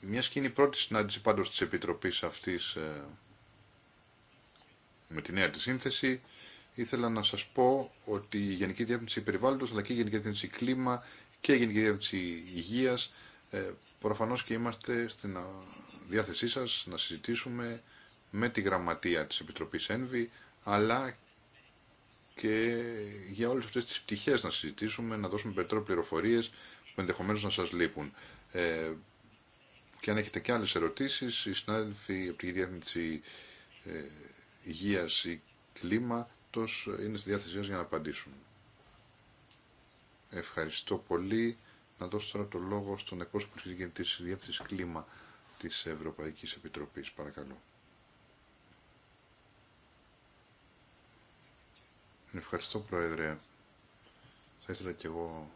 Μια και είναι η πρώτη συνάντηση πάντως της Επιτροπής αυτής με τη νέα τη σύνθεση. Ήθελα να σας πω ότι η Γενική Διεύθυνση Περιβάλλοντος, αλλά και η Γενική Διεύθυνση Κλίμα και η Γενική Διεύθυνση Υγείας, ε, προφανώς και είμαστε στην ε, διάθεσή σας να συζητήσουμε με τη γραμματεία της Επιτροπής ΕΝΒΗ, αλλά και για όλες αυτές τις πτυχές να συζητήσουμε, να δώσουμε περισσότερο πληροφορίες που ενδεχομένως να σας λείπουν. Ε, και αν έχετε και άλλες ερωτήσεις, οι συνάδελφοι από τη Διεύθυνση υγείας ή κλίματος είναι στη διάθεσή για να απαντήσουν. Ευχαριστώ πολύ. Να δώσω τώρα το λόγο στον εκπρόσωπο της Γενικής Διεύθυνσης Κλίμα της Ευρωπαϊκής Επιτροπής. Παρακαλώ. Ευχαριστώ Πρόεδρε. Θα ήθελα και εγώ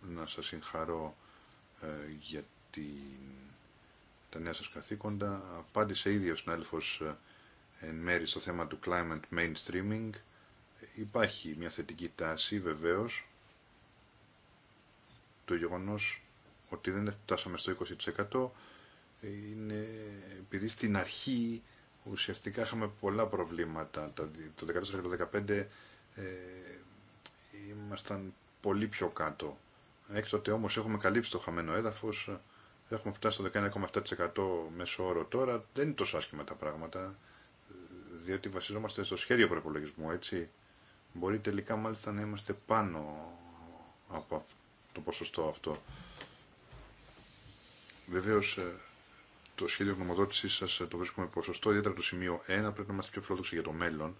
να σας συγχαρώ ε, για τα νέα σας καθήκοντα. Απάντησε ήδη ο συνάδελφος ε, εν μέρη στο θέμα του climate mainstreaming. Υπάρχει μια θετική τάση βεβαίως. Το γεγονός ότι δεν φτάσαμε στο 20% είναι επειδή στην αρχή ουσιαστικά είχαμε πολλά προβλήματα. Το 2014 το 2015 ε, ήμασταν πολύ πιο κάτω. Έξω Έκτοτε όμως έχουμε καλύψει το χαμένο έδαφος, έχουμε φτάσει στο 19,7% μέσο όρο τώρα, δεν είναι τόσο άσχημα τα πράγματα διότι βασιζόμαστε στο σχέδιο προπολογισμού, έτσι. Μπορεί τελικά μάλιστα να είμαστε πάνω από το ποσοστό αυτό. Βεβαίως ε, το σχέδιο γνωμοδότησή σα ε, το βρίσκουμε ποσοστό, ιδιαίτερα το σημείο 1, πρέπει να είμαστε πιο φιλόδοξοι για το μέλλον.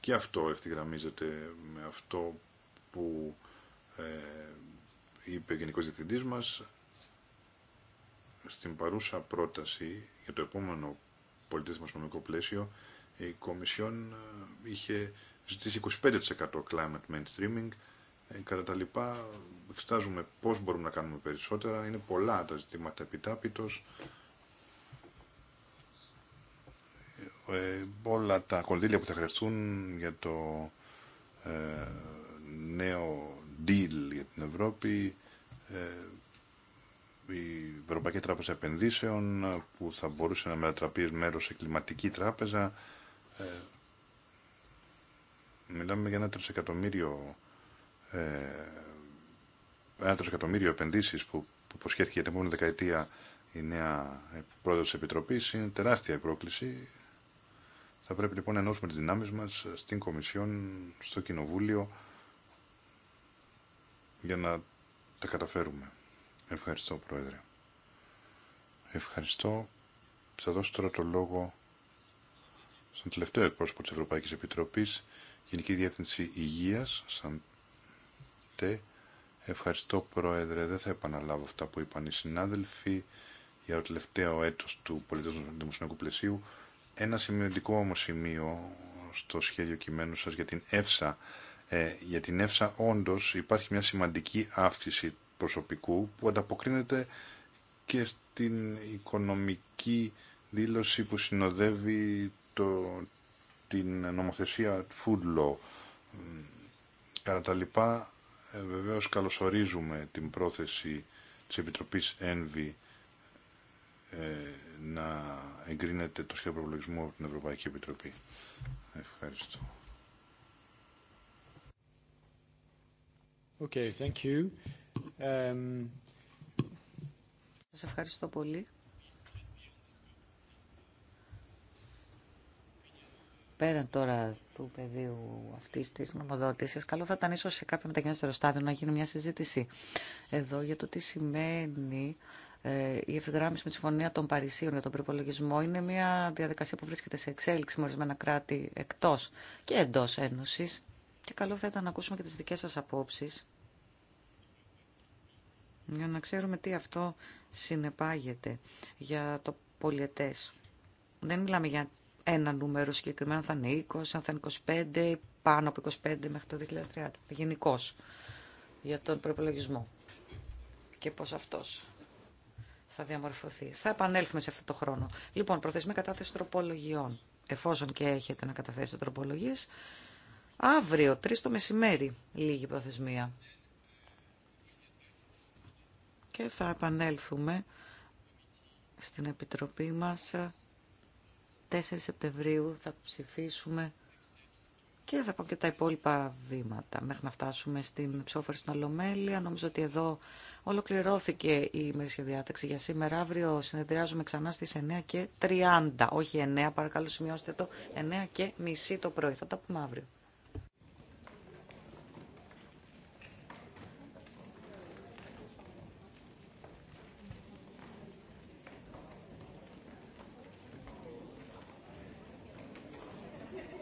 Και αυτό ευθυγραμμίζεται με αυτό που ε, είπε ο Γενικός Διευθυντής μας. Στην παρούσα πρόταση για το επόμενο πολιτισμό δημοσιονομικό πλαίσιο, η Κομισιόν ε, είχε ζητήσει 25% climate mainstreaming. Ε, κατά τα λοιπά, εξετάζουμε πώ μπορούμε να κάνουμε περισσότερα. Είναι πολλά τα ζητήματα επιτάπητο. Ε, όλα τα κονδύλια που θα χρειαστούν για το ε, νέο deal για την Ευρώπη η Ευρωπαϊκή Τράπεζα Επενδύσεων που θα μπορούσε να μετατραπεί μέρος σε κλιματική τράπεζα. Ε, μιλάμε για ένα τρισεκατομμύριο, ε, ένα τρισεκατομμύριο επενδύσεις που, που για την επόμενη δεκαετία η νέα πρόεδρο της Επιτροπής. Είναι τεράστια η πρόκληση. Θα πρέπει λοιπόν να ενώσουμε τις δυνάμεις μας στην Κομισιόν, στο Κοινοβούλιο για να τα καταφέρουμε. Ευχαριστώ, Πρόεδρε. Ευχαριστώ. Θα δώσω τώρα το λόγο στον τελευταίο εκπρόσωπο της Ευρωπαϊκής Επιτροπής, Γενική Διεύθυνση Υγείας, σαν τε. Ευχαριστώ, Πρόεδρε. Δεν θα επαναλάβω αυτά που είπαν οι συνάδελφοι για το τελευταίο έτος του πολιτικού δημοσιονομικού πλαισίου. Ένα σημαντικό όμω σημείο στο σχέδιο κειμένου σας για την ΕΦΣΑ. Ε, για την ΕΦΣΑ όντως υπάρχει μια σημαντική αύξηση προσωπικού που ανταποκρίνεται και στην οικονομική δήλωση που συνοδεύει το, την νομοθεσία Food Law. Κατά τα λοιπά, ε, βεβαίως καλωσορίζουμε την πρόθεση της Επιτροπής Ένβη ε, να εγκρίνεται το σχέδιο προβλογισμού από την Ευρωπαϊκή Επιτροπή. Ευχαριστώ. Okay, thank you. Σας ευχαριστώ πολύ. πέραν τώρα του πεδίου αυτή τη νομοδότηση, καλό θα ήταν ίσω σε κάποιο μεταγενέστερο στάδιο να γίνει μια συζήτηση εδώ για το τι σημαίνει ε, η ευθυγράμμιση με τη Συμφωνία των Παρισίων για τον προπολογισμό. Είναι μια διαδικασία που βρίσκεται σε εξέλιξη με ορισμένα κράτη εκτό και εντό Ένωση. Και καλό θα ήταν να ακούσουμε και τι δικέ σα απόψει για να ξέρουμε τι αυτό συνεπάγεται για το πολιετές. Δεν μιλάμε για ένα νούμερο συγκεκριμένο, θα είναι 20, αν θα είναι 25, πάνω από 25 μέχρι το 2030, γενικώ για τον προπολογισμό και πώς αυτός θα διαμορφωθεί. Θα επανέλθουμε σε αυτό το χρόνο. Λοιπόν, προθεσμία κατάθεση τροπολογιών, εφόσον και έχετε να καταθέσετε τροπολογίες, αύριο, 3 το μεσημέρι, λίγη προθεσμία και θα επανέλθουμε στην Επιτροπή μας 4 Σεπτεμβρίου θα ψηφίσουμε και θα πω και τα υπόλοιπα βήματα μέχρι να φτάσουμε στην ψόφαρη στην Ολομέλεια. Νομίζω ότι εδώ ολοκληρώθηκε η ημερήσια διάταξη για σήμερα. Αύριο συνεδριάζουμε ξανά στις 9 και 30, όχι 9, παρακαλώ σημειώστε το, 9 και μισή το πρωί. Θα τα πούμε αύριο.